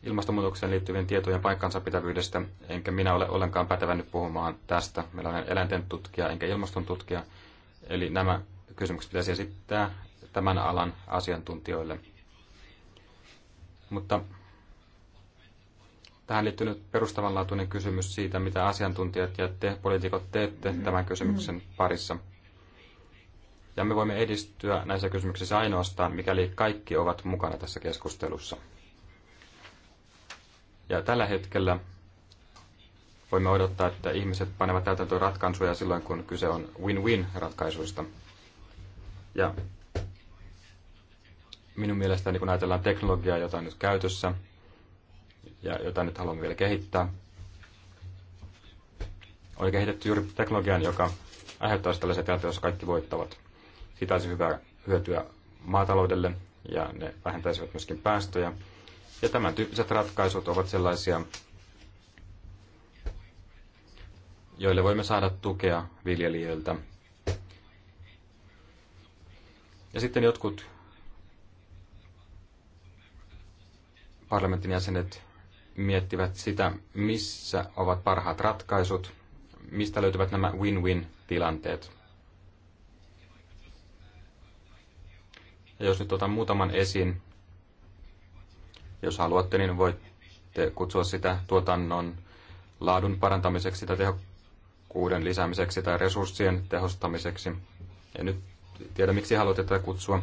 ilmastonmuutokseen liittyvien tietojen paikkansa pitävyydestä, enkä minä ole ollenkaan pätevä nyt puhumaan tästä. Meillä on eläinten tutkija, enkä ilmaston tutkija, Eli nämä kysymykset pitäisi esittää tämän alan asiantuntijoille. Mutta tähän liittyy nyt perustavanlaatuinen kysymys siitä, mitä asiantuntijat ja te, poliitikot, teette tämän kysymyksen parissa. Ja me voimme edistyä näissä kysymyksissä ainoastaan, mikäli kaikki ovat mukana tässä keskustelussa. Ja tällä hetkellä voimme odottaa, että ihmiset panevat täytäntöön ratkaisuja silloin, kun kyse on win-win ratkaisuista. Ja minun mielestäni, kun ajatellaan teknologiaa, jota on nyt käytössä ja jota nyt haluamme vielä kehittää, on kehitetty juuri teknologian, joka aiheuttaa tällaisia tilanteita, joissa kaikki voittavat. Siitä olisi hyvä hyötyä maataloudelle ja ne vähentäisivät myöskin päästöjä. Ja tämän tyyppiset ratkaisut ovat sellaisia, joille voimme saada tukea viljelijöiltä. Ja sitten jotkut parlamentin jäsenet miettivät sitä, missä ovat parhaat ratkaisut, mistä löytyvät nämä win-win-tilanteet. Ja jos nyt otan muutaman esiin, jos haluatte, niin voitte kutsua sitä tuotannon laadun parantamiseksi tai tehokkuudeksi tehokkuuden lisäämiseksi tai resurssien tehostamiseksi. En nyt tiedä, miksi haluatte tätä kutsua.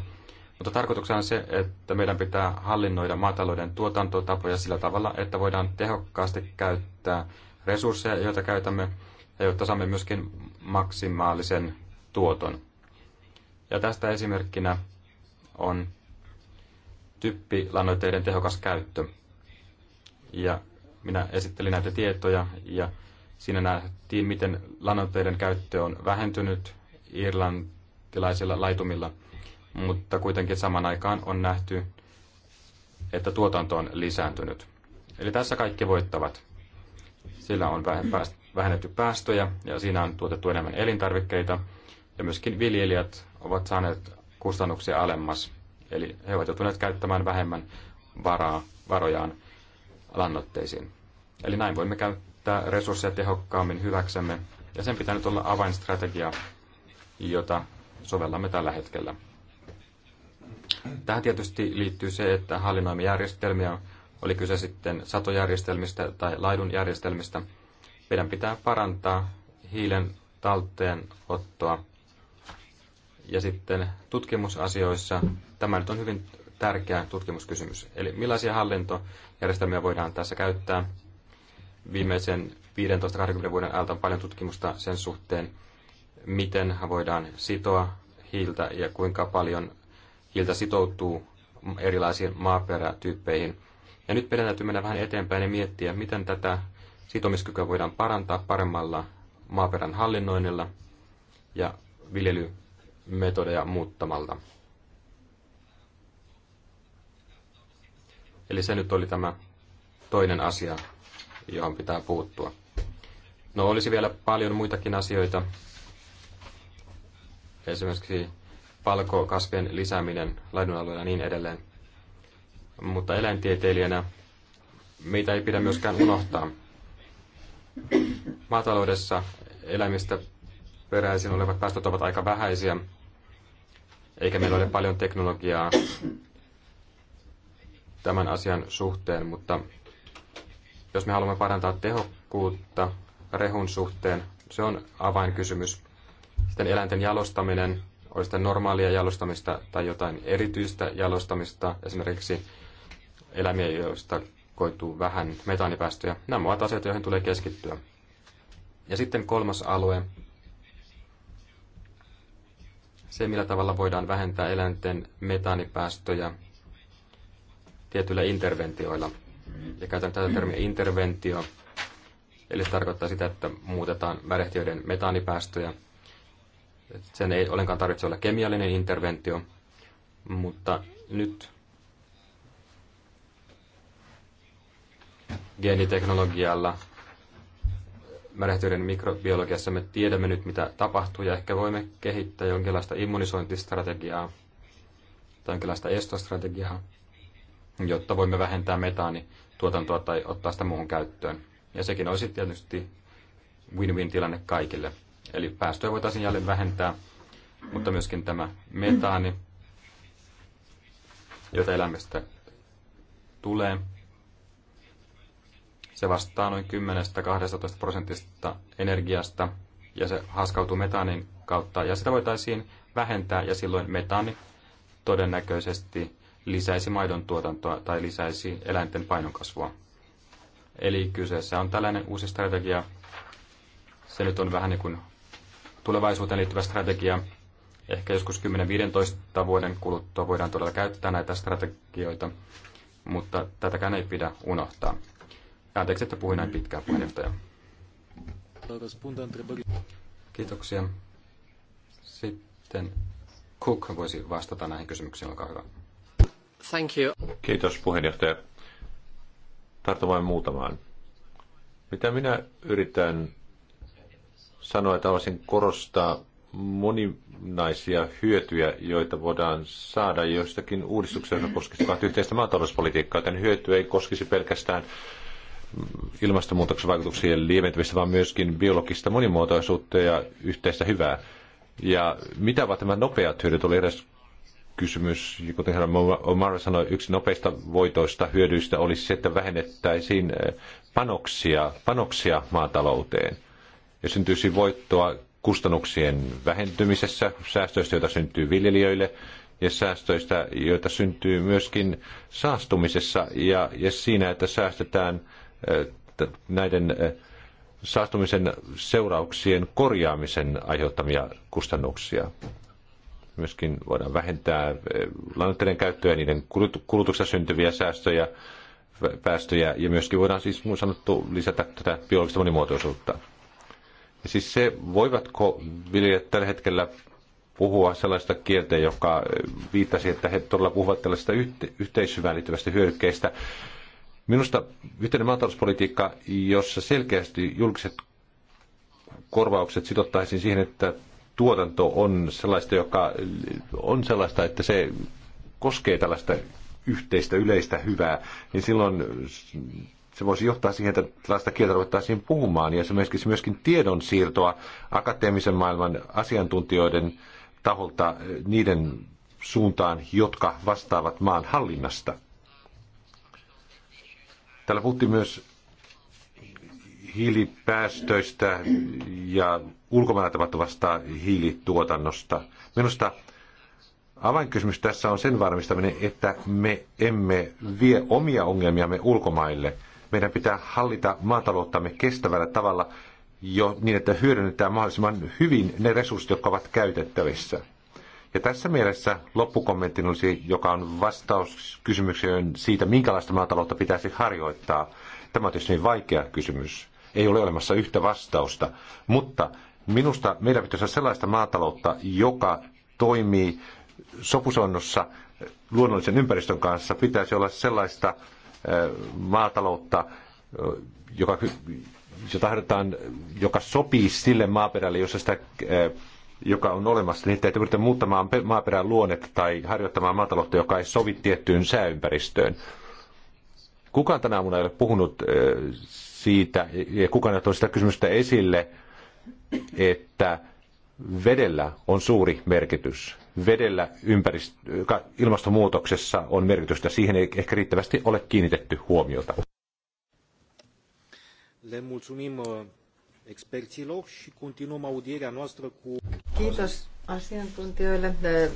Mutta tarkoituksena on se, että meidän pitää hallinnoida maatalouden tuotantotapoja sillä tavalla, että voidaan tehokkaasti käyttää resursseja, joita käytämme, ja jotta saamme myöskin maksimaalisen tuoton. Ja tästä esimerkkinä on typpilannoitteiden tehokas käyttö. Ja minä esittelin näitä tietoja ja Siinä nähtiin, miten lannoitteiden käyttö on vähentynyt irlantilaisilla laitumilla, mutta kuitenkin saman aikaan on nähty, että tuotanto on lisääntynyt. Eli tässä kaikki voittavat. Sillä on vähennetty päästöjä ja siinä on tuotettu enemmän elintarvikkeita ja myöskin viljelijät ovat saaneet kustannuksia alemmas. Eli he ovat joutuneet käyttämään vähemmän varaa, varojaan lannoitteisiin. Eli näin voimme käyttää käyttää resursseja tehokkaammin hyväksemme, ja sen pitää nyt olla avainstrategia, jota sovellamme tällä hetkellä. Tähän tietysti liittyy se, että hallinnoimme järjestelmiä, oli kyse sitten satojärjestelmistä tai laidun järjestelmistä. Meidän pitää parantaa hiilen talteenottoa. Ja sitten tutkimusasioissa, tämä nyt on hyvin tärkeä tutkimuskysymys. Eli millaisia hallintojärjestelmiä voidaan tässä käyttää? viimeisen 15-20 vuoden ajalta on paljon tutkimusta sen suhteen, miten voidaan sitoa hiiltä ja kuinka paljon hiiltä sitoutuu erilaisiin maaperätyyppeihin. Ja nyt meidän täytyy mennä vähän eteenpäin ja miettiä, miten tätä sitomiskykyä voidaan parantaa paremmalla maaperän hallinnoinnilla ja viljelymetodeja muuttamalla. Eli se nyt oli tämä toinen asia, johon pitää puuttua. No olisi vielä paljon muitakin asioita. Esimerkiksi palkokasvien lisääminen laidunalueella ja niin edelleen. Mutta eläintieteilijänä meitä ei pidä myöskään unohtaa. Maataloudessa eläimistä peräisin olevat päästöt ovat aika vähäisiä, eikä meillä ole paljon teknologiaa tämän asian suhteen, mutta jos me haluamme parantaa tehokkuutta rehun suhteen, se on avainkysymys. Sitten eläinten jalostaminen, olisi sitä normaalia jalostamista tai jotain erityistä jalostamista, esimerkiksi eläimiä, joista koituu vähän metaanipäästöjä. Nämä ovat asioita, joihin tulee keskittyä. Ja sitten kolmas alue, se millä tavalla voidaan vähentää eläinten metaanipäästöjä tietyillä interventioilla – ja käytän tätä termiä interventio, eli se tarkoittaa sitä, että muutetaan värehtiöiden metaanipäästöjä. Sen ei ollenkaan tarvitse olla kemiallinen interventio, mutta nyt geeniteknologialla märehtyiden mikrobiologiassa me tiedämme nyt, mitä tapahtuu, ja ehkä voimme kehittää jonkinlaista immunisointistrategiaa tai jonkinlaista estostrategiaa, jotta voimme vähentää metaani tuotantoa tai ottaa sitä muuhun käyttöön. Ja sekin olisi tietysti win-win-tilanne kaikille. Eli päästöjä voitaisiin jälleen vähentää, mutta myöskin tämä metaani, jota elämästä tulee, se vastaa noin 10-12 prosentista energiasta ja se haskautuu metaanin kautta ja sitä voitaisiin vähentää ja silloin metaani todennäköisesti lisäisi maidon tuotantoa tai lisäisi eläinten painonkasvua. Eli kyseessä on tällainen uusi strategia. Se nyt on vähän niin kuin tulevaisuuteen liittyvä strategia. Ehkä joskus 10-15 vuoden kuluttua voidaan todella käyttää näitä strategioita, mutta tätäkään ei pidä unohtaa. Anteeksi, että puhuin näin pitkään, puheenjohtaja. Kiitoksia. Sitten Cook voisi vastata näihin kysymyksiin, olkaa hyvä. Thank you. Kiitos puheenjohtaja. Tartun vain muutamaan. Mitä minä yritän sanoa, että haluaisin korostaa moninaisia hyötyjä, joita voidaan saada joistakin uudistuksista, jotka koskisivat yhteistä maatalouspolitiikkaa. Tämän hyöty ei koskisi pelkästään ilmastonmuutoksen vaikutuksien lieventämistä, vaan myöskin biologista monimuotoisuutta ja yhteistä hyvää. Ja mitä ovat nämä nopeat hyödyt, oli eräs kysymys, kuten herra Omar sanoi, yksi nopeista voitoista hyödyistä olisi se, että vähennettäisiin eh, panoksia, panoksia maatalouteen. Ja syntyisi voittoa kustannuksien vähentymisessä, säästöistä, joita syntyy viljelijöille, ja säästöistä, joita syntyy myöskin saastumisessa ja, ja siinä, että säästetään eh, näiden eh, saastumisen seurauksien korjaamisen aiheuttamia kustannuksia. Myöskin voidaan vähentää eh, lannoitteiden käyttöä ja niiden kulutuksessa syntyviä säästöjä, päästöjä ja myöskin voidaan siis sanottu lisätä tätä biologista monimuotoisuutta. Ja siis se, voivatko viljelijät tällä hetkellä puhua sellaista kieltä, joka eh, viittasi, että he todella puhuvat tällaista yhte- yhteisyvään liittyvästä hyödykkeistä. Minusta yhteinen maatalouspolitiikka, jossa selkeästi julkiset korvaukset sitottaisiin siihen, että tuotanto on sellaista, joka on sellaista, että se koskee tällaista yhteistä yleistä hyvää, niin silloin se voisi johtaa siihen, että tällaista kieltä ruvettaisiin puhumaan, ja se myöskin, myöskin tiedonsiirtoa akateemisen maailman asiantuntijoiden taholta eh, niiden suuntaan, jotka vastaavat maan hallinnasta. Täällä puhuttiin myös hiilipäästöistä ja ulkomailla tapahtuvasta hiilituotannosta. Minusta avainkysymys tässä on sen varmistaminen, että me emme vie omia ongelmiamme ulkomaille. Meidän pitää hallita maatalouttamme kestävällä tavalla jo niin, että hyödynnetään mahdollisimman hyvin ne resurssit, jotka ovat käytettävissä. Ja tässä mielessä loppukommentti olisi, joka on vastaus kysymykseen siitä, minkälaista maataloutta pitäisi harjoittaa. Tämä on tietysti niin vaikea kysymys. Ei ole olemassa yhtä vastausta, mutta Minusta meidän pitäisi olla sellaista maataloutta, joka toimii sopusoinnossa luonnollisen ympäristön kanssa. Pitäisi olla sellaista maataloutta, joka, jota harjoitetaan, joka sopii sille maaperälle, jossa sitä, joka on olemassa, niin että yritä muuttamaan maaperän luonnetta tai harjoittamaan maataloutta, joka ei sovi tiettyyn sääympäristöön. Kukaan tänä aamuna ei ole puhunut siitä, ja kukaan ei ole sitä kysymystä esille, että vedellä on suuri merkitys. Vedellä ympäristö- ilmastonmuutoksessa on merkitystä. Siihen ei ehkä riittävästi ole kiinnitetty huomiota. Le mulțumim uh, experților și continuăm audierea noastră cu... Kiitos asiantuntijoille uh,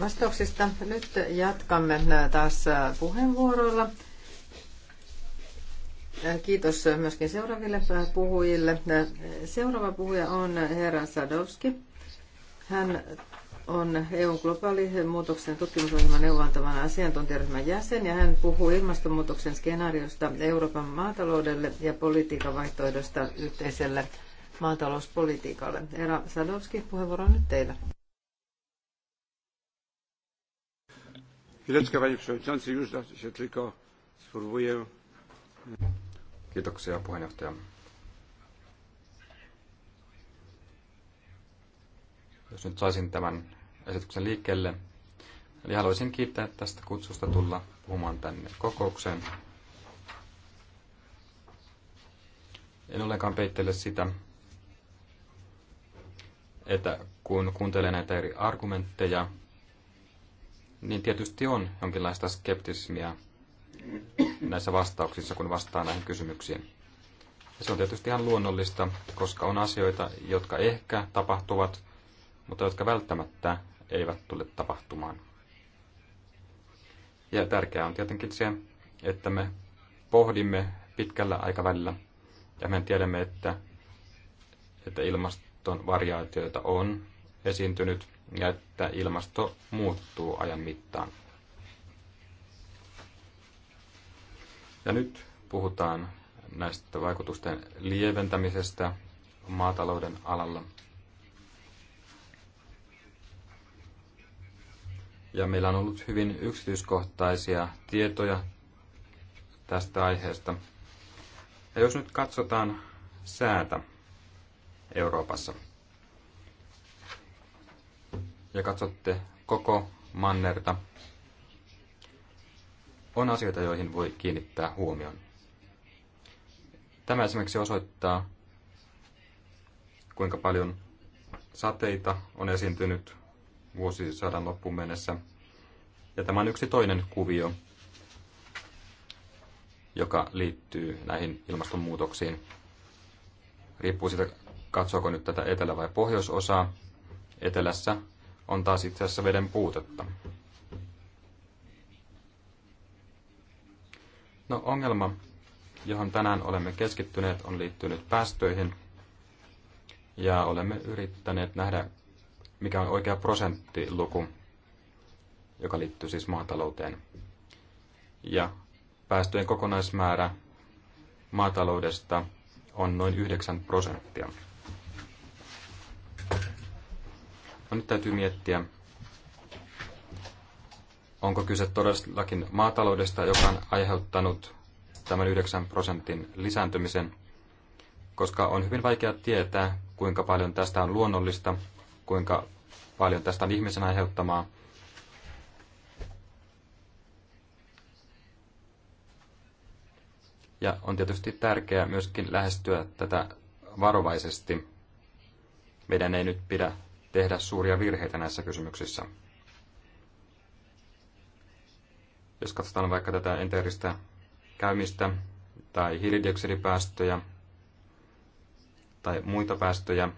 vastauksista. Nyt jatkamme uh, taas puheenvuoroilla. Äh, kiitos myöskin seuraaville äh, puhujille. Äh, seuraava puhuja on herra Sadowski. Hän on EUn globaali muutoksen tutkimusohjelman neuvontavan asiantuntijaryhmän jäsen ja hän puhuu ilmastonmuutoksen skenaariosta Euroopan maataloudelle ja politiikan vaihtoehdosta yhteiselle maatalouspolitiikalle. Herra Sadowski, puheenvuoro on nyt teillä. Chwileczkę, panie przewodniczący, już się tylko spróbuję Kiitoksia puheenjohtaja. Jos nyt saisin tämän esityksen liikkeelle. Eli haluaisin kiittää tästä kutsusta tulla puhumaan tänne kokoukseen. En ollenkaan peittele sitä, että kun kuuntelee näitä eri argumentteja, niin tietysti on jonkinlaista skeptismiä näissä vastauksissa, kun vastaa näihin kysymyksiin. Ja se on tietysti ihan luonnollista, koska on asioita, jotka ehkä tapahtuvat, mutta jotka välttämättä eivät tule tapahtumaan. Ja tärkeää on tietenkin se, että me pohdimme pitkällä aikavälillä ja me tiedämme, että, että ilmaston variaatioita on esiintynyt ja että ilmasto muuttuu ajan mittaan. Ja nyt puhutaan näistä vaikutusten lieventämisestä maatalouden alalla. Ja meillä on ollut hyvin yksityiskohtaisia tietoja tästä aiheesta. Ja jos nyt katsotaan säätä Euroopassa ja katsotte koko mannerta, on asioita, joihin voi kiinnittää huomion. Tämä esimerkiksi osoittaa, kuinka paljon sateita on esiintynyt vuosisadan loppuun mennessä. Ja tämä on yksi toinen kuvio, joka liittyy näihin ilmastonmuutoksiin. Riippuu siitä, katsoako nyt tätä etelä- vai pohjoisosaa. Etelässä on taas itse asiassa veden puutetta. No ongelma, johon tänään olemme keskittyneet, on liittynyt päästöihin. Ja olemme yrittäneet nähdä, mikä on oikea prosenttiluku, joka liittyy siis maatalouteen. Ja päästöjen kokonaismäärä maataloudesta on noin 9 prosenttia. No nyt täytyy miettiä, Onko kyse todellakin maataloudesta, joka on aiheuttanut tämän 9 prosentin lisääntymisen, koska on hyvin vaikea tietää, kuinka paljon tästä on luonnollista, kuinka paljon tästä on ihmisen aiheuttamaa. Ja on tietysti tärkeää myöskin lähestyä tätä varovaisesti. Meidän ei nyt pidä tehdä suuria virheitä näissä kysymyksissä. Jos katsotaan vaikka tätä enteeristä käymistä tai hiilidioksidipäästöjä tai muita päästöjä,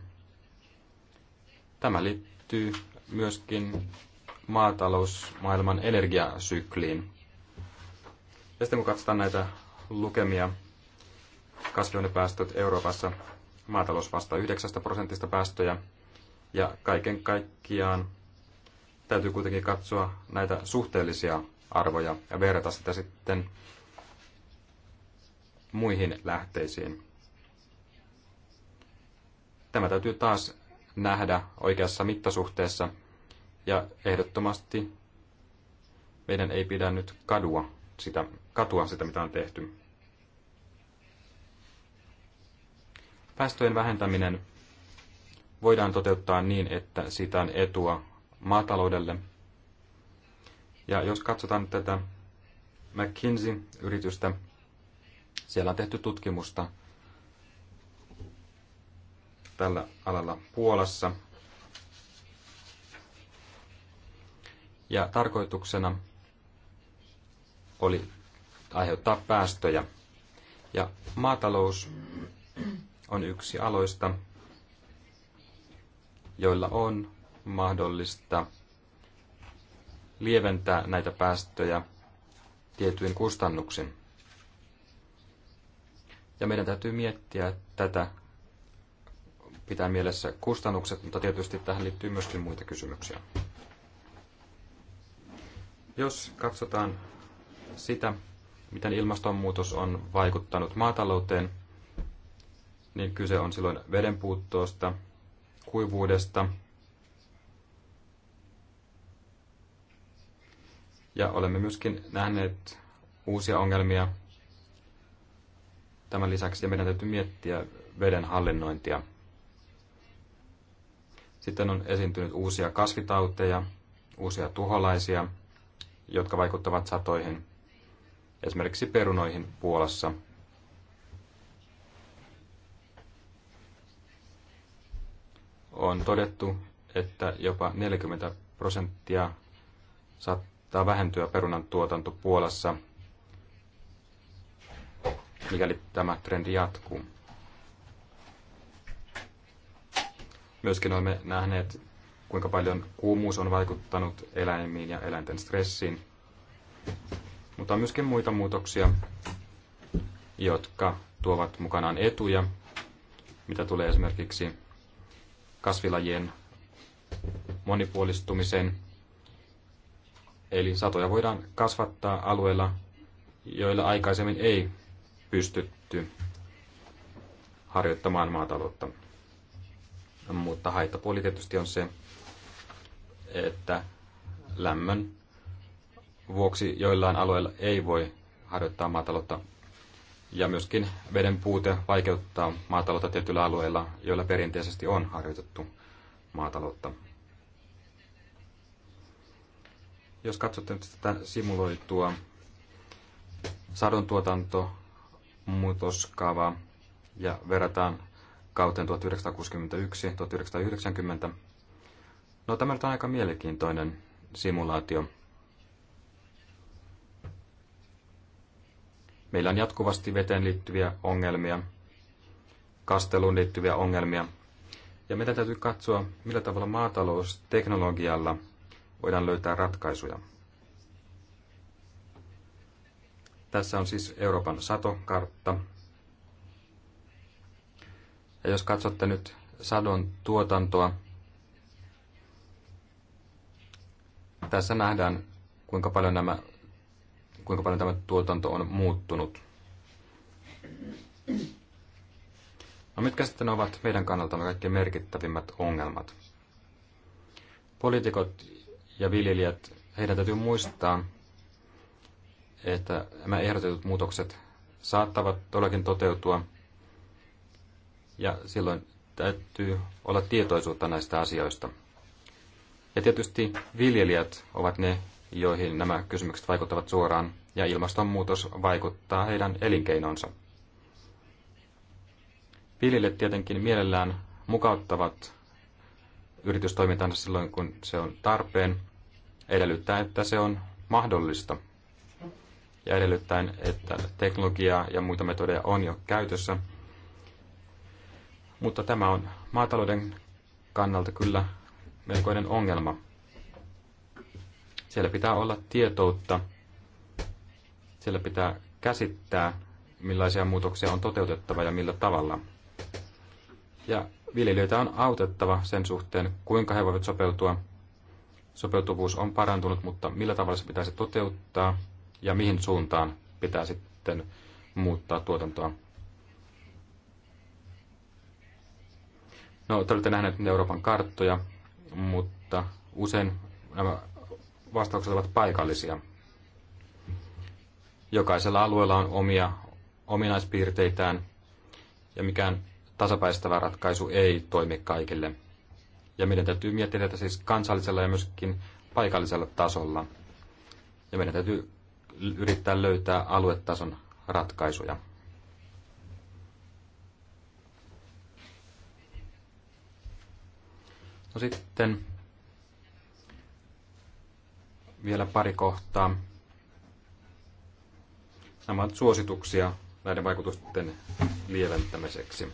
tämä liittyy myöskin maatalousmaailman energiasykliin. Ja sitten kun katsotaan näitä lukemia, kasvihuonepäästöt Euroopassa, maatalous vastaa 9 prosentista päästöjä, ja kaiken kaikkiaan täytyy kuitenkin katsoa näitä suhteellisia arvoja ja verrata sitä sitten muihin lähteisiin. Tämä täytyy taas nähdä oikeassa mittasuhteessa ja ehdottomasti meidän ei pidä nyt kadua sitä, katua sitä, mitä on tehty. Päästöjen vähentäminen voidaan toteuttaa niin, että siitä on etua maataloudelle – ja jos katsotaan tätä McKinsey-yritystä, siellä on tehty tutkimusta tällä alalla Puolassa. Ja tarkoituksena oli aiheuttaa päästöjä. Ja maatalous on yksi aloista, joilla on mahdollista lieventää näitä päästöjä tietyin kustannuksin. Ja meidän täytyy miettiä tätä, pitää mielessä kustannukset, mutta tietysti tähän liittyy myöskin muita kysymyksiä. Jos katsotaan sitä, miten ilmastonmuutos on vaikuttanut maatalouteen, niin kyse on silloin vedenpuuttoosta, kuivuudesta, Ja olemme myöskin nähneet uusia ongelmia tämän lisäksi, ja meidän täytyy miettiä veden hallinnointia. Sitten on esiintynyt uusia kasvitauteja, uusia tuholaisia, jotka vaikuttavat satoihin, esimerkiksi perunoihin Puolassa. On todettu, että jopa 40 prosenttia saattaa vähentyä perunan tuotanto Puolassa, mikäli tämä trendi jatkuu. Myöskin olemme nähneet, kuinka paljon kuumuus on vaikuttanut eläimiin ja eläinten stressiin. Mutta on myöskin muita muutoksia, jotka tuovat mukanaan etuja, mitä tulee esimerkiksi kasvilajien monipuolistumiseen. Eli satoja voidaan kasvattaa alueilla, joilla aikaisemmin ei pystytty harjoittamaan maataloutta. Mutta haittapuoli tietysti on se, että lämmön vuoksi joillain alueilla ei voi harjoittaa maataloutta. Ja myöskin veden puute vaikeuttaa maataloutta tietyillä alueilla, joilla perinteisesti on harjoitettu maataloutta. Jos katsotte nyt tätä simuloitua sadontuotanto muutoskaavaa ja verrataan kauteen 1961-1990, no tämä nyt on aika mielenkiintoinen simulaatio. Meillä on jatkuvasti veteen liittyviä ongelmia, kasteluun liittyviä ongelmia. Ja meidän täytyy katsoa, millä tavalla maatalousteknologialla voidaan löytää ratkaisuja. Tässä on siis Euroopan satokartta. Ja jos katsotte nyt sadon tuotantoa, tässä nähdään, kuinka paljon, nämä, kuinka paljon tämä tuotanto on muuttunut. No mitkä sitten ovat meidän kannaltamme kaikkein merkittävimmät ongelmat? Poliitikot ja viljelijät, heidän täytyy muistaa, että nämä ehdotetut muutokset saattavat todellakin toteutua. Ja silloin täytyy olla tietoisuutta näistä asioista. Ja tietysti viljelijät ovat ne, joihin nämä kysymykset vaikuttavat suoraan, ja ilmastonmuutos vaikuttaa heidän elinkeinonsa. Viljelijät tietenkin mielellään mukauttavat yritystoimintansa silloin, kun se on tarpeen, edellyttäen, että se on mahdollista. Ja edellyttäen, että teknologiaa ja muita metodeja on jo käytössä. Mutta tämä on maatalouden kannalta kyllä melkoinen ongelma. Siellä pitää olla tietoutta, siellä pitää käsittää, millaisia muutoksia on toteutettava ja millä tavalla. Ja viljelijöitä on autettava sen suhteen, kuinka he voivat sopeutua. Sopeutuvuus on parantunut, mutta millä tavalla se pitäisi toteuttaa ja mihin suuntaan pitää sitten muuttaa tuotantoa. No, te olette nähneet Euroopan karttoja, mutta usein nämä vastaukset ovat paikallisia. Jokaisella alueella on omia ominaispiirteitään ja mikään tasapäistävä ratkaisu ei toimi kaikille. Ja meidän täytyy miettiä tätä siis kansallisella ja myöskin paikallisella tasolla. Ja meidän täytyy yrittää löytää aluetason ratkaisuja. No sitten vielä pari kohtaa. Nämä ovat suosituksia näiden vaikutusten lieventämiseksi.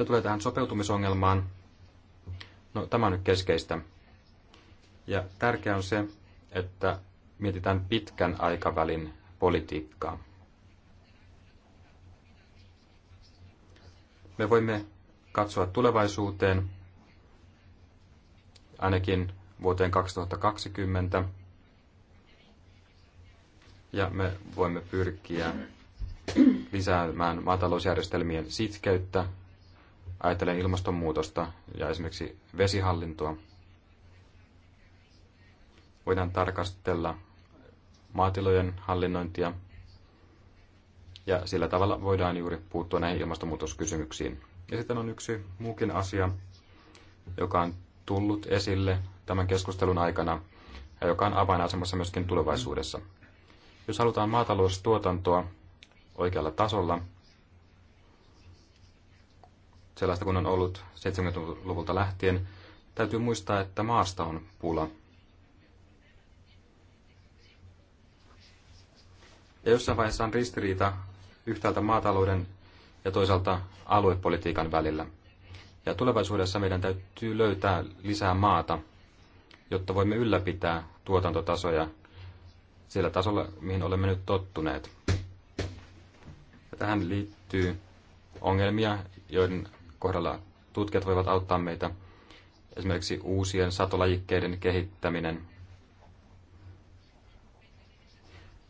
Mitä tulee tähän sopeutumisongelmaan, no tämä on nyt keskeistä. Ja tärkeää on se, että mietitään pitkän aikavälin politiikkaa. Me voimme katsoa tulevaisuuteen, ainakin vuoteen 2020, ja me voimme pyrkiä lisäämään maatalousjärjestelmien sitkeyttä ajatellen ilmastonmuutosta ja esimerkiksi vesihallintoa. Voidaan tarkastella maatilojen hallinnointia ja sillä tavalla voidaan juuri puuttua näihin ilmastonmuutoskysymyksiin. Ja sitten on yksi muukin asia, joka on tullut esille tämän keskustelun aikana ja joka on avainasemassa myöskin tulevaisuudessa. Jos halutaan maataloustuotantoa oikealla tasolla, sellaista kuin on ollut 70-luvulta lähtien, täytyy muistaa, että maasta on pula. Ja jossain vaiheessa on ristiriita yhtäältä maatalouden ja toisaalta aluepolitiikan välillä. Ja tulevaisuudessa meidän täytyy löytää lisää maata, jotta voimme ylläpitää tuotantotasoja sillä tasolla, mihin olemme nyt tottuneet. Ja tähän liittyy ongelmia, joiden kohdalla tutkijat voivat auttaa meitä. Esimerkiksi uusien satolajikkeiden kehittäminen.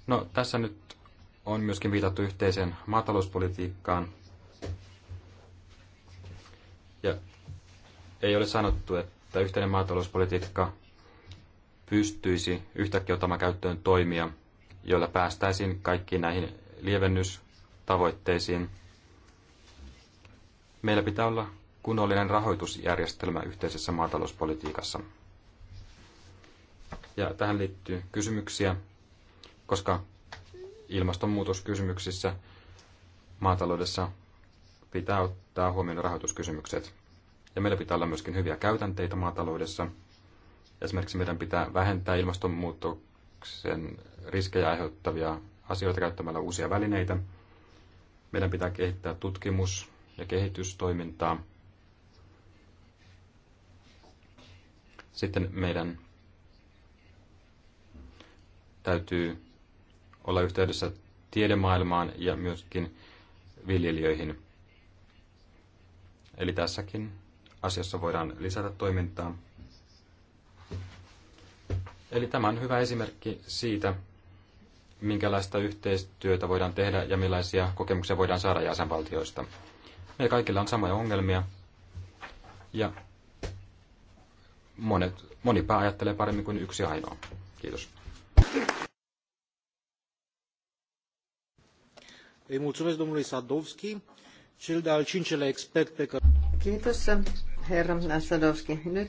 No, tässä nyt on myöskin viitattu yhteiseen maatalouspolitiikkaan. Ja ei ole sanottu, että yhteinen maatalouspolitiikka pystyisi yhtäkkiä ottamaan käyttöön toimia, joilla päästäisiin kaikkiin näihin lievennystavoitteisiin – Meillä pitää olla kunnollinen rahoitusjärjestelmä yhteisessä maatalouspolitiikassa. Ja tähän liittyy kysymyksiä, koska ilmastonmuutoskysymyksissä maataloudessa pitää ottaa huomioon rahoituskysymykset. Ja meillä pitää olla myöskin hyviä käytänteitä maataloudessa. Esimerkiksi meidän pitää vähentää ilmastonmuutoksen riskejä aiheuttavia asioita käyttämällä uusia välineitä. Meidän pitää kehittää tutkimus, ja kehitystoimintaa. Sitten meidän täytyy olla yhteydessä tiedemaailmaan ja myöskin viljelijöihin. Eli tässäkin asiassa voidaan lisätä toimintaa. Eli tämä on hyvä esimerkki siitä, minkälaista yhteistyötä voidaan tehdä ja millaisia kokemuksia voidaan saada jäsenvaltioista. Meillä kaikilla on samoja ongelmia. Ja monet, moni pää ajattelee paremmin kuin yksi ainoa. Kiitos. Îi mulțumesc domnului Sadovski, cel de-al cincelea expert pe care... Kiitos, herra Sadovski. Nyt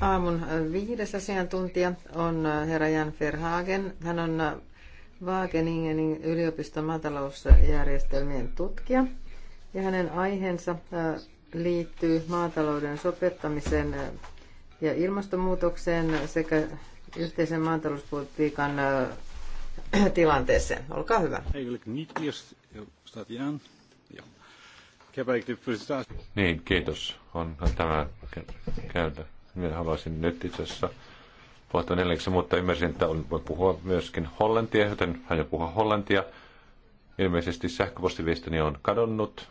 aamun viides asiantuntija on äh, herra Jan Ferhagen. Hän on äh, Wageningenin yliopiston maatalousjärjestelmien tutkija. Ja hänen aiheensa liittyy maatalouden sopeuttamiseen ja ilmastonmuutokseen sekä yhteisen maatalouspolitiikan [CLEARS THROAT] tilanteeseen. Olkaa hyvä. Niin, kiitos. Onhan tämä käytä. Minä haluaisin nyt itse asiassa puhua neljäksi, mutta ymmärsin, että on, voi puhua myöskin hollantia, joten hän puhua hollantia. Ilmeisesti sähköpostiviestini on kadonnut.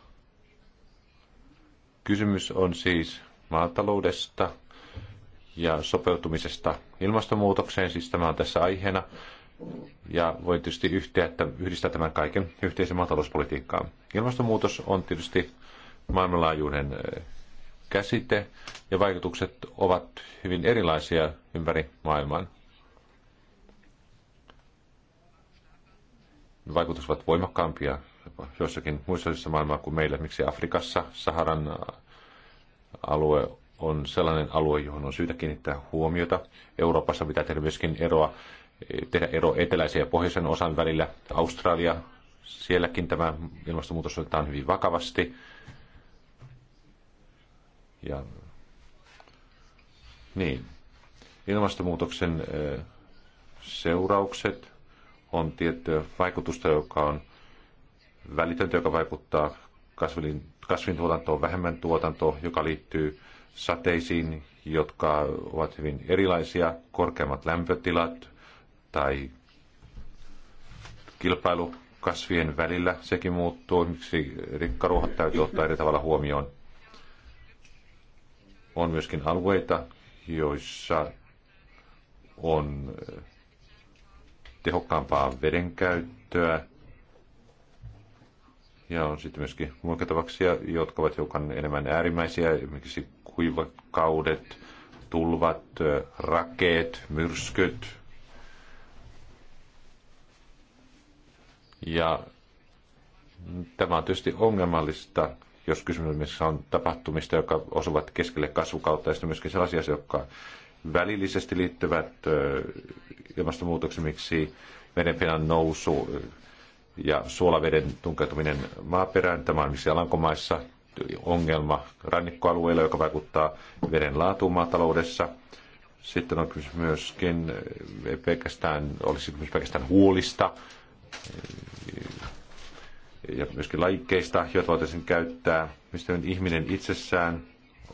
Kysymys on siis maataloudesta ja sopeutumisesta ilmastonmuutokseen, siis tämä on tässä aiheena. Ja voi tietysti yhtiä, että yhdistää tämän kaiken yhteisen maatalouspolitiikkaan. Ilmastonmuutos on tietysti maailmanlaajuinen käsite ja vaikutukset ovat hyvin erilaisia ympäri maailman. Vaikutukset ovat voimakkaampia jossakin muissa osissa maailmaa kuin meillä. Miksi Afrikassa Saharan äh, alue on sellainen alue, johon on syytä kiinnittää huomiota. Euroopassa pitää tehdä myöskin eroa, eh, tehdä ero eteläisen ja pohjoisen osan välillä. Australia, sielläkin tämä ilmastonmuutos otetaan hyvin vakavasti. Ja, niin. Ilmastonmuutoksen eh, seuraukset on tiettyä vaikutusta, joka on välitöntä, joka vaikuttaa kasvin, kasvintuotantoon, vähemmän tuotanto, joka liittyy sateisiin, jotka ovat hyvin erilaisia, korkeammat lämpötilat tai kilpailu kasvien välillä, sekin muuttuu, miksi rikkaruohat täytyy ottaa eri tavalla huomioon. On myöskin alueita, joissa on tehokkaampaa vedenkäyttöä, ja on sitten myöskin muokattavaksi, jotka ovat hiukan enemmän äärimmäisiä, esimerkiksi kuivakaudet, tulvat, rakeet, myrskyt. Ja tämä on tietysti ongelmallista, jos kysymyksessä on tapahtumista, jotka osuvat keskelle kasvukautta, ja sitten myöskin sellaisia, jotka välillisesti liittyvät ilmastonmuutoksen, miksi merenpinnan nousu, ja suolaveden tunkeutuminen maaperään. Tämä on Alankomaissa ongelma rannikkoalueilla, joka vaikuttaa veden laatuun maataloudessa. Sitten on kysymys myöskin pelkästään, olisi kysymys pelkästään huolista ja myöskin lajikkeista, joita voitaisiin käyttää. Mistä ihminen itsessään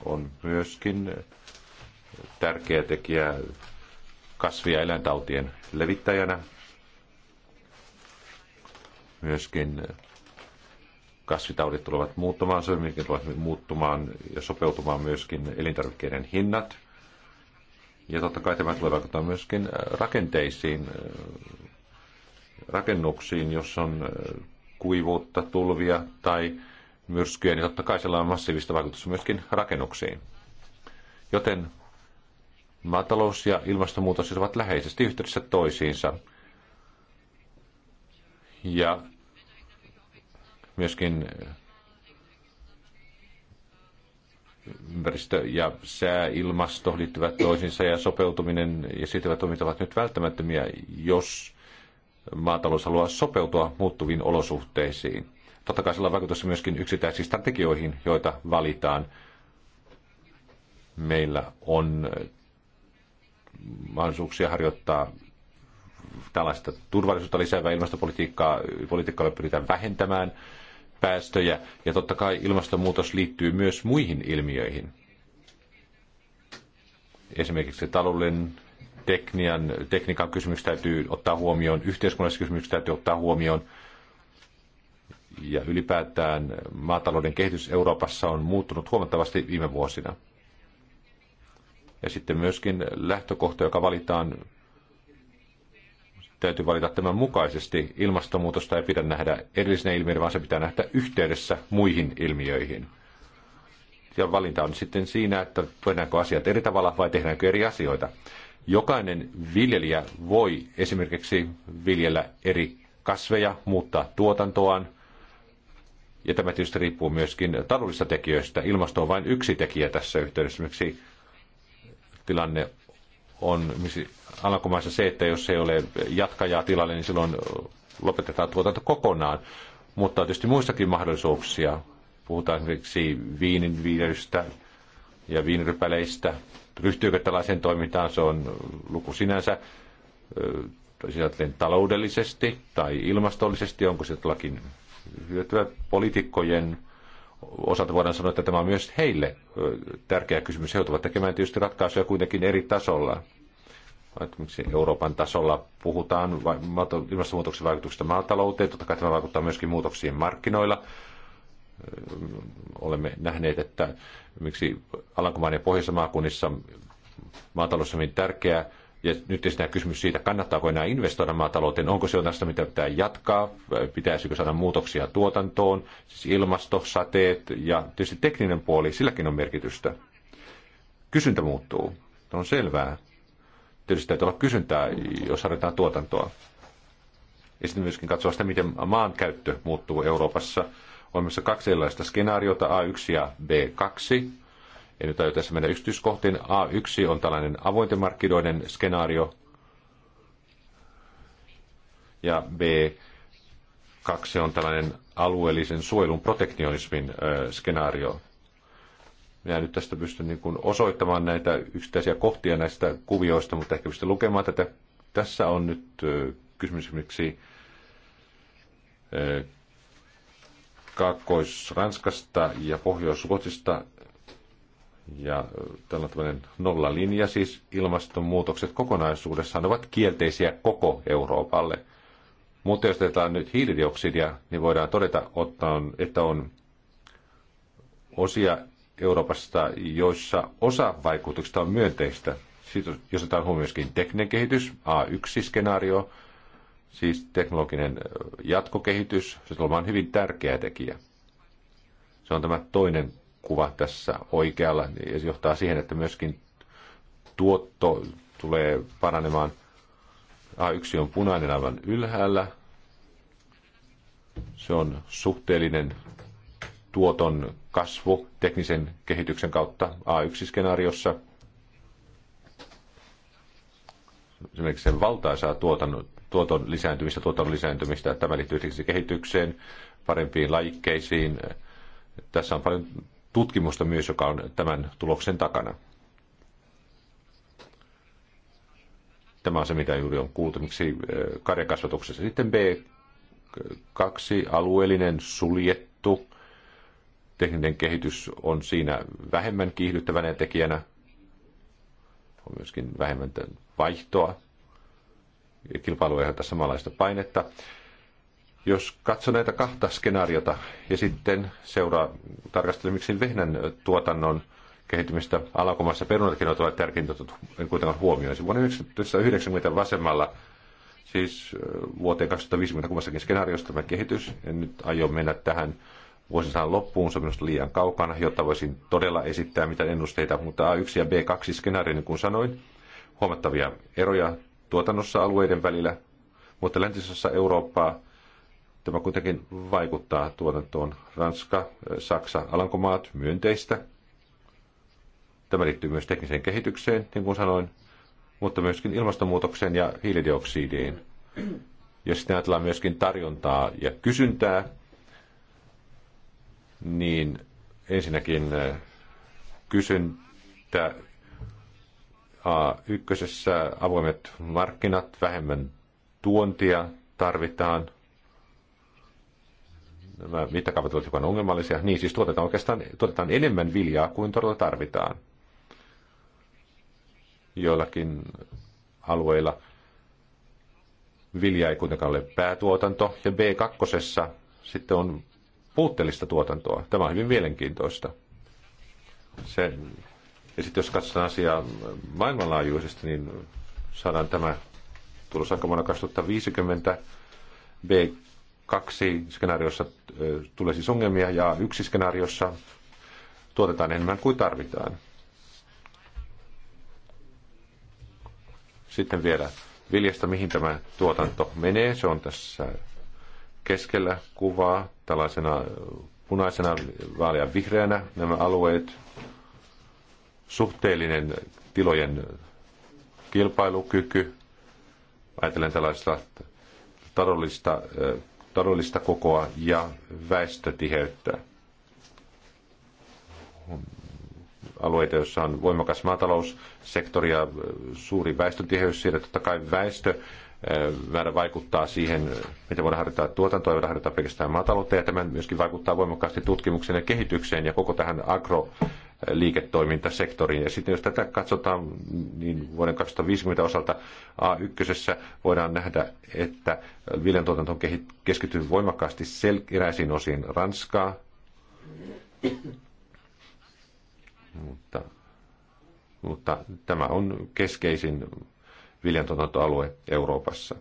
on myöskin tärkeä tekijä kasvia eläintautien levittäjänä myöskin kasvitaudit tulevat muuttumaan, syömikin tulevat muuttumaan ja sopeutumaan myöskin elintarvikkeiden hinnat. Ja totta kai tämä tulee vaikuttaa myöskin äh, rakenteisiin, äh, rakennuksiin, jos on äh, kuivuutta, tulvia tai myrskyjä, niin totta kai sillä on massiivista vaikutusta myöskin rakennuksiin. Joten maatalous ja ilmastonmuutos ovat läheisesti yhteydessä toisiinsa. Ja myöskin eh, ympäristö ja sää, ilmasto liittyvät toisiinsa ja sopeutuminen ja siirtyvät toimit ovat nyt välttämättömiä, jos maatalous haluaa sopeutua muuttuviin olosuhteisiin. Totta kai sillä on vaikutusta myöskin yksittäisiin strategioihin, joita valitaan. Meillä on eh, mahdollisuuksia harjoittaa tällaista turvallisuutta lisäävää ilmastopolitiikkaa, politiikkaa pyritään vähentämään – päästöjä ja totta kai ilmastonmuutos liittyy myös muihin ilmiöihin. Esimerkiksi taloudellinen teknian, tekniikan kysymykset täytyy ottaa huomioon, yhteiskunnalliset kysymykset täytyy ottaa huomioon. Ja ylipäätään maatalouden kehitys Euroopassa on muuttunut huomattavasti viime vuosina. Ja sitten myöskin lähtökohta, joka valitaan täytyy valita tämän mukaisesti. Ilmastonmuutosta ei pidä nähdä erillisenä ilmiönä, vaan se pitää nähdä yhteydessä muihin ilmiöihin. Ja valinta on sitten siinä, että voidaanko asiat eri tavalla vai tehdäänkö eri asioita. Jokainen viljelijä voi esimerkiksi viljellä eri kasveja, muuttaa tuotantoaan. Ja tämä tietysti riippuu myöskin taloudellisista tekijöistä. Ilmasto on vain yksi tekijä tässä yhteydessä. Esimerkiksi tilanne on alankomaissa se, että jos ei ole jatkajaa tilalle, niin silloin lopetetaan tuotanto kokonaan. Mutta on tietysti muistakin mahdollisuuksia. Puhutaan esimerkiksi viinin ja viinirypäleistä. Ryhtyykö tällaiseen toimintaan, se on luku sinänsä siis taloudellisesti tai ilmastollisesti, onko se jotakin hyötyä poliitikkojen osalta voidaan sanoa, että tämä on myös heille tärkeä kysymys. He joutuvat tekemään tietysti ratkaisuja kuitenkin eri tasolla. Miksi Euroopan tasolla puhutaan ilmastonmuutoksen vaikutuksista maatalouteen. Totta kai tämä vaikuttaa myöskin muutoksiin markkinoilla. Olemme nähneet, että miksi Alankomaan ja pohjoismaakunnissa maatalous on hyvin tärkeää ja nyt esitään kysymys siitä, kannattaako enää investoida maatalouteen, onko se jotain mitä pitää jatkaa, pitäisikö saada muutoksia tuotantoon, siis ilmasto, sateet ja tietysti tekninen puoli, silläkin on merkitystä. Kysyntä muuttuu, se on selvää. Tietysti täytyy olla kysyntää, jos harjoitetaan tuotantoa. Ja sitten myöskin katsoa sitä, miten maankäyttö muuttuu Euroopassa. On myös kaksi erilaista skenaariota, A1 ja B2 en nyt tässä mennä yksityiskohtiin. A1 on tällainen avointen markkinoiden skenaario. Ja B2 on tällainen alueellisen suojelun protektionismin ö, skenaario. Minä nyt tästä pystyn niin kuin osoittamaan näitä yksittäisiä kohtia näistä kuvioista, mutta ehkä pystyn lukemaan tätä. Tässä on nyt ö, kysymys esimerkiksi Kaakkois-Ranskasta ja Pohjois-Ruotsista ja tällainen nollalinja, siis ilmastonmuutokset kokonaisuudessaan ovat kielteisiä koko Euroopalle. Mutta jos otetaan nyt hiilidioksidia, niin voidaan todeta, että on osia Euroopasta, joissa osa vaikutuksista on myönteistä. Sitten jos otetaan huomioon myöskin tekninen kehitys, A1-skenaario, siis teknologinen jatkokehitys, se on hyvin tärkeä tekijä. Se on tämä toinen kuva tässä oikealla. Ja niin se johtaa siihen, että myöskin tuotto tulee paranemaan. A1 on punainen aivan ylhäällä. Se on suhteellinen tuoton kasvu teknisen kehityksen kautta A1-skenaariossa. Esimerkiksi sen valtaisaa tuoton, tuoton lisääntymistä, tuoton lisääntymistä. Tämä liittyy kehitykseen, parempiin lajikkeisiin. Tässä on paljon tutkimusta myös, joka on tämän tuloksen takana. Tämä on se, mitä juuri on kuultu, miksi karjakasvatuksessa. Sitten B2, alueellinen suljettu. Tekninen kehitys on siinä vähemmän kiihdyttävänä tekijänä. On myöskin vähemmän vaihtoa. Kilpailu aiheuttaa samanlaista painetta. Jos katsoo näitä kahta skenaariota ja sitten seuraa tarkastelemiksi vehnän tuotannon kehittymistä alakomassa perunatkin ovat tärkeintä en kuitenkaan huomioisi. Vuonna 1990 vasemmalla, siis äh, vuoteen 2050 kummassakin skenaariosta tämä kehitys, en nyt aio mennä tähän vuosisadan loppuun, se on minusta liian kaukana, jotta voisin todella esittää mitä ennusteita, mutta A1 ja B2 skenaari, niin kuin sanoin, huomattavia eroja tuotannossa alueiden välillä, mutta läntisessä Eurooppaa Tämä kuitenkin vaikuttaa tuotantoon Ranska, Saksa, Alankomaat, myönteistä. Tämä liittyy myös tekniseen kehitykseen, niin kuin sanoin, mutta myöskin ilmastonmuutokseen ja hiilidioksidiin. Ja sitten ajatellaan myöskin tarjontaa ja kysyntää, niin ensinnäkin eh, kysyntä A1, avoimet markkinat, vähemmän tuontia tarvitaan, nämä mittakaavat ovat hiukan ongelmallisia. Niin, siis tuotetaan oikeastaan tuotetaan enemmän viljaa kuin todella tarvitaan. Joillakin alueilla vilja ei kuitenkaan ole päätuotanto, ja B2 sitten on puutteellista tuotantoa. Tämä on hyvin mielenkiintoista. Se, ja sitten jos katsotaan asiaa maailmanlaajuisesti, niin saadaan tämä tulos aika vuonna 2050 B kaksi skenaariossa tulee siis ongelmia ja yksi skenaariossa tuotetaan enemmän kuin tarvitaan. Sitten vielä viljasta, mihin tämä tuotanto menee. Se on tässä keskellä kuvaa tällaisena punaisena vaalean vihreänä nämä alueet. Suhteellinen tilojen kilpailukyky. Ajatellen tällaista taloudellista taloudellista kokoa ja väestötiheyttä. Alueita, joissa on voimakas maataloussektori ja suuri väestötiheys, siellä totta kai väestö määrä vaikuttaa siihen, miten voidaan harjoittaa tuotantoa, voidaan harjoittaa pelkästään maataloutta, ja tämä myöskin vaikuttaa voimakkaasti tutkimukseen ja kehitykseen ja koko tähän agro- liiketoimintasektoriin. Ja sitten jos tätä katsotaan, niin vuoden 2050 osalta A1 voidaan nähdä, että viljantuotanto on keskittynyt voimakkaasti sel- eräisiin osiin Ranskaa, mutta, mutta tämä on keskeisin viljantuotantoalue Euroopassa.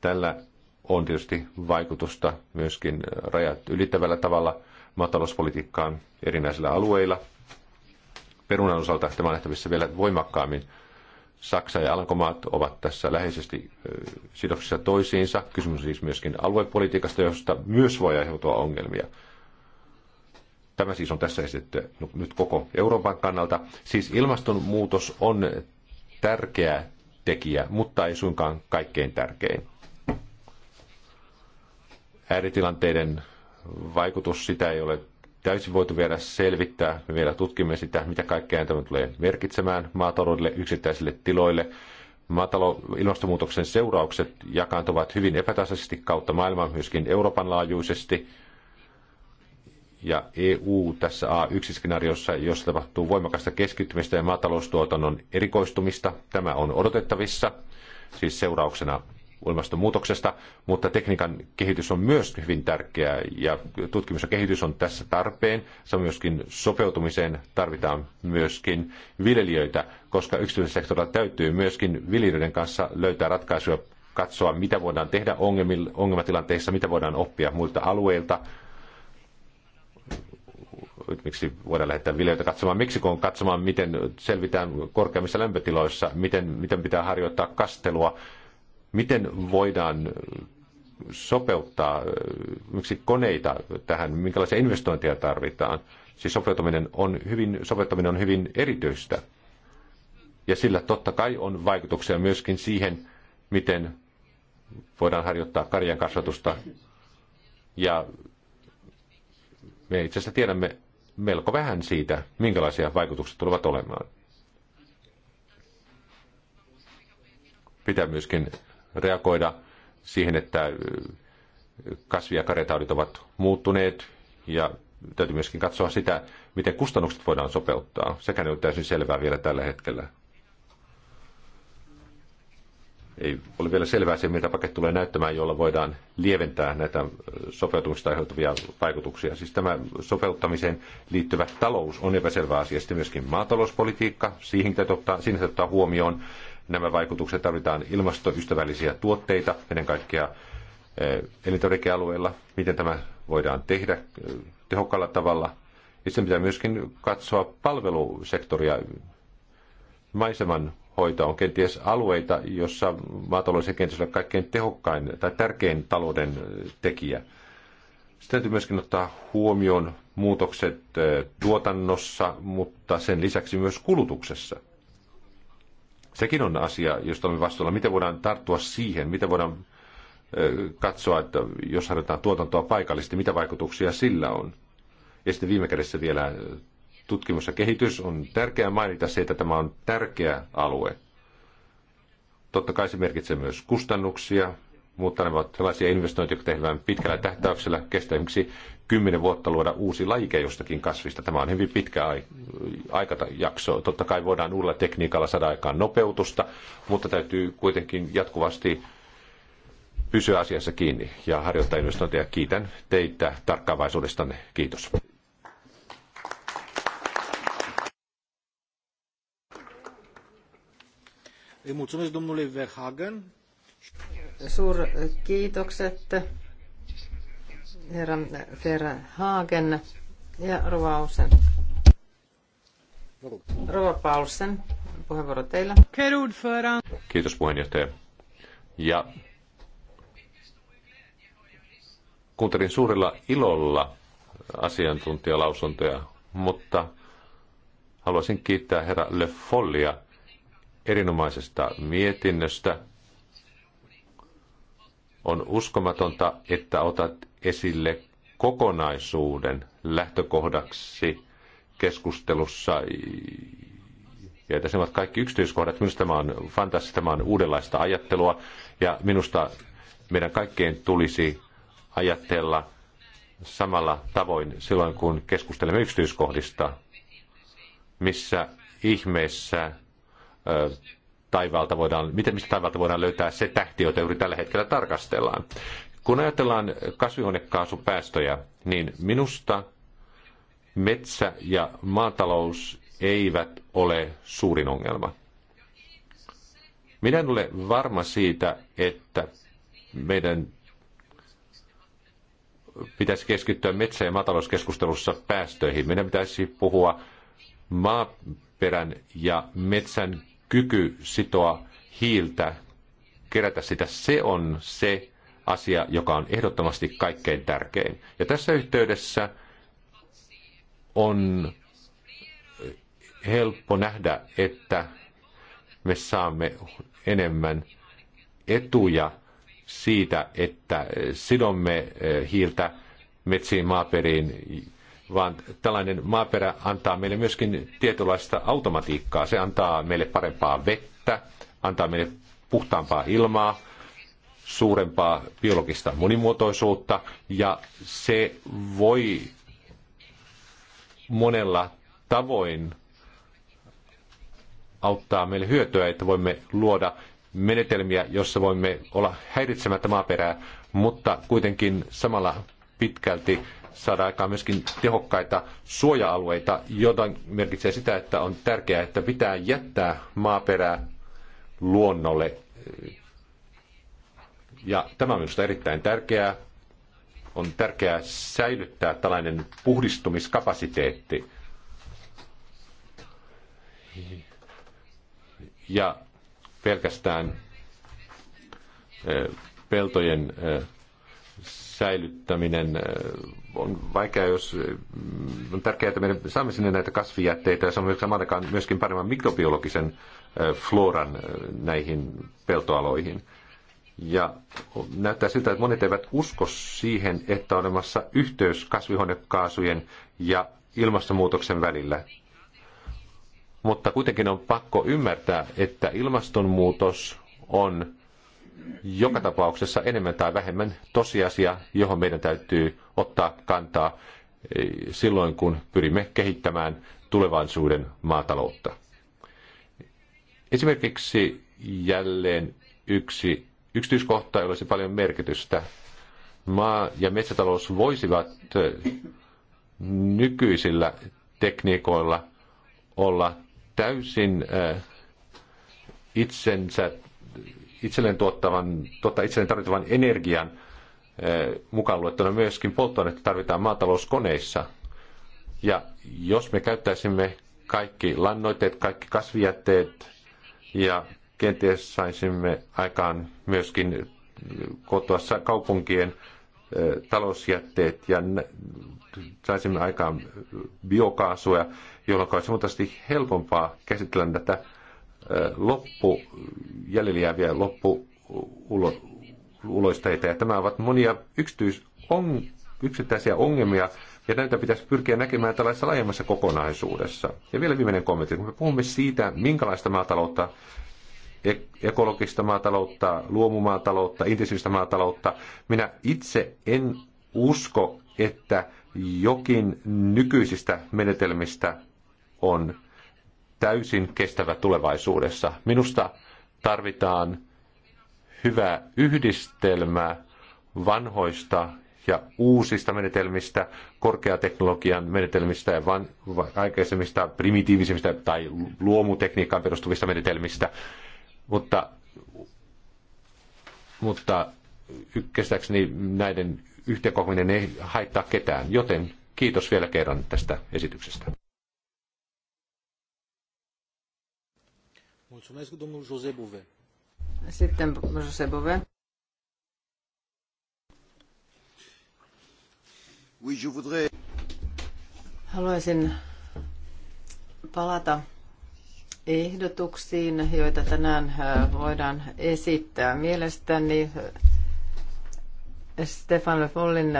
Tällä on tietysti vaikutusta myöskin rajat ylittävällä tavalla – maatalouspolitiikkaan erinäisillä alueilla. Perunan osalta tämä on nähtävissä vielä voimakkaammin. Saksa ja Alankomaat ovat tässä läheisesti sidoksissa toisiinsa. Kysymys on siis myöskin aluepolitiikasta, josta myös voi aiheutua ongelmia. Tämä siis on tässä esitetty nyt koko Euroopan kannalta. Siis ilmastonmuutos on tärkeä tekijä, mutta ei suinkaan kaikkein tärkein. Ääritilanteiden vaikutus, sitä ei ole täysin voitu vielä selvittää. Me vielä tutkimme sitä, mitä kaikkea tämä tulee merkitsemään maataloudelle, yksittäisille tiloille. Maatalo- ilmastonmuutoksen seuraukset jakaantuvat hyvin epätasaisesti kautta maailman, myöskin Euroopan laajuisesti. Ja EU tässä A1-skenaariossa, jossa tapahtuu voimakasta keskittymistä ja maataloustuotannon erikoistumista, tämä on odotettavissa, siis seurauksena ilmastonmuutoksesta, mutta tekniikan kehitys on myös hyvin tärkeää ja tutkimus ja kehitys on tässä tarpeen. Samoin myöskin sopeutumiseen tarvitaan myöskin viljelijöitä, koska yksityisellä sektorilla täytyy myöskin viljelijöiden kanssa löytää ratkaisuja, katsoa mitä voidaan tehdä ongelmatilanteissa, mitä voidaan oppia muilta alueilta, miksi voidaan lähettää viljelijöitä katsomaan Meksikoon, katsomaan miten selvitään korkeammissa lämpötiloissa, miten, miten pitää harjoittaa kastelua, miten voidaan sopeuttaa äh, miksi koneita tähän, minkälaisia investointeja tarvitaan. Siis sopeutuminen on hyvin, sopeuttaminen on hyvin erityistä. Ja sillä totta kai on vaikutuksia myöskin siihen, miten voidaan harjoittaa karjan kasvatusta. Ja me itse asiassa tiedämme melko vähän siitä, minkälaisia vaikutuksia tulevat olemaan. Pitää myöskin reagoida siihen, että äh, kasvi- ja karjataudit ovat muuttuneet ja täytyy myöskin katsoa sitä, miten kustannukset voidaan sopeuttaa. Sekä ne on täysin selvää vielä tällä hetkellä. Ei ole vielä selvää se, miltä paketti tulee näyttämään, jolla voidaan lieventää näitä äh, sopeutumista aiheutuvia vaikutuksia. Siis tämä sopeuttamiseen liittyvä talous on epäselvä asia. Sitten myöskin maatalouspolitiikka, siihen täytyy ottaa, siinä täytyy ottaa huomioon nämä vaikutukset. Tarvitaan ilmastoystävällisiä tuotteita, ennen kaikkea eh, elintarvikealueella, miten tämä voidaan tehdä eh, tehokkaalla tavalla. Ja sitten pitää myöskin katsoa palvelusektoria. Maiseman hoito on kenties alueita, jossa maatalous on kenties kaikkein tehokkain tai tärkein talouden eh, tekijä. Sitten täytyy myöskin ottaa huomioon muutokset tuotannossa, mutta sen lisäksi myös kulutuksessa. Sekin on asia, josta me vastuulla. Miten voidaan tarttua siihen? Miten voidaan katsoa, että jos harjoitetaan tuotantoa paikallisesti, mitä vaikutuksia sillä on? Ja sitten viime kädessä vielä tutkimus ja kehitys. On tärkeää mainita se, että tämä on tärkeä alue. Totta kai se merkitsee myös kustannuksia, mutta ne ovat sellaisia investointeja, jotka tehdään pitkällä tähtäyksellä, kestää esimerkiksi kymmenen vuotta luoda uusi lajike jostakin kasvista. Tämä on hyvin pitkä aikajakso. Totta kai voidaan uudella tekniikalla saada aikaan nopeutusta, mutta täytyy kuitenkin jatkuvasti pysyä asiassa kiinni ja harjoittaa investointeja. Kiitän teitä tarkkaavaisuudestanne. Kiitos. kiitokset herra Hagen ja rova Olsen. Rova Paulsen, puheenvuoro teillä. Kiitos puheenjohtaja. Ja kuuntelin suurella ilolla asiantuntijalausuntoja, mutta haluaisin kiittää herra Le Follia erinomaisesta mietinnöstä. On uskomatonta, että otat esille kokonaisuuden lähtökohdaksi keskustelussa, ja tässä ovat kaikki yksityiskohdat. Minusta tämä on fantastista, tämä on uudenlaista ajattelua, ja minusta meidän kaikkeen tulisi ajatella samalla tavoin silloin, kun keskustelemme yksityiskohdista, missä ihmeessä taivaalta voidaan, miten, mistä taivaalta voidaan löytää se tähti, jota juuri tällä hetkellä tarkastellaan. Kun ajatellaan kasvihuonekaasupäästöjä, niin minusta metsä ja maatalous eivät ole suurin ongelma. Minä en ole varma siitä, että meidän pitäisi keskittyä metsä- ja maatalouskeskustelussa päästöihin. Meidän pitäisi puhua maaperän ja metsän kyky sitoa hiiltä, kerätä sitä. Se on se, asia, joka on ehdottomasti kaikkein tärkein. Ja tässä yhteydessä on helppo nähdä, että me saamme enemmän etuja siitä, että sidomme eh, hiiltä metsiin maaperiin, vaan tällainen maaperä antaa meille myöskin tietynlaista automatiikkaa. Se antaa meille parempaa vettä, antaa meille puhtaampaa ilmaa, suurempaa biologista monimuotoisuutta ja se voi monella tavoin auttaa meille hyötyä, että voimme luoda menetelmiä, jossa voimme olla häiritsemättä maaperää, mutta kuitenkin samalla pitkälti saada aikaan myöskin tehokkaita suoja-alueita, joita merkitsee sitä, että on tärkeää, että pitää jättää maaperää luonnolle ja tämä on minusta erittäin tärkeää. On tärkeää säilyttää tällainen puhdistumiskapasiteetti. Ja pelkästään peltojen säilyttäminen on vaikea, jos on tärkeää, että meidän saamme sinne näitä kasvijätteitä ja saamme samaan myöskin paremman mikrobiologisen floran näihin peltoaloihin. Ja näyttää siltä, että monet eivät usko siihen, että on olemassa yhteys kasvihuonekaasujen ja ilmastonmuutoksen välillä. Mutta kuitenkin on pakko ymmärtää, että ilmastonmuutos on joka tapauksessa enemmän tai vähemmän tosiasia, johon meidän täytyy ottaa kantaa eh, silloin, kun pyrimme kehittämään tulevaisuuden maataloutta. Esimerkiksi jälleen yksi yksityiskohtaa, jolla olisi paljon merkitystä. Maa- ja metsätalous voisivat nykyisillä tekniikoilla olla täysin itsensä, itselleen tuottavan, tuottaa itselleen tarvittavan energian mukaan luettuna myöskin polttoainetta tarvitaan maatalouskoneissa. Ja jos me käyttäisimme kaikki lannoitteet, kaikki kasvijätteet ja kenties saisimme aikaan myöskin kotoassa kaupunkien talousjätteet ja saisimme aikaan biokaasua, jolloin olisi huomattavasti helpompaa käsitellä tätä loppu, jäljellä jääviä loppuuloisteita. Ja tämä ovat monia yksityis, on, yksittäisiä ongelmia, ja näitä pitäisi pyrkiä näkemään tällaisessa laajemmassa kokonaisuudessa. Ja vielä viimeinen kommentti. Kun me puhumme siitä, minkälaista maataloutta E- ekologista maataloutta, luomumaataloutta, intensiivistä maataloutta. Minä itse en usko, että jokin nykyisistä menetelmistä on täysin kestävä tulevaisuudessa. Minusta tarvitaan hyvä yhdistelmä vanhoista ja uusista menetelmistä, korkeateknologian menetelmistä ja van, aikaisemmista primitiivisemmistä tai luomutekniikkaan perustuvista menetelmistä. Mutta, mutta ykkästäkseni näiden yhteenkokoaminen ei haittaa ketään, joten kiitos vielä kerran tästä esityksestä. Sitten José Bove. Haluaisin palata ehdotuksiin, joita tänään voidaan esittää. Mielestäni Stefan Follin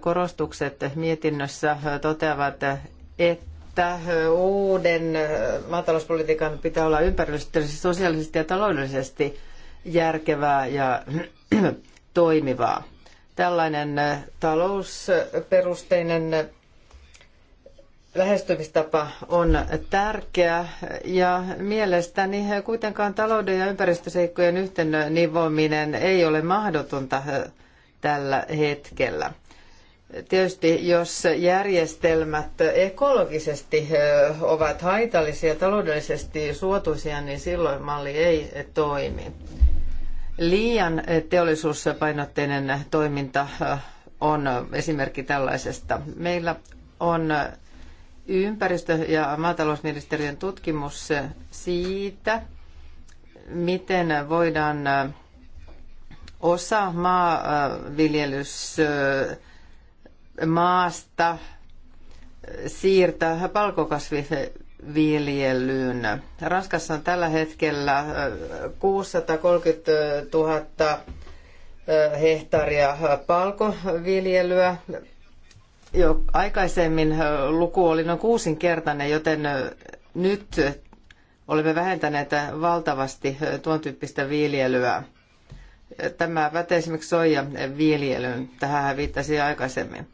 korostukset mietinnössä toteavat, että uuden maatalouspolitiikan pitää olla ympäristöllisesti, sosiaalisesti ja taloudellisesti järkevää ja [CLEARS THROAT] toimivaa. Tällainen talousperusteinen lähestymistapa on tärkeä ja mielestäni kuitenkaan talouden ja ympäristöseikkojen yhteen nivominen ei ole mahdotonta eh, tällä hetkellä. Tietysti jos järjestelmät ekologisesti eh, ovat haitallisia ja taloudellisesti suotuisia, niin silloin malli ei toimi. Liian teollisuuspainotteinen toiminta eh, on esimerkki tällaisesta. Meillä on ympäristö- ja maatalousministeriön tutkimus siitä, miten voidaan äh, osa maaviljelysmaasta äh, siirtää palkokasviviljelyyn. Ranskassa on tällä hetkellä 630 äh, 000 hehtaaria palkoviljelyä jo aikaisemmin luku oli noin kuusinkertainen, joten nyt olemme vähentäneet valtavasti tuon tyyppistä viljelyä. Tämä pätee esimerkiksi soijan viljelyyn. Tähän viittasi aikaisemmin.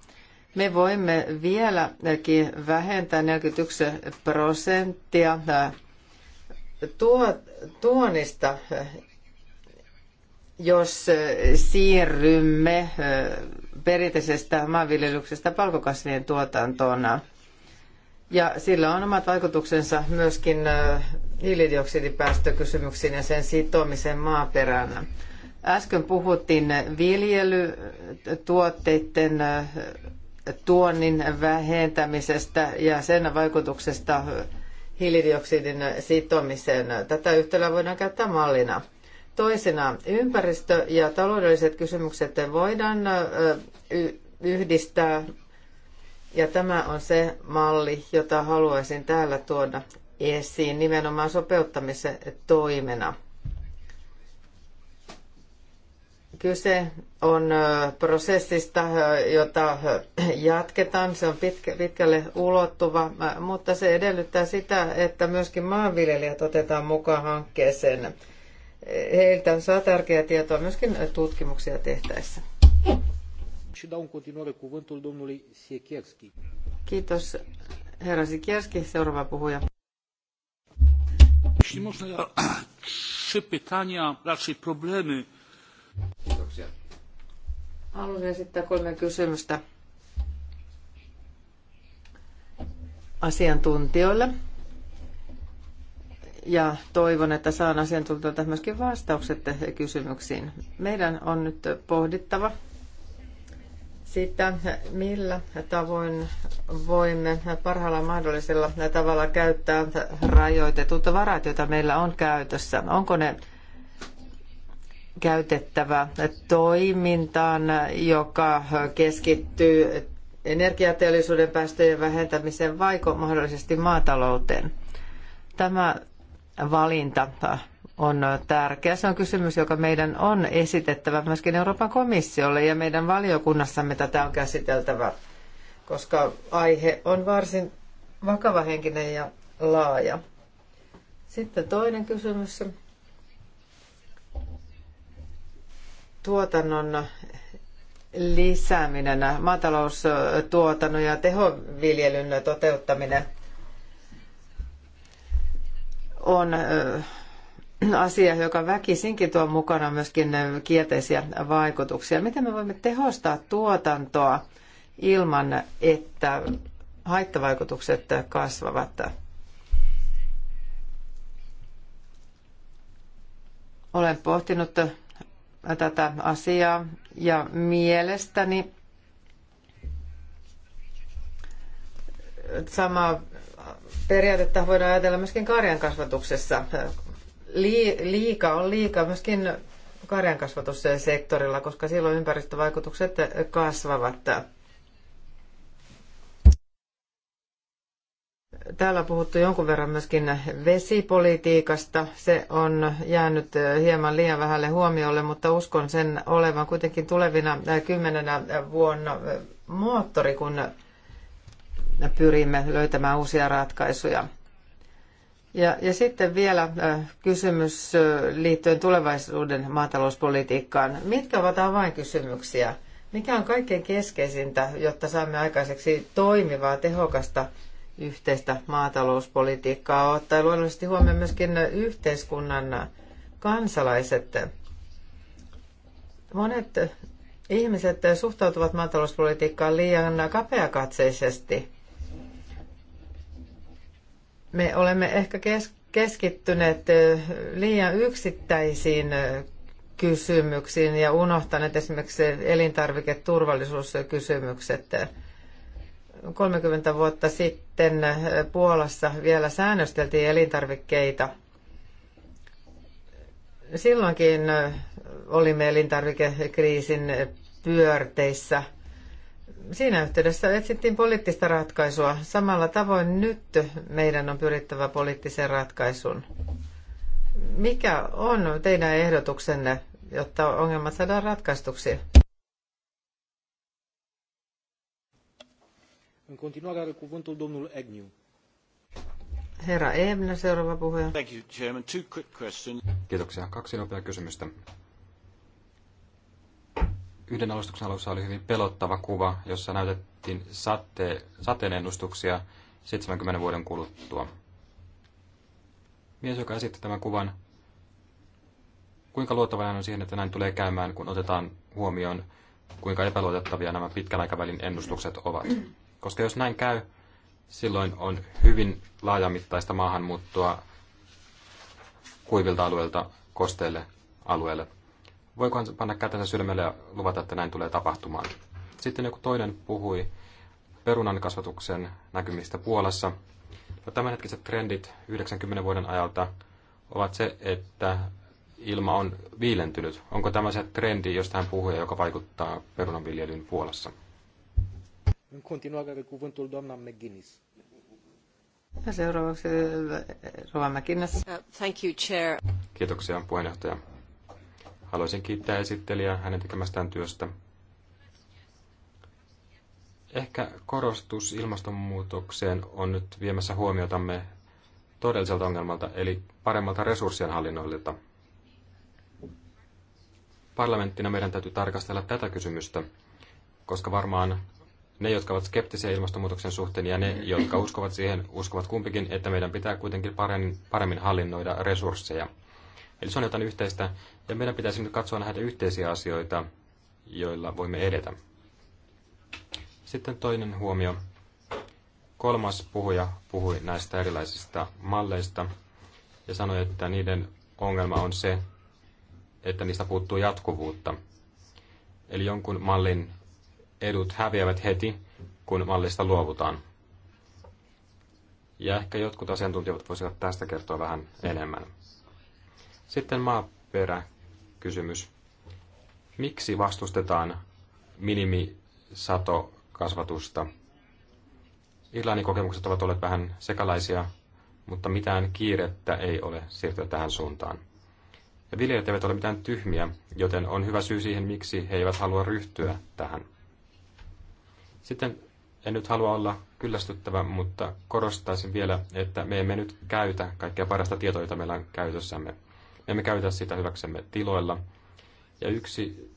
Me voimme vieläkin vähentää 41 prosenttia tuo, tuonnista, jos siirrymme perinteisestä maanviljelyksestä palkokasvien tuotantoon. Ja sillä on omat vaikutuksensa myöskin hiilidioksidipäästökysymyksiin ja sen sitomiseen maaperään. Äsken puhuttiin viljelytuotteiden tuonnin vähentämisestä ja sen vaikutuksesta hiilidioksidin sitomiseen. Tätä yhtälöä voidaan käyttää mallina. Toisena, ympäristö- ja taloudelliset kysymykset voidaan yhdistää, ja tämä on se malli, jota haluaisin täällä tuoda esiin nimenomaan sopeuttamisen toimena. Kyse on prosessista, jota jatketaan. Se on pitkälle ulottuva, mutta se edellyttää sitä, että myöskin maanviljelijät otetaan mukaan hankkeeseen heiltä saa tärkeää tietoa myöskin tutkimuksia tehtäessä. Kiitos, herra Sikierski. Seuraava puhuja. [CLEARS THROAT] Kiitoksia. Haluaisin esittää kolme kysymystä asiantuntijoille ja toivon, että saan asiantuntijoilta myöskin vastaukset kysymyksiin. Meidän on nyt pohdittava sitä, millä tavoin voimme parhaalla mahdollisella tavalla käyttää rajoitetut varat, joita meillä on käytössä. Onko ne käytettävä toimintaan, joka keskittyy energiateollisuuden päästöjen vähentämiseen vaiko mahdollisesti maatalouteen? Tämä valinta on tärkeä. Se on kysymys, joka meidän on esitettävä myöskin Euroopan komissiolle ja meidän valiokunnassamme tätä on käsiteltävä, koska aihe on varsin vakavahenkinen ja laaja. Sitten toinen kysymys. Tuotannon lisääminen, maataloustuotannon ja tehoviljelyn toteuttaminen – on asia, joka väkisinkin tuo mukana myöskin kielteisiä vaikutuksia. Miten me voimme tehostaa tuotantoa ilman, että haittavaikutukset kasvavat? Olen pohtinut tätä asiaa ja mielestäni sama periaatetta voidaan ajatella myöskin karjan kasvatuksessa. Liika on liika myöskin karjan kasvatussektorilla, koska silloin ympäristövaikutukset kasvavat. Täällä on puhuttu jonkun verran myöskin vesipolitiikasta. Se on jäänyt hieman liian vähälle huomiolle, mutta uskon sen olevan kuitenkin tulevina kymmenenä vuonna moottori, kun pyrimme löytämään uusia ratkaisuja. Ja, ja sitten vielä kysymys liittyen tulevaisuuden maatalouspolitiikkaan. Mitkä ovat avainkysymyksiä? Mikä on kaikkein keskeisintä, jotta saamme aikaiseksi toimivaa, tehokasta yhteistä maatalouspolitiikkaa, ottaen luonnollisesti huomioon myöskin yhteiskunnan kansalaiset. Monet ihmiset suhtautuvat maatalouspolitiikkaan liian kapeakatseisesti. Me olemme ehkä keskittyneet liian yksittäisiin kysymyksiin ja unohtaneet esimerkiksi elintarviketurvallisuuskysymykset. 30 vuotta sitten Puolassa vielä säännösteltiin elintarvikkeita. Silloinkin olimme elintarvikekriisin pyörteissä – siinä yhteydessä etsittiin poliittista ratkaisua. Samalla tavoin nyt meidän on pyrittävä poliittiseen ratkaisuun. Mikä on teidän ehdotuksenne, jotta ongelmat saadaan ratkaistuksi? În continuare are cuvântul domnul Agnew. Herra Ebner, seuraava puhuja. Thank you, Chairman. Two quick questions. Kiitoksia. Kaksi nopeaa kysymystä. Yhden alustuksen alussa oli hyvin pelottava kuva, jossa näytettiin sate, sateenennustuksia 70 vuoden kuluttua. Mies, joka esitti tämän kuvan, kuinka luottavainen on siihen, että näin tulee käymään, kun otetaan huomioon, kuinka epäluotettavia nämä pitkän aikavälin ennustukset ovat. Koska jos näin käy, silloin on hyvin laajamittaista maahanmuuttoa kuivilta alueilta kosteille alueelle voiko hän panna kätensä sydämelle ja luvata, että näin tulee tapahtumaan. Sitten joku toinen puhui perunan kasvatuksen näkymistä Puolassa. No, tämänhetkiset trendit 90 vuoden ajalta ovat se, että ilma on viilentynyt. Onko tämä se trendi, josta hän puhuu, joka vaikuttaa perunanviljelyyn Puolassa? Ja seuraavaksi eh, Rova McGuinness. Uh, thank you, Chair. Kiitoksia puheenjohtaja. Haluaisin kiittää esittelijää hänen tekemästään työstä. Ehkä korostus ilmastonmuutokseen on nyt viemässä huomiotamme todelliselta ongelmalta, eli paremmalta resurssien hallinnoilta. Parlamenttina meidän täytyy tarkastella tätä kysymystä, koska varmaan ne, jotka ovat skeptisiä ilmastonmuutoksen suhteen ja ne, jotka uskovat siihen, uskovat kumpikin, että meidän pitää kuitenkin paremmin, paremmin hallinnoida resursseja – Eli se on jotain yhteistä, ja meidän pitäisi nyt katsoa näitä yhteisiä asioita, joilla voimme edetä. Sitten toinen huomio. Kolmas puhuja puhui näistä erilaisista malleista ja sanoi, että niiden ongelma on se, että niistä puuttuu jatkuvuutta. Eli jonkun mallin edut häviävät heti, kun mallista luovutaan. Ja ehkä jotkut asiantuntijat voisivat tästä kertoa vähän enemmän. Sitten kysymys, Miksi vastustetaan minimisatokasvatusta? Irlannin kokemukset ovat olleet vähän sekalaisia, mutta mitään kiirettä ei ole siirtyä tähän suuntaan. Ja viljelijät eivät ole mitään tyhmiä, joten on hyvä syy siihen, miksi he eivät halua ryhtyä tähän. Sitten en nyt halua olla kyllästyttävä, mutta korostaisin vielä, että me emme nyt käytä kaikkea parasta tietoa, jota meillä on käytössämme. Me emme käytä sitä hyväksemme tiloilla. Ja yksi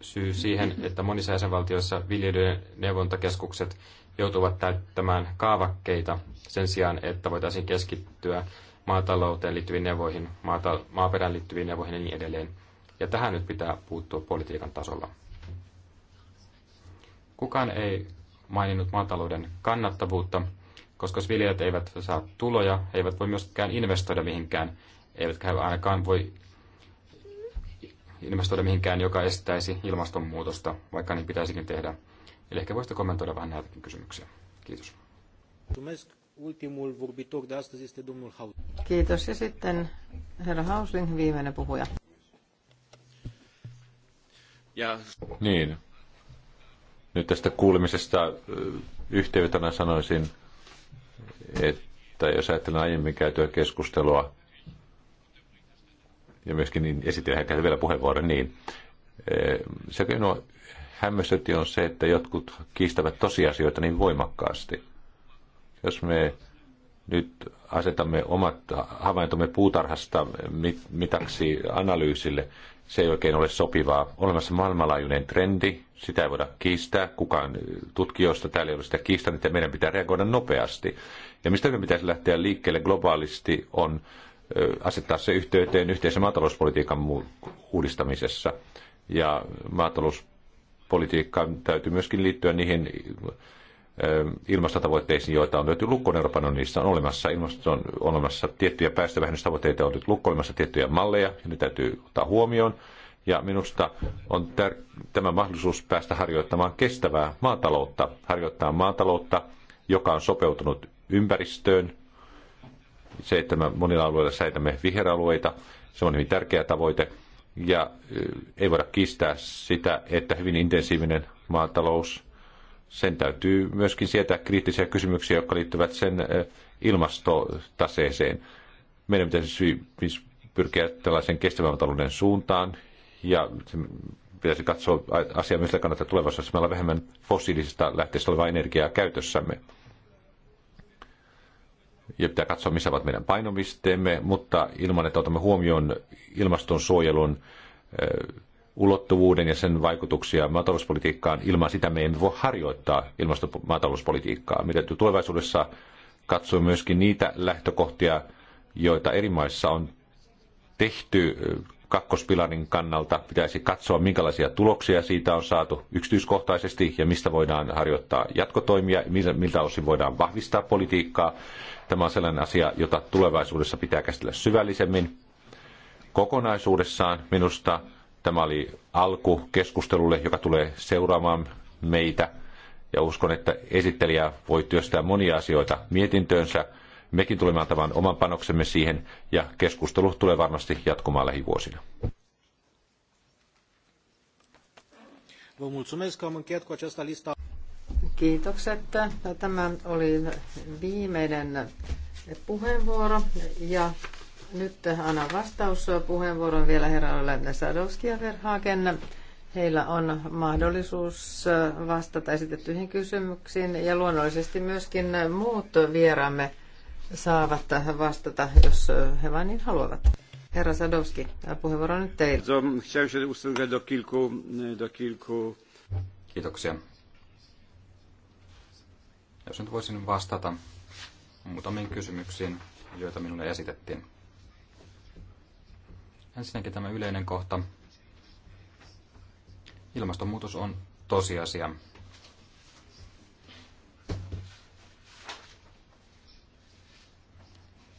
syy siihen, että monissa jäsenvaltioissa viljelijöiden neuvontakeskukset joutuvat täyttämään kaavakkeita sen sijaan, että voitaisiin keskittyä maatalouteen liittyviin neuvoihin, maata, maaperään liittyviin neuvoihin ja niin edelleen. Ja tähän nyt pitää puuttua politiikan tasolla. Kukaan ei maininnut maatalouden kannattavuutta, koska jos viljelijät eivät saa tuloja, he eivät voi myöskään investoida mihinkään, eivätkä he ainakaan voi investoida mihinkään, joka estäisi ilmastonmuutosta, vaikka niin pitäisikin tehdä. Eli ehkä voisitte kommentoida vähän näitäkin kysymyksiä. Kiitos. Kiitos. Ja sitten herra Hausling, viimeinen puhuja. Ja... Niin. Nyt tästä kuulemisesta yhteytänä sanoisin, että jos ajattelen aiemmin käytyä keskustelua, ja myöskin niin esittelijä käytti vielä puheenvuoron, niin eh, se minua no, hämmästytti on se, että jotkut kiistävät tosiasioita niin voimakkaasti. Jos me nyt asetamme omat havaintomme puutarhasta mitaksi analyysille, se ei oikein ole sopivaa. Olemassa maailmanlaajuinen trendi, sitä ei voida kiistää. Kukaan tutkijoista täällä ei ole sitä kiistänyt että meidän pitää reagoida nopeasti. Ja mistä me pitäisi lähteä liikkeelle globaalisti on asettaa se yhteyteen yhteisen maatalouspolitiikan uudistamisessa. Ja maatalouspolitiikka täytyy myöskin liittyä niihin ilmastotavoitteisiin, joita on löytynyt lukkoon Euroopan unionissa, on olemassa, on olemassa tiettyjä päästövähennystavoitteita, on nyt olemassa tiettyjä malleja, ja ne täytyy ottaa huomioon. Ja minusta on tär- tämä mahdollisuus päästä harjoittamaan kestävää maataloutta, harjoittaa maataloutta, joka on sopeutunut ympäristöön, se, että me monilla alueilla säilytämme viheralueita, se on hyvin tärkeä tavoite. Ja ei voida kiistää sitä, että hyvin intensiivinen maatalous, sen täytyy myöskin sietää kriittisiä kysymyksiä, jotka liittyvät sen ilmastotaseeseen. Meidän pitäisi siis pyrkiä tällaisen kestävän talouden suuntaan ja pitäisi katsoa asiaa myös kannattaa tulevaisuudessa. Meillä on vähemmän fossiilisista lähteistä olevaa energiaa käytössämme ja pitää katsoa, missä ovat meidän painomisteemme, mutta ilman, että otamme huomioon ilmastonsuojelun eh, ulottuvuuden ja sen vaikutuksia maatalouspolitiikkaan. Ilman sitä me emme voi harjoittaa ilmastomaatalouspolitiikkaa. Meidän täytyy tulevaisuudessa katsoa myöskin niitä lähtökohtia, joita eri maissa on tehty eh, kakkospilarin kannalta. Pitäisi katsoa, minkälaisia tuloksia siitä on saatu yksityiskohtaisesti ja mistä voidaan harjoittaa jatkotoimia, miltä osin voidaan vahvistaa politiikkaa Tämä on sellainen asia, jota tulevaisuudessa pitää käsitellä syvällisemmin. Kokonaisuudessaan minusta tämä oli alku keskustelulle, joka tulee seuraamaan meitä. Ja uskon, että esittelijä voi työstää monia asioita mietintöönsä. Mekin tulemme antamaan oman panoksemme siihen ja keskustelu tulee varmasti jatkumaan lähivuosina. Vă mulțumesc că am încheiat cu această listă. Kiitokset. Tämä oli viimeinen puheenvuoro ja nyt annan vastaus puheenvuoron vielä herralle Sadowski ja Verhagen. Heillä on mahdollisuus vastata esitettyihin kysymyksiin ja luonnollisesti myöskin muut vieraamme saavat tähän vastata, jos he vain niin haluavat. Herra Sadowski, puheenvuoro nyt teille. Kiitoksia. Jos nyt voisin vastata muutamiin kysymyksiin, joita minulle esitettiin. Ensinnäkin tämä yleinen kohta. Ilmastonmuutos on tosiasia.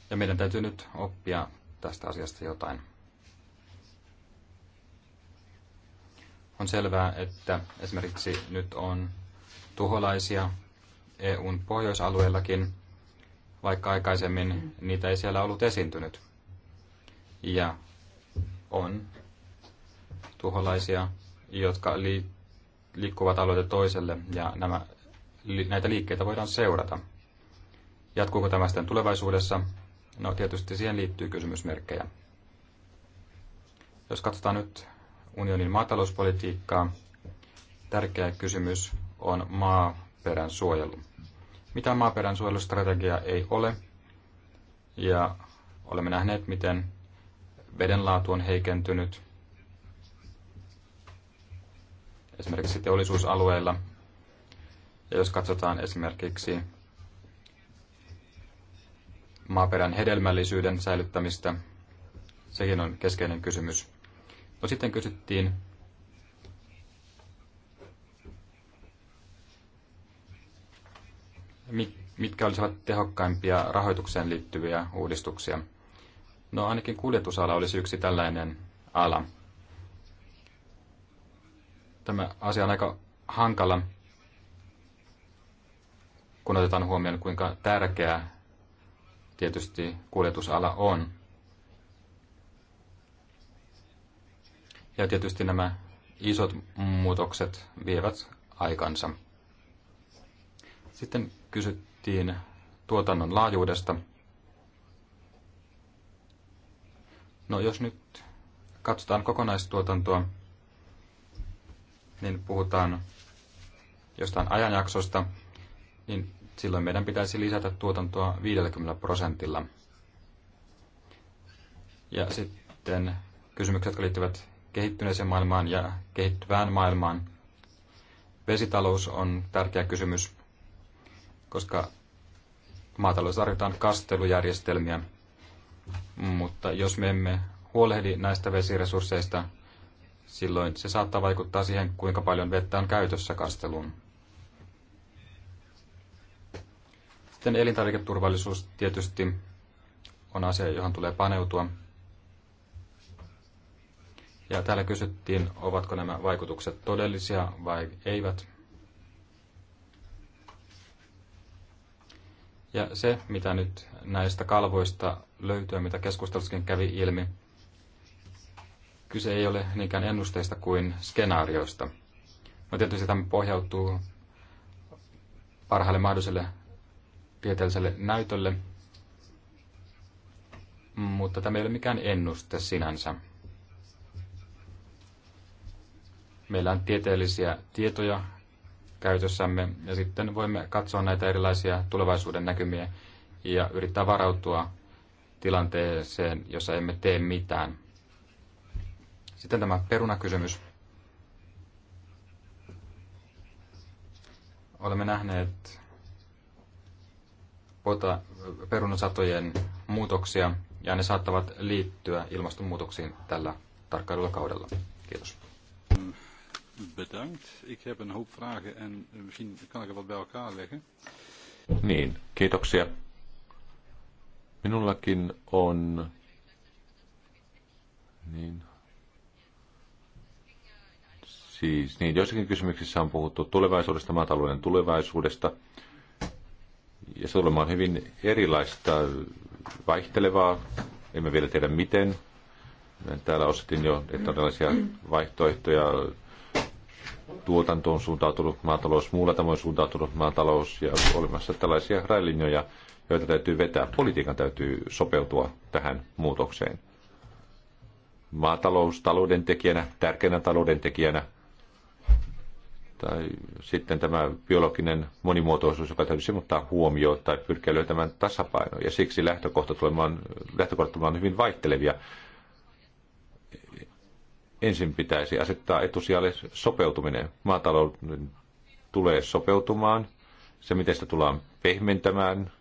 Ja meidän täytyy nyt oppia tästä asiasta jotain. On selvää, että esimerkiksi nyt on tuholaisia EUn pohjoisalueellakin, vaikka aikaisemmin mm. niitä ei siellä ollut esiintynyt. Ja on tuholaisia, jotka li- liikkuvat alueelta toiselle ja nämä, li- näitä liikkeitä voidaan seurata. Jatkuuko tämä sitten tulevaisuudessa? No tietysti siihen liittyy kysymysmerkkejä. Jos katsotaan nyt unionin maatalouspolitiikkaa, tärkeä kysymys on maaperän suojelu. Mitään maaperän suojelustrategiaa ei ole, ja olemme nähneet, miten vedenlaatu on heikentynyt. Esimerkiksi teollisuusalueilla. Ja jos katsotaan esimerkiksi maaperän hedelmällisyyden säilyttämistä, sekin on keskeinen kysymys. No sitten kysyttiin, mitkä olisivat tehokkaimpia rahoitukseen liittyviä uudistuksia. No ainakin kuljetusala olisi yksi tällainen ala. Tämä asia on aika hankala, kun otetaan huomioon, kuinka tärkeä tietysti kuljetusala on. Ja tietysti nämä isot muutokset vievät aikansa. Sitten kysyttiin tuotannon laajuudesta. No jos nyt katsotaan kokonaistuotantoa, niin puhutaan jostain ajanjaksosta, niin silloin meidän pitäisi lisätä tuotantoa 50 prosentilla. Ja sitten kysymykset, jotka liittyvät kehittyneeseen maailmaan ja kehittyvään maailmaan. Vesitalous on tärkeä kysymys koska maatalous tarvitaan kastelujärjestelmiä. Mutta jos me emme huolehdi näistä vesiresursseista, silloin se saattaa vaikuttaa siihen, kuinka paljon vettä on käytössä kasteluun. Sitten elintarviketurvallisuus tietysti on asia, johon tulee paneutua. Ja täällä kysyttiin, ovatko nämä vaikutukset todellisia vai eivät. Ja se, mitä nyt näistä kalvoista löytyy, mitä keskustelussakin kävi ilmi, kyse ei ole niinkään ennusteista kuin skenaarioista. No tietysti tämä pohjautuu parhaalle mahdolliselle tieteelliselle näytölle, mutta tämä ei ole mikään ennuste sinänsä. Meillä on tieteellisiä tietoja käytössämme ja sitten voimme katsoa näitä erilaisia tulevaisuuden näkymiä ja yrittää varautua tilanteeseen, jossa emme tee mitään. Sitten tämä perunakysymys. Olemme nähneet perunasatojen muutoksia ja ne saattavat liittyä ilmastonmuutoksiin tällä tarkkailulla kaudella. Kiitos. Bedankt. Ik heb een hoop vragen en eh, misschien kan ik er wat bij elkaar leggen. Niin, kiitoksia. Minullakin on... Niin. Siis, niin, joissakin kysymyksissä on puhuttu tulevaisuudesta, maatalouden tulevaisuudesta. Ja se tulee hyvin erilaista, vaihtelevaa. Emme vielä tiedä miten. Täällä osattiin jo, että on erilaisia vaihtoehtoja tuotantoon suuntautunut maatalous, muulla tavoin suuntautunut maatalous ja olemassa tällaisia rajalinjoja, joita täytyy vetää. Politiikan täytyy sopeutua tähän muutokseen. Maatalous talouden tekijänä, tärkeänä talouden tekijänä, tai sitten tämä biologinen monimuotoisuus, joka täytyy ottaa huomioon tai pyrkiä löytämään tasapaino. Ja siksi lähtökohta tulemaan, lähtökohtat tulemaan hyvin vaihtelevia ensin pitäisi asettaa etusijalle sopeutuminen. Maatalouden tulee sopeutumaan, se miten sitä tullaan pehmentämään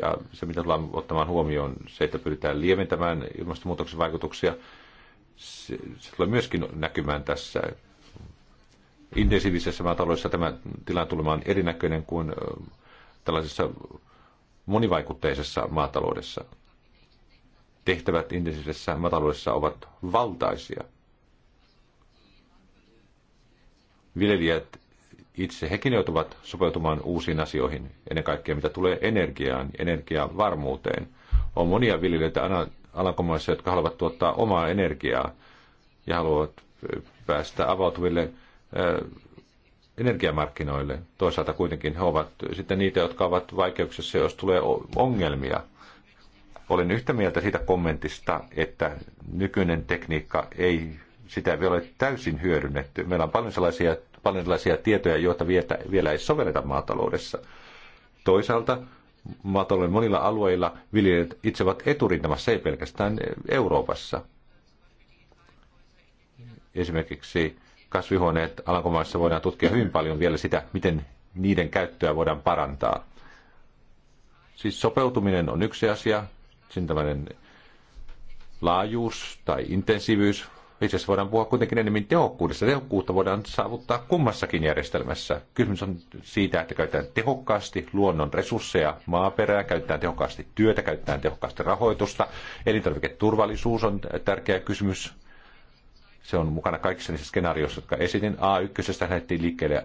ja se mitä tullaan ottamaan huomioon, se että pyritään lieventämään ilmastonmuutoksen vaikutuksia, se, se tulee myöskin näkymään tässä. Intensiivisessä maataloudessa tämä tilanne tulemaan erinäköinen kuin tällaisessa monivaikutteisessa maataloudessa. Tehtävät intensiivisessä maataloudessa ovat valtaisia – viljelijät itse hekin joutuvat sopeutumaan uusiin asioihin, ennen kaikkea mitä tulee energiaan, energiavarmuuteen. On monia viljelijöitä alankomaissa, jotka haluavat tuottaa omaa energiaa ja haluavat päästä avautuville energiamarkkinoille. Toisaalta kuitenkin he ovat sitten niitä, jotka ovat vaikeuksissa, jos tulee ongelmia. Olen yhtä mieltä siitä kommentista, että nykyinen tekniikka ei sitä vielä ole täysin hyödynnetty. Meillä on paljon sellaisia paljon erilaisia tietoja, joita vielä ei sovelleta maataloudessa. Toisaalta maatalouden monilla alueilla viljelijät itse ovat eturintamassa, ei pelkästään Euroopassa. Esimerkiksi kasvihuoneet Alankomaissa voidaan tutkia hyvin paljon vielä sitä, miten niiden käyttöä voidaan parantaa. Siis sopeutuminen on yksi asia, sen tämmöinen laajuus tai intensiivyys itse asiassa voidaan puhua kuitenkin enemmän tehokkuudesta. Tehokkuutta voidaan saavuttaa kummassakin järjestelmässä. Kysymys on siitä, että käytetään tehokkaasti luonnon resursseja, maaperää, käytetään tehokkaasti työtä, käytetään tehokkaasti rahoitusta. Elintarviketurvallisuus on tärkeä kysymys. Se on mukana kaikissa niissä skenaarioissa, jotka esitin. A1 lähdettiin liikkeelle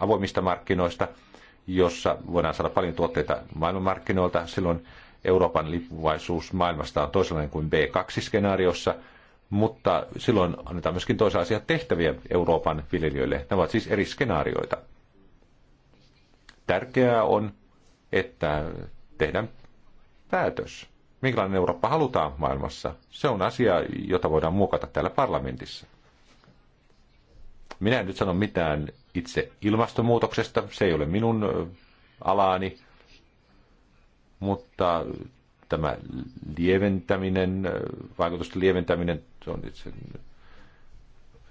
avoimista markkinoista, jossa voidaan saada paljon tuotteita maailmanmarkkinoilta. Silloin Euroopan lippuvaisuus maailmasta on toisenlainen kuin B2-skenaariossa – mutta silloin annetaan myöskin toisenlaisia tehtäviä Euroopan viljelijöille. Nämä ovat siis eri skenaarioita. Tärkeää on, että tehdään päätös. Minkälainen Eurooppa halutaan maailmassa? Se on asia, jota voidaan muokata täällä parlamentissa. Minä en nyt sano mitään itse ilmastonmuutoksesta, se ei ole minun alaani, mutta tämä lieventäminen, äh, vaikutusten lieventäminen, se on itse,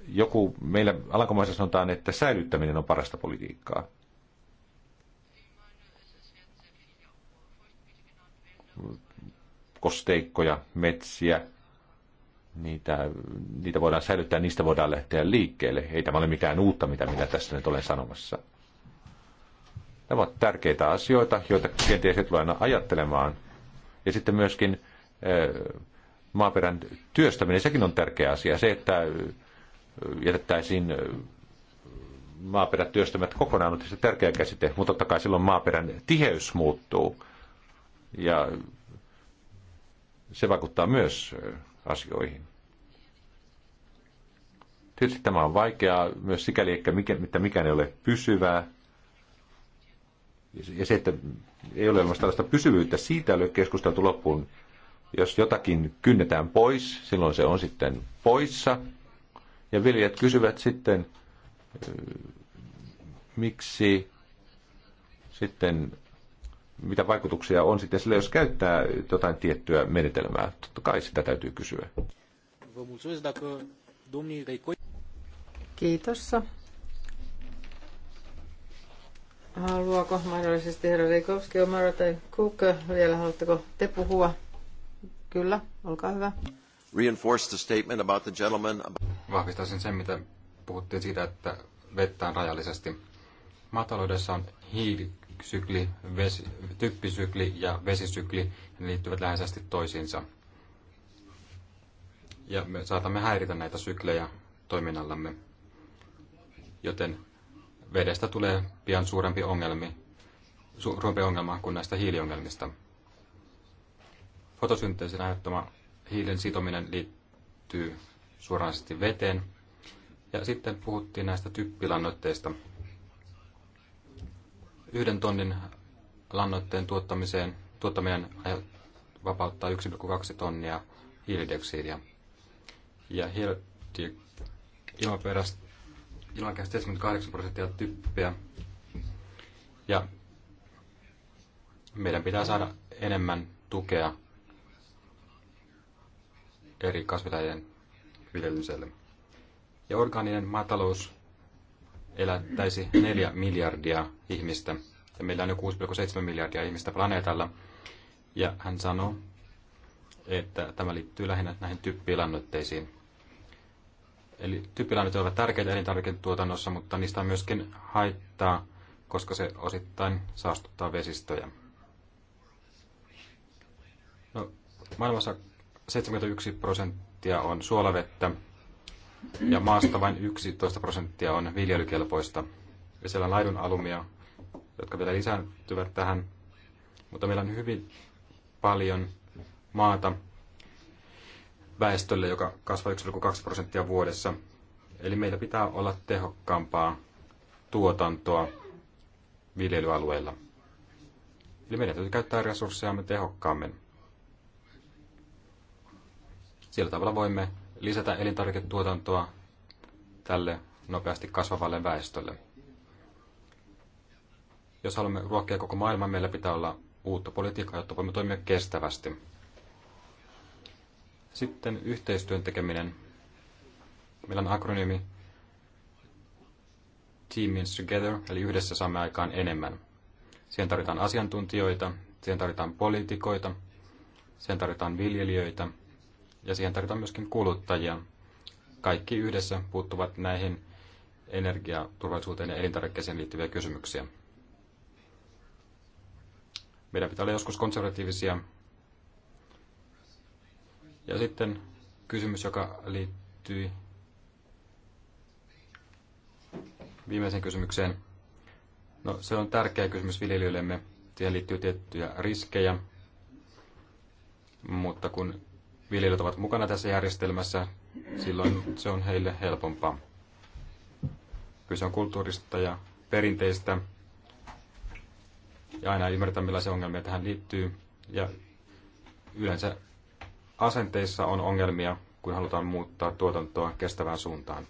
joku, meillä alankomaissa sanotaan, että säilyttäminen on parasta politiikkaa. Kosteikkoja, metsiä, niitä, niitä voidaan säilyttää, niistä voidaan lähteä liikkeelle. Ei tämä ole mitään uutta, mitä minä tässä nyt olen sanomassa. Nämä ovat tärkeitä asioita, joita kenties tulee aina ajattelemaan, ja sitten myöskin maaperän työstäminen, sekin on tärkeä asia. Se, että jätettäisiin maaperät työstämät kokonaan, on tietysti tärkeä käsite, mutta totta kai silloin maaperän tiheys muuttuu. Ja se vaikuttaa myös asioihin. Tietysti tämä on vaikeaa myös sikäli, että mikä, että mikään ei ole pysyvää. Ja se, että ei ole olemassa tällaista pysyvyyttä, siitä ei ole keskusteltu loppuun. Jos jotakin kynnetään pois, silloin se on sitten poissa. Ja viljat kysyvät sitten, äh, miksi sitten, mitä vaikutuksia on sitten sille, jos käyttää jotain tiettyä menetelmää. Totta kai sitä täytyy kysyä. Kiitos. Haluaako mahdollisesti herra Rikovski, Omara tai Cook? Vielä haluatteko te puhua? Kyllä, olkaa hyvä. Reinforce the statement about the gentleman. Vahvistaisin sen, mitä puhuttiin siitä, että vettään rajallisesti. Maataloudessa on hiilisykli, vesi, typpisykli ja vesisykli. Ne liittyvät läheisesti toisiinsa. Ja me saatamme häiritä näitä syklejä toiminnallamme. Joten vedestä tulee pian suurempi, ongelmi, suurempi ongelma kuin näistä hiiliongelmista. Fotosynteesin aiheuttama hiilen sitominen liittyy suoranaisesti veteen. Ja sitten puhuttiin näistä typpilannoitteista. Yhden tonnin lannoitteen tuottamiseen, tuottaminen vapauttaa 1,2 tonnia hiilidioksidia. Ja hiildi- ilmaperästä ilmakehässä 78 prosenttia typpeä. Ja meidän pitää saada enemmän tukea eri kasvilajien viljelyselle. Ja orgaaninen maatalous elättäisi 4 miljardia ihmistä. Ja meillä on jo 6,7 miljardia ihmistä planeetalla. Ja hän sanoo, että tämä liittyy lähinnä näihin typpilannoitteisiin. Eli typpiläimet ovat tärkeitä elintarviketuotannossa, mutta niistä on myöskin haittaa, koska se osittain saastuttaa vesistöjä. No, maailmassa 71 prosenttia on suolavettä ja maasta vain 11 prosenttia on viljelykelpoista. Ja siellä on laidun alumia, jotka vielä lisääntyvät tähän, mutta meillä on hyvin paljon maata, väestölle, joka kasvaa 1,2 prosenttia vuodessa. Eli meillä pitää olla tehokkaampaa tuotantoa viljelyalueilla. Eli meidän täytyy käyttää resurssejamme tehokkaammin. Sillä tavalla voimme lisätä elintarviketuotantoa tälle nopeasti kasvavalle väestölle. Jos haluamme ruokkia koko maailman, meillä pitää olla uutta politiikkaa, jotta voimme toimia kestävästi. Sitten yhteistyön tekeminen. Meillä on akronyymi Team Means Together, eli yhdessä saamme aikaan enemmän. Siihen tarvitaan asiantuntijoita, siihen tarvitaan poliitikoita, siihen tarvitaan viljelijöitä ja siihen tarvitaan myöskin kuluttajia. Kaikki yhdessä puuttuvat näihin energiaturvallisuuteen ja elintarvikkeeseen liittyviä kysymyksiä. Meidän pitää olla joskus konservatiivisia, ja sitten kysymys, joka liittyy viimeiseen kysymykseen. No, se on tärkeä kysymys viljelijöillemme. Siihen liittyy tiettyjä riskejä, mutta kun viljelijät ovat mukana tässä järjestelmässä, silloin se on heille helpompaa. Kyse on kulttuurista ja perinteistä, ja aina ymmärtää, millaisia ongelmia tähän liittyy. Ja yleensä asenteissa on ongelmia, kun halutaan muuttaa tuotantoa kestävään suuntaan.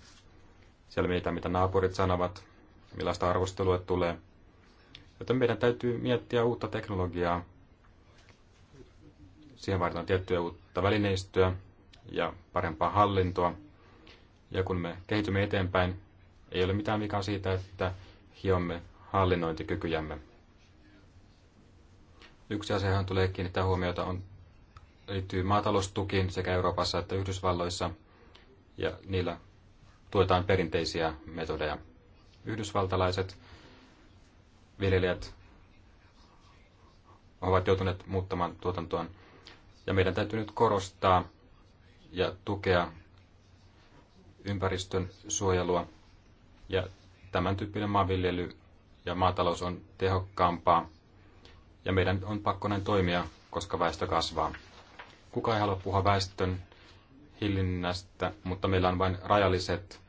Siellä mietitään, mitä naapurit sanovat, millaista arvostelua tulee. Joten meidän täytyy miettiä uutta teknologiaa. Siihen vaaditaan tiettyä uutta välineistöä ja parempaa hallintoa. Ja kun me kehitymme eteenpäin, ei ole mitään vikaa siitä, että hiomme hallinnointikykyjämme. Yksi asia, johon tulee kiinnittää huomiota, on liittyy maataloustukiin sekä Euroopassa että Yhdysvalloissa, ja niillä tuetaan perinteisiä metodeja. Yhdysvaltalaiset viljelijät ovat joutuneet muuttamaan tuotantoon, ja meidän täytyy nyt korostaa ja tukea ympäristön suojelua, ja tämän tyyppinen maanviljely ja maatalous on tehokkaampaa, ja meidän on pakko näin toimia, koska väestö kasvaa. Kuka ei halua puhua väestön hillinnästä, mutta meillä on vain rajalliset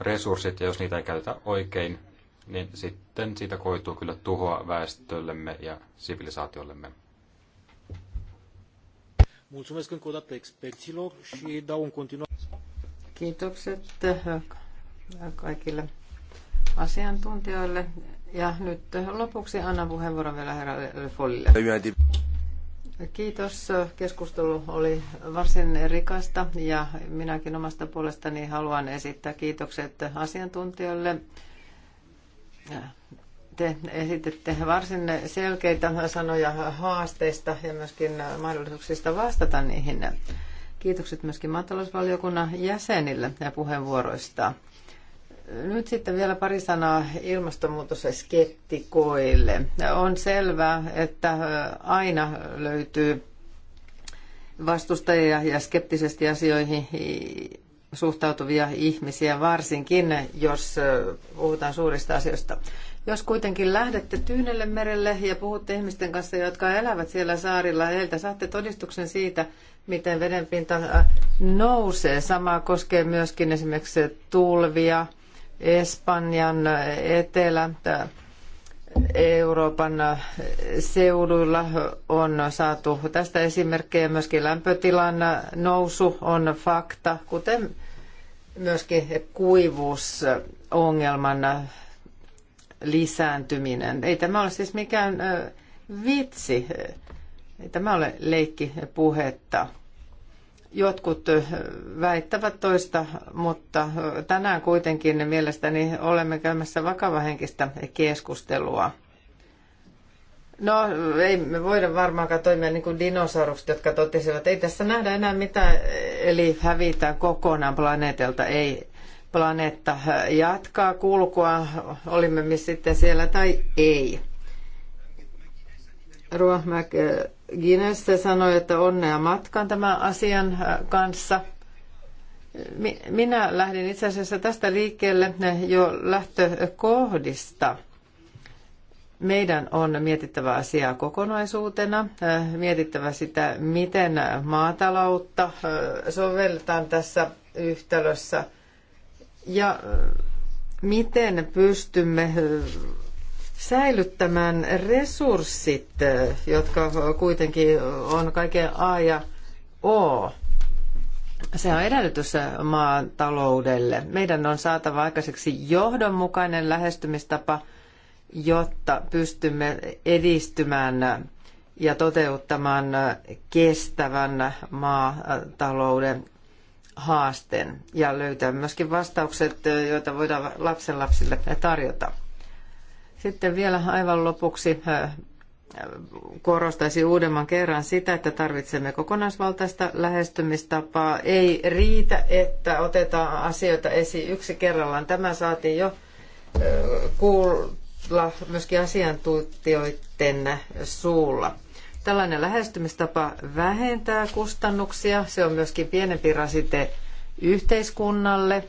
resurssit, ja jos niitä ei käytetä oikein, niin sitten siitä koituu kyllä tuhoa väestöllemme ja sivilisaatiollemme. Mulțumesc încă o dată experților și dau continuare. Kiitokset äh, kaikille asiantuntijoille. Ja nyt lopuksi annan puheenvuoron vielä herra Follille. Kiitos. Keskustelu oli varsin rikasta ja minäkin omasta puolestani haluan esittää kiitokset asiantuntijoille. Te esititte varsin selkeitä sanoja haasteista ja myöskin mahdollisuuksista vastata niihin. Kiitokset myöskin maatalousvaliokunnan jäsenille ja puheenvuoroista. Nyt sitten vielä pari sanaa ilmastonmuutosskeptikoille. On selvää, että aina löytyy vastustajia ja skeptisesti asioihin suhtautuvia ihmisiä, varsinkin jos puhutaan suurista asioista. Jos kuitenkin lähdette Tyynelle merelle ja puhutte ihmisten kanssa, jotka elävät siellä saarilla, heiltä saatte todistuksen siitä, miten vedenpinta nousee. Sama koskee myöskin esimerkiksi tulvia, Espanjan etelä Euroopan seuduilla on saatu tästä esimerkkejä. Myöskin lämpötilan nousu on fakta, kuten myöskin kuivuusongelman lisääntyminen. Ei tämä ole siis mikään vitsi. Ei tämä ole leikkipuhetta. puhetta. Jotkut eh, väittävät toista, mutta eh, tänään kuitenkin mielestäni olemme käymässä vakavahenkistä keskustelua. No ei me voida varmaankaan toimia niin kuin dinosaurukset, jotka totesivat, että ei tässä nähdä enää mitään, eh, eli hävitään kokonaan planeetalta, ei planeetta jatkaa kulkua, olimme me sitten siellä tai ei. Ruohmäk Guinness sanoi, että onnea matkaan tämän asian äh, kanssa. Minä lähdin itse asiassa tästä liikkeelle äh, jo lähtökohdista. Meidän on mietittävä asiaa kokonaisuutena, äh, mietittävä sitä, miten maataloutta sovelletaan tässä yhtälössä ja miten pystymme säilyttämään resurssit, eh, jotka kuitenkin on kaiken A ja O. Se on edellytys maataloudelle. Meidän on saatava aikaiseksi johdonmukainen lähestymistapa, jotta pystymme edistymään ja toteuttamaan kestävän maatalouden haasteen ja löytää myöskin vastaukset, joita voidaan lapsenlapsille tarjota. Sitten vielä aivan lopuksi äh, äh, korostaisin uudemman kerran sitä, että tarvitsemme kokonaisvaltaista lähestymistapaa. Ei riitä, että otetaan asioita esiin yksi kerrallaan. Tämä saatiin jo äh, kuulla myöskin asiantuntijoiden suulla. Tällainen lähestymistapa vähentää kustannuksia, se on myöskin pienempi rasite yhteiskunnalle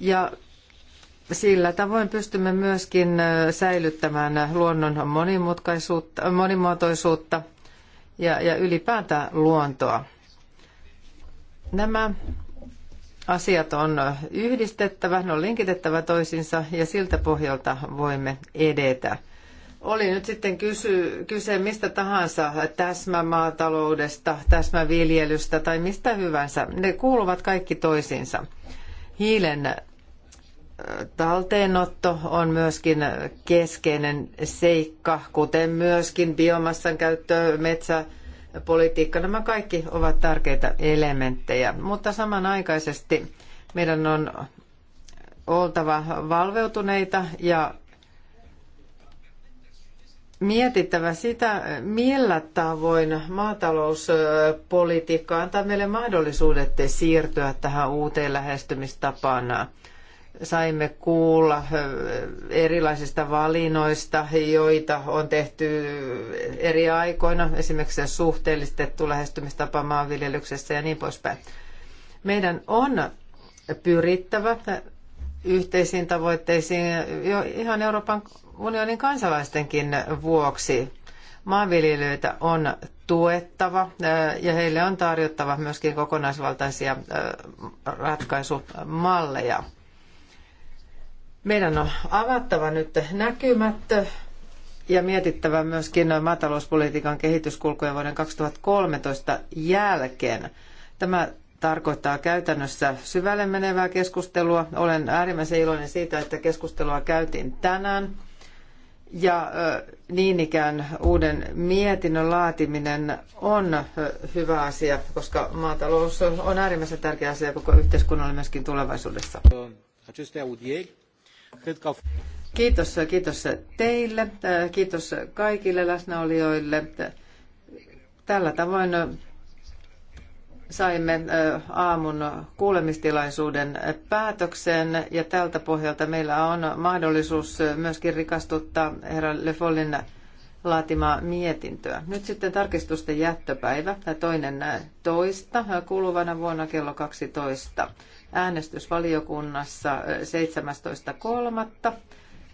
ja sillä tavoin pystymme myöskin säilyttämään luonnon monimutkaisuutta, monimuotoisuutta ja, ja ylipäätään luontoa. Nämä asiat on yhdistettävä, ne on linkitettävä toisiinsa ja siltä pohjalta voimme edetä. Oli nyt sitten kysy, kyse mistä tahansa täsmämaataloudesta, täsmäviljelystä tai mistä hyvänsä. Ne kuuluvat kaikki toisiinsa. Hiilen Talteenotto on myöskin keskeinen seikka, kuten myöskin biomassan käyttö, metsäpolitiikka. Nämä kaikki ovat tärkeitä elementtejä, mutta samanaikaisesti meidän on oltava valveutuneita ja mietittävä sitä, millä tavoin maatalouspolitiikka antaa meille mahdollisuudet siirtyä tähän uuteen lähestymistapaan Saimme kuulla erilaisista valinnoista, joita on tehty eri aikoina, esimerkiksi suhteellistettu lähestymistapa maanviljelyksessä ja niin poispäin. Meidän on pyrittävä yhteisiin tavoitteisiin jo ihan Euroopan unionin kansalaistenkin vuoksi. Maanviljelijöitä on tuettava ja heille on tarjottava myöskin kokonaisvaltaisia ratkaisumalleja. Meidän on avattava nyt näkymättö ja mietittävä myöskin noin maatalouspolitiikan kehityskulkuja vuoden 2013 jälkeen. Tämä tarkoittaa käytännössä syvälle menevää keskustelua. Olen äärimmäisen iloinen siitä, että keskustelua käytiin tänään. Ja niin ikään uuden mietinnön laatiminen on hyvä asia, koska maatalous on äärimmäisen tärkeä asia koko yhteiskunnalle myöskin tulevaisuudessa. Aceste Kiitos, kiitos teille, kiitos kaikille läsnäolijoille. Tällä tavoin saimme aamun kuulemistilaisuuden päätökseen ja tältä pohjalta meillä on mahdollisuus myöskin rikastuttaa herra Lefollin laatimaa mietintöä. Nyt sitten tarkistusten jättöpäivä, toinen toista, kuluvana vuonna kello 12 äänestysvaliokunnassa 17.3. Eh,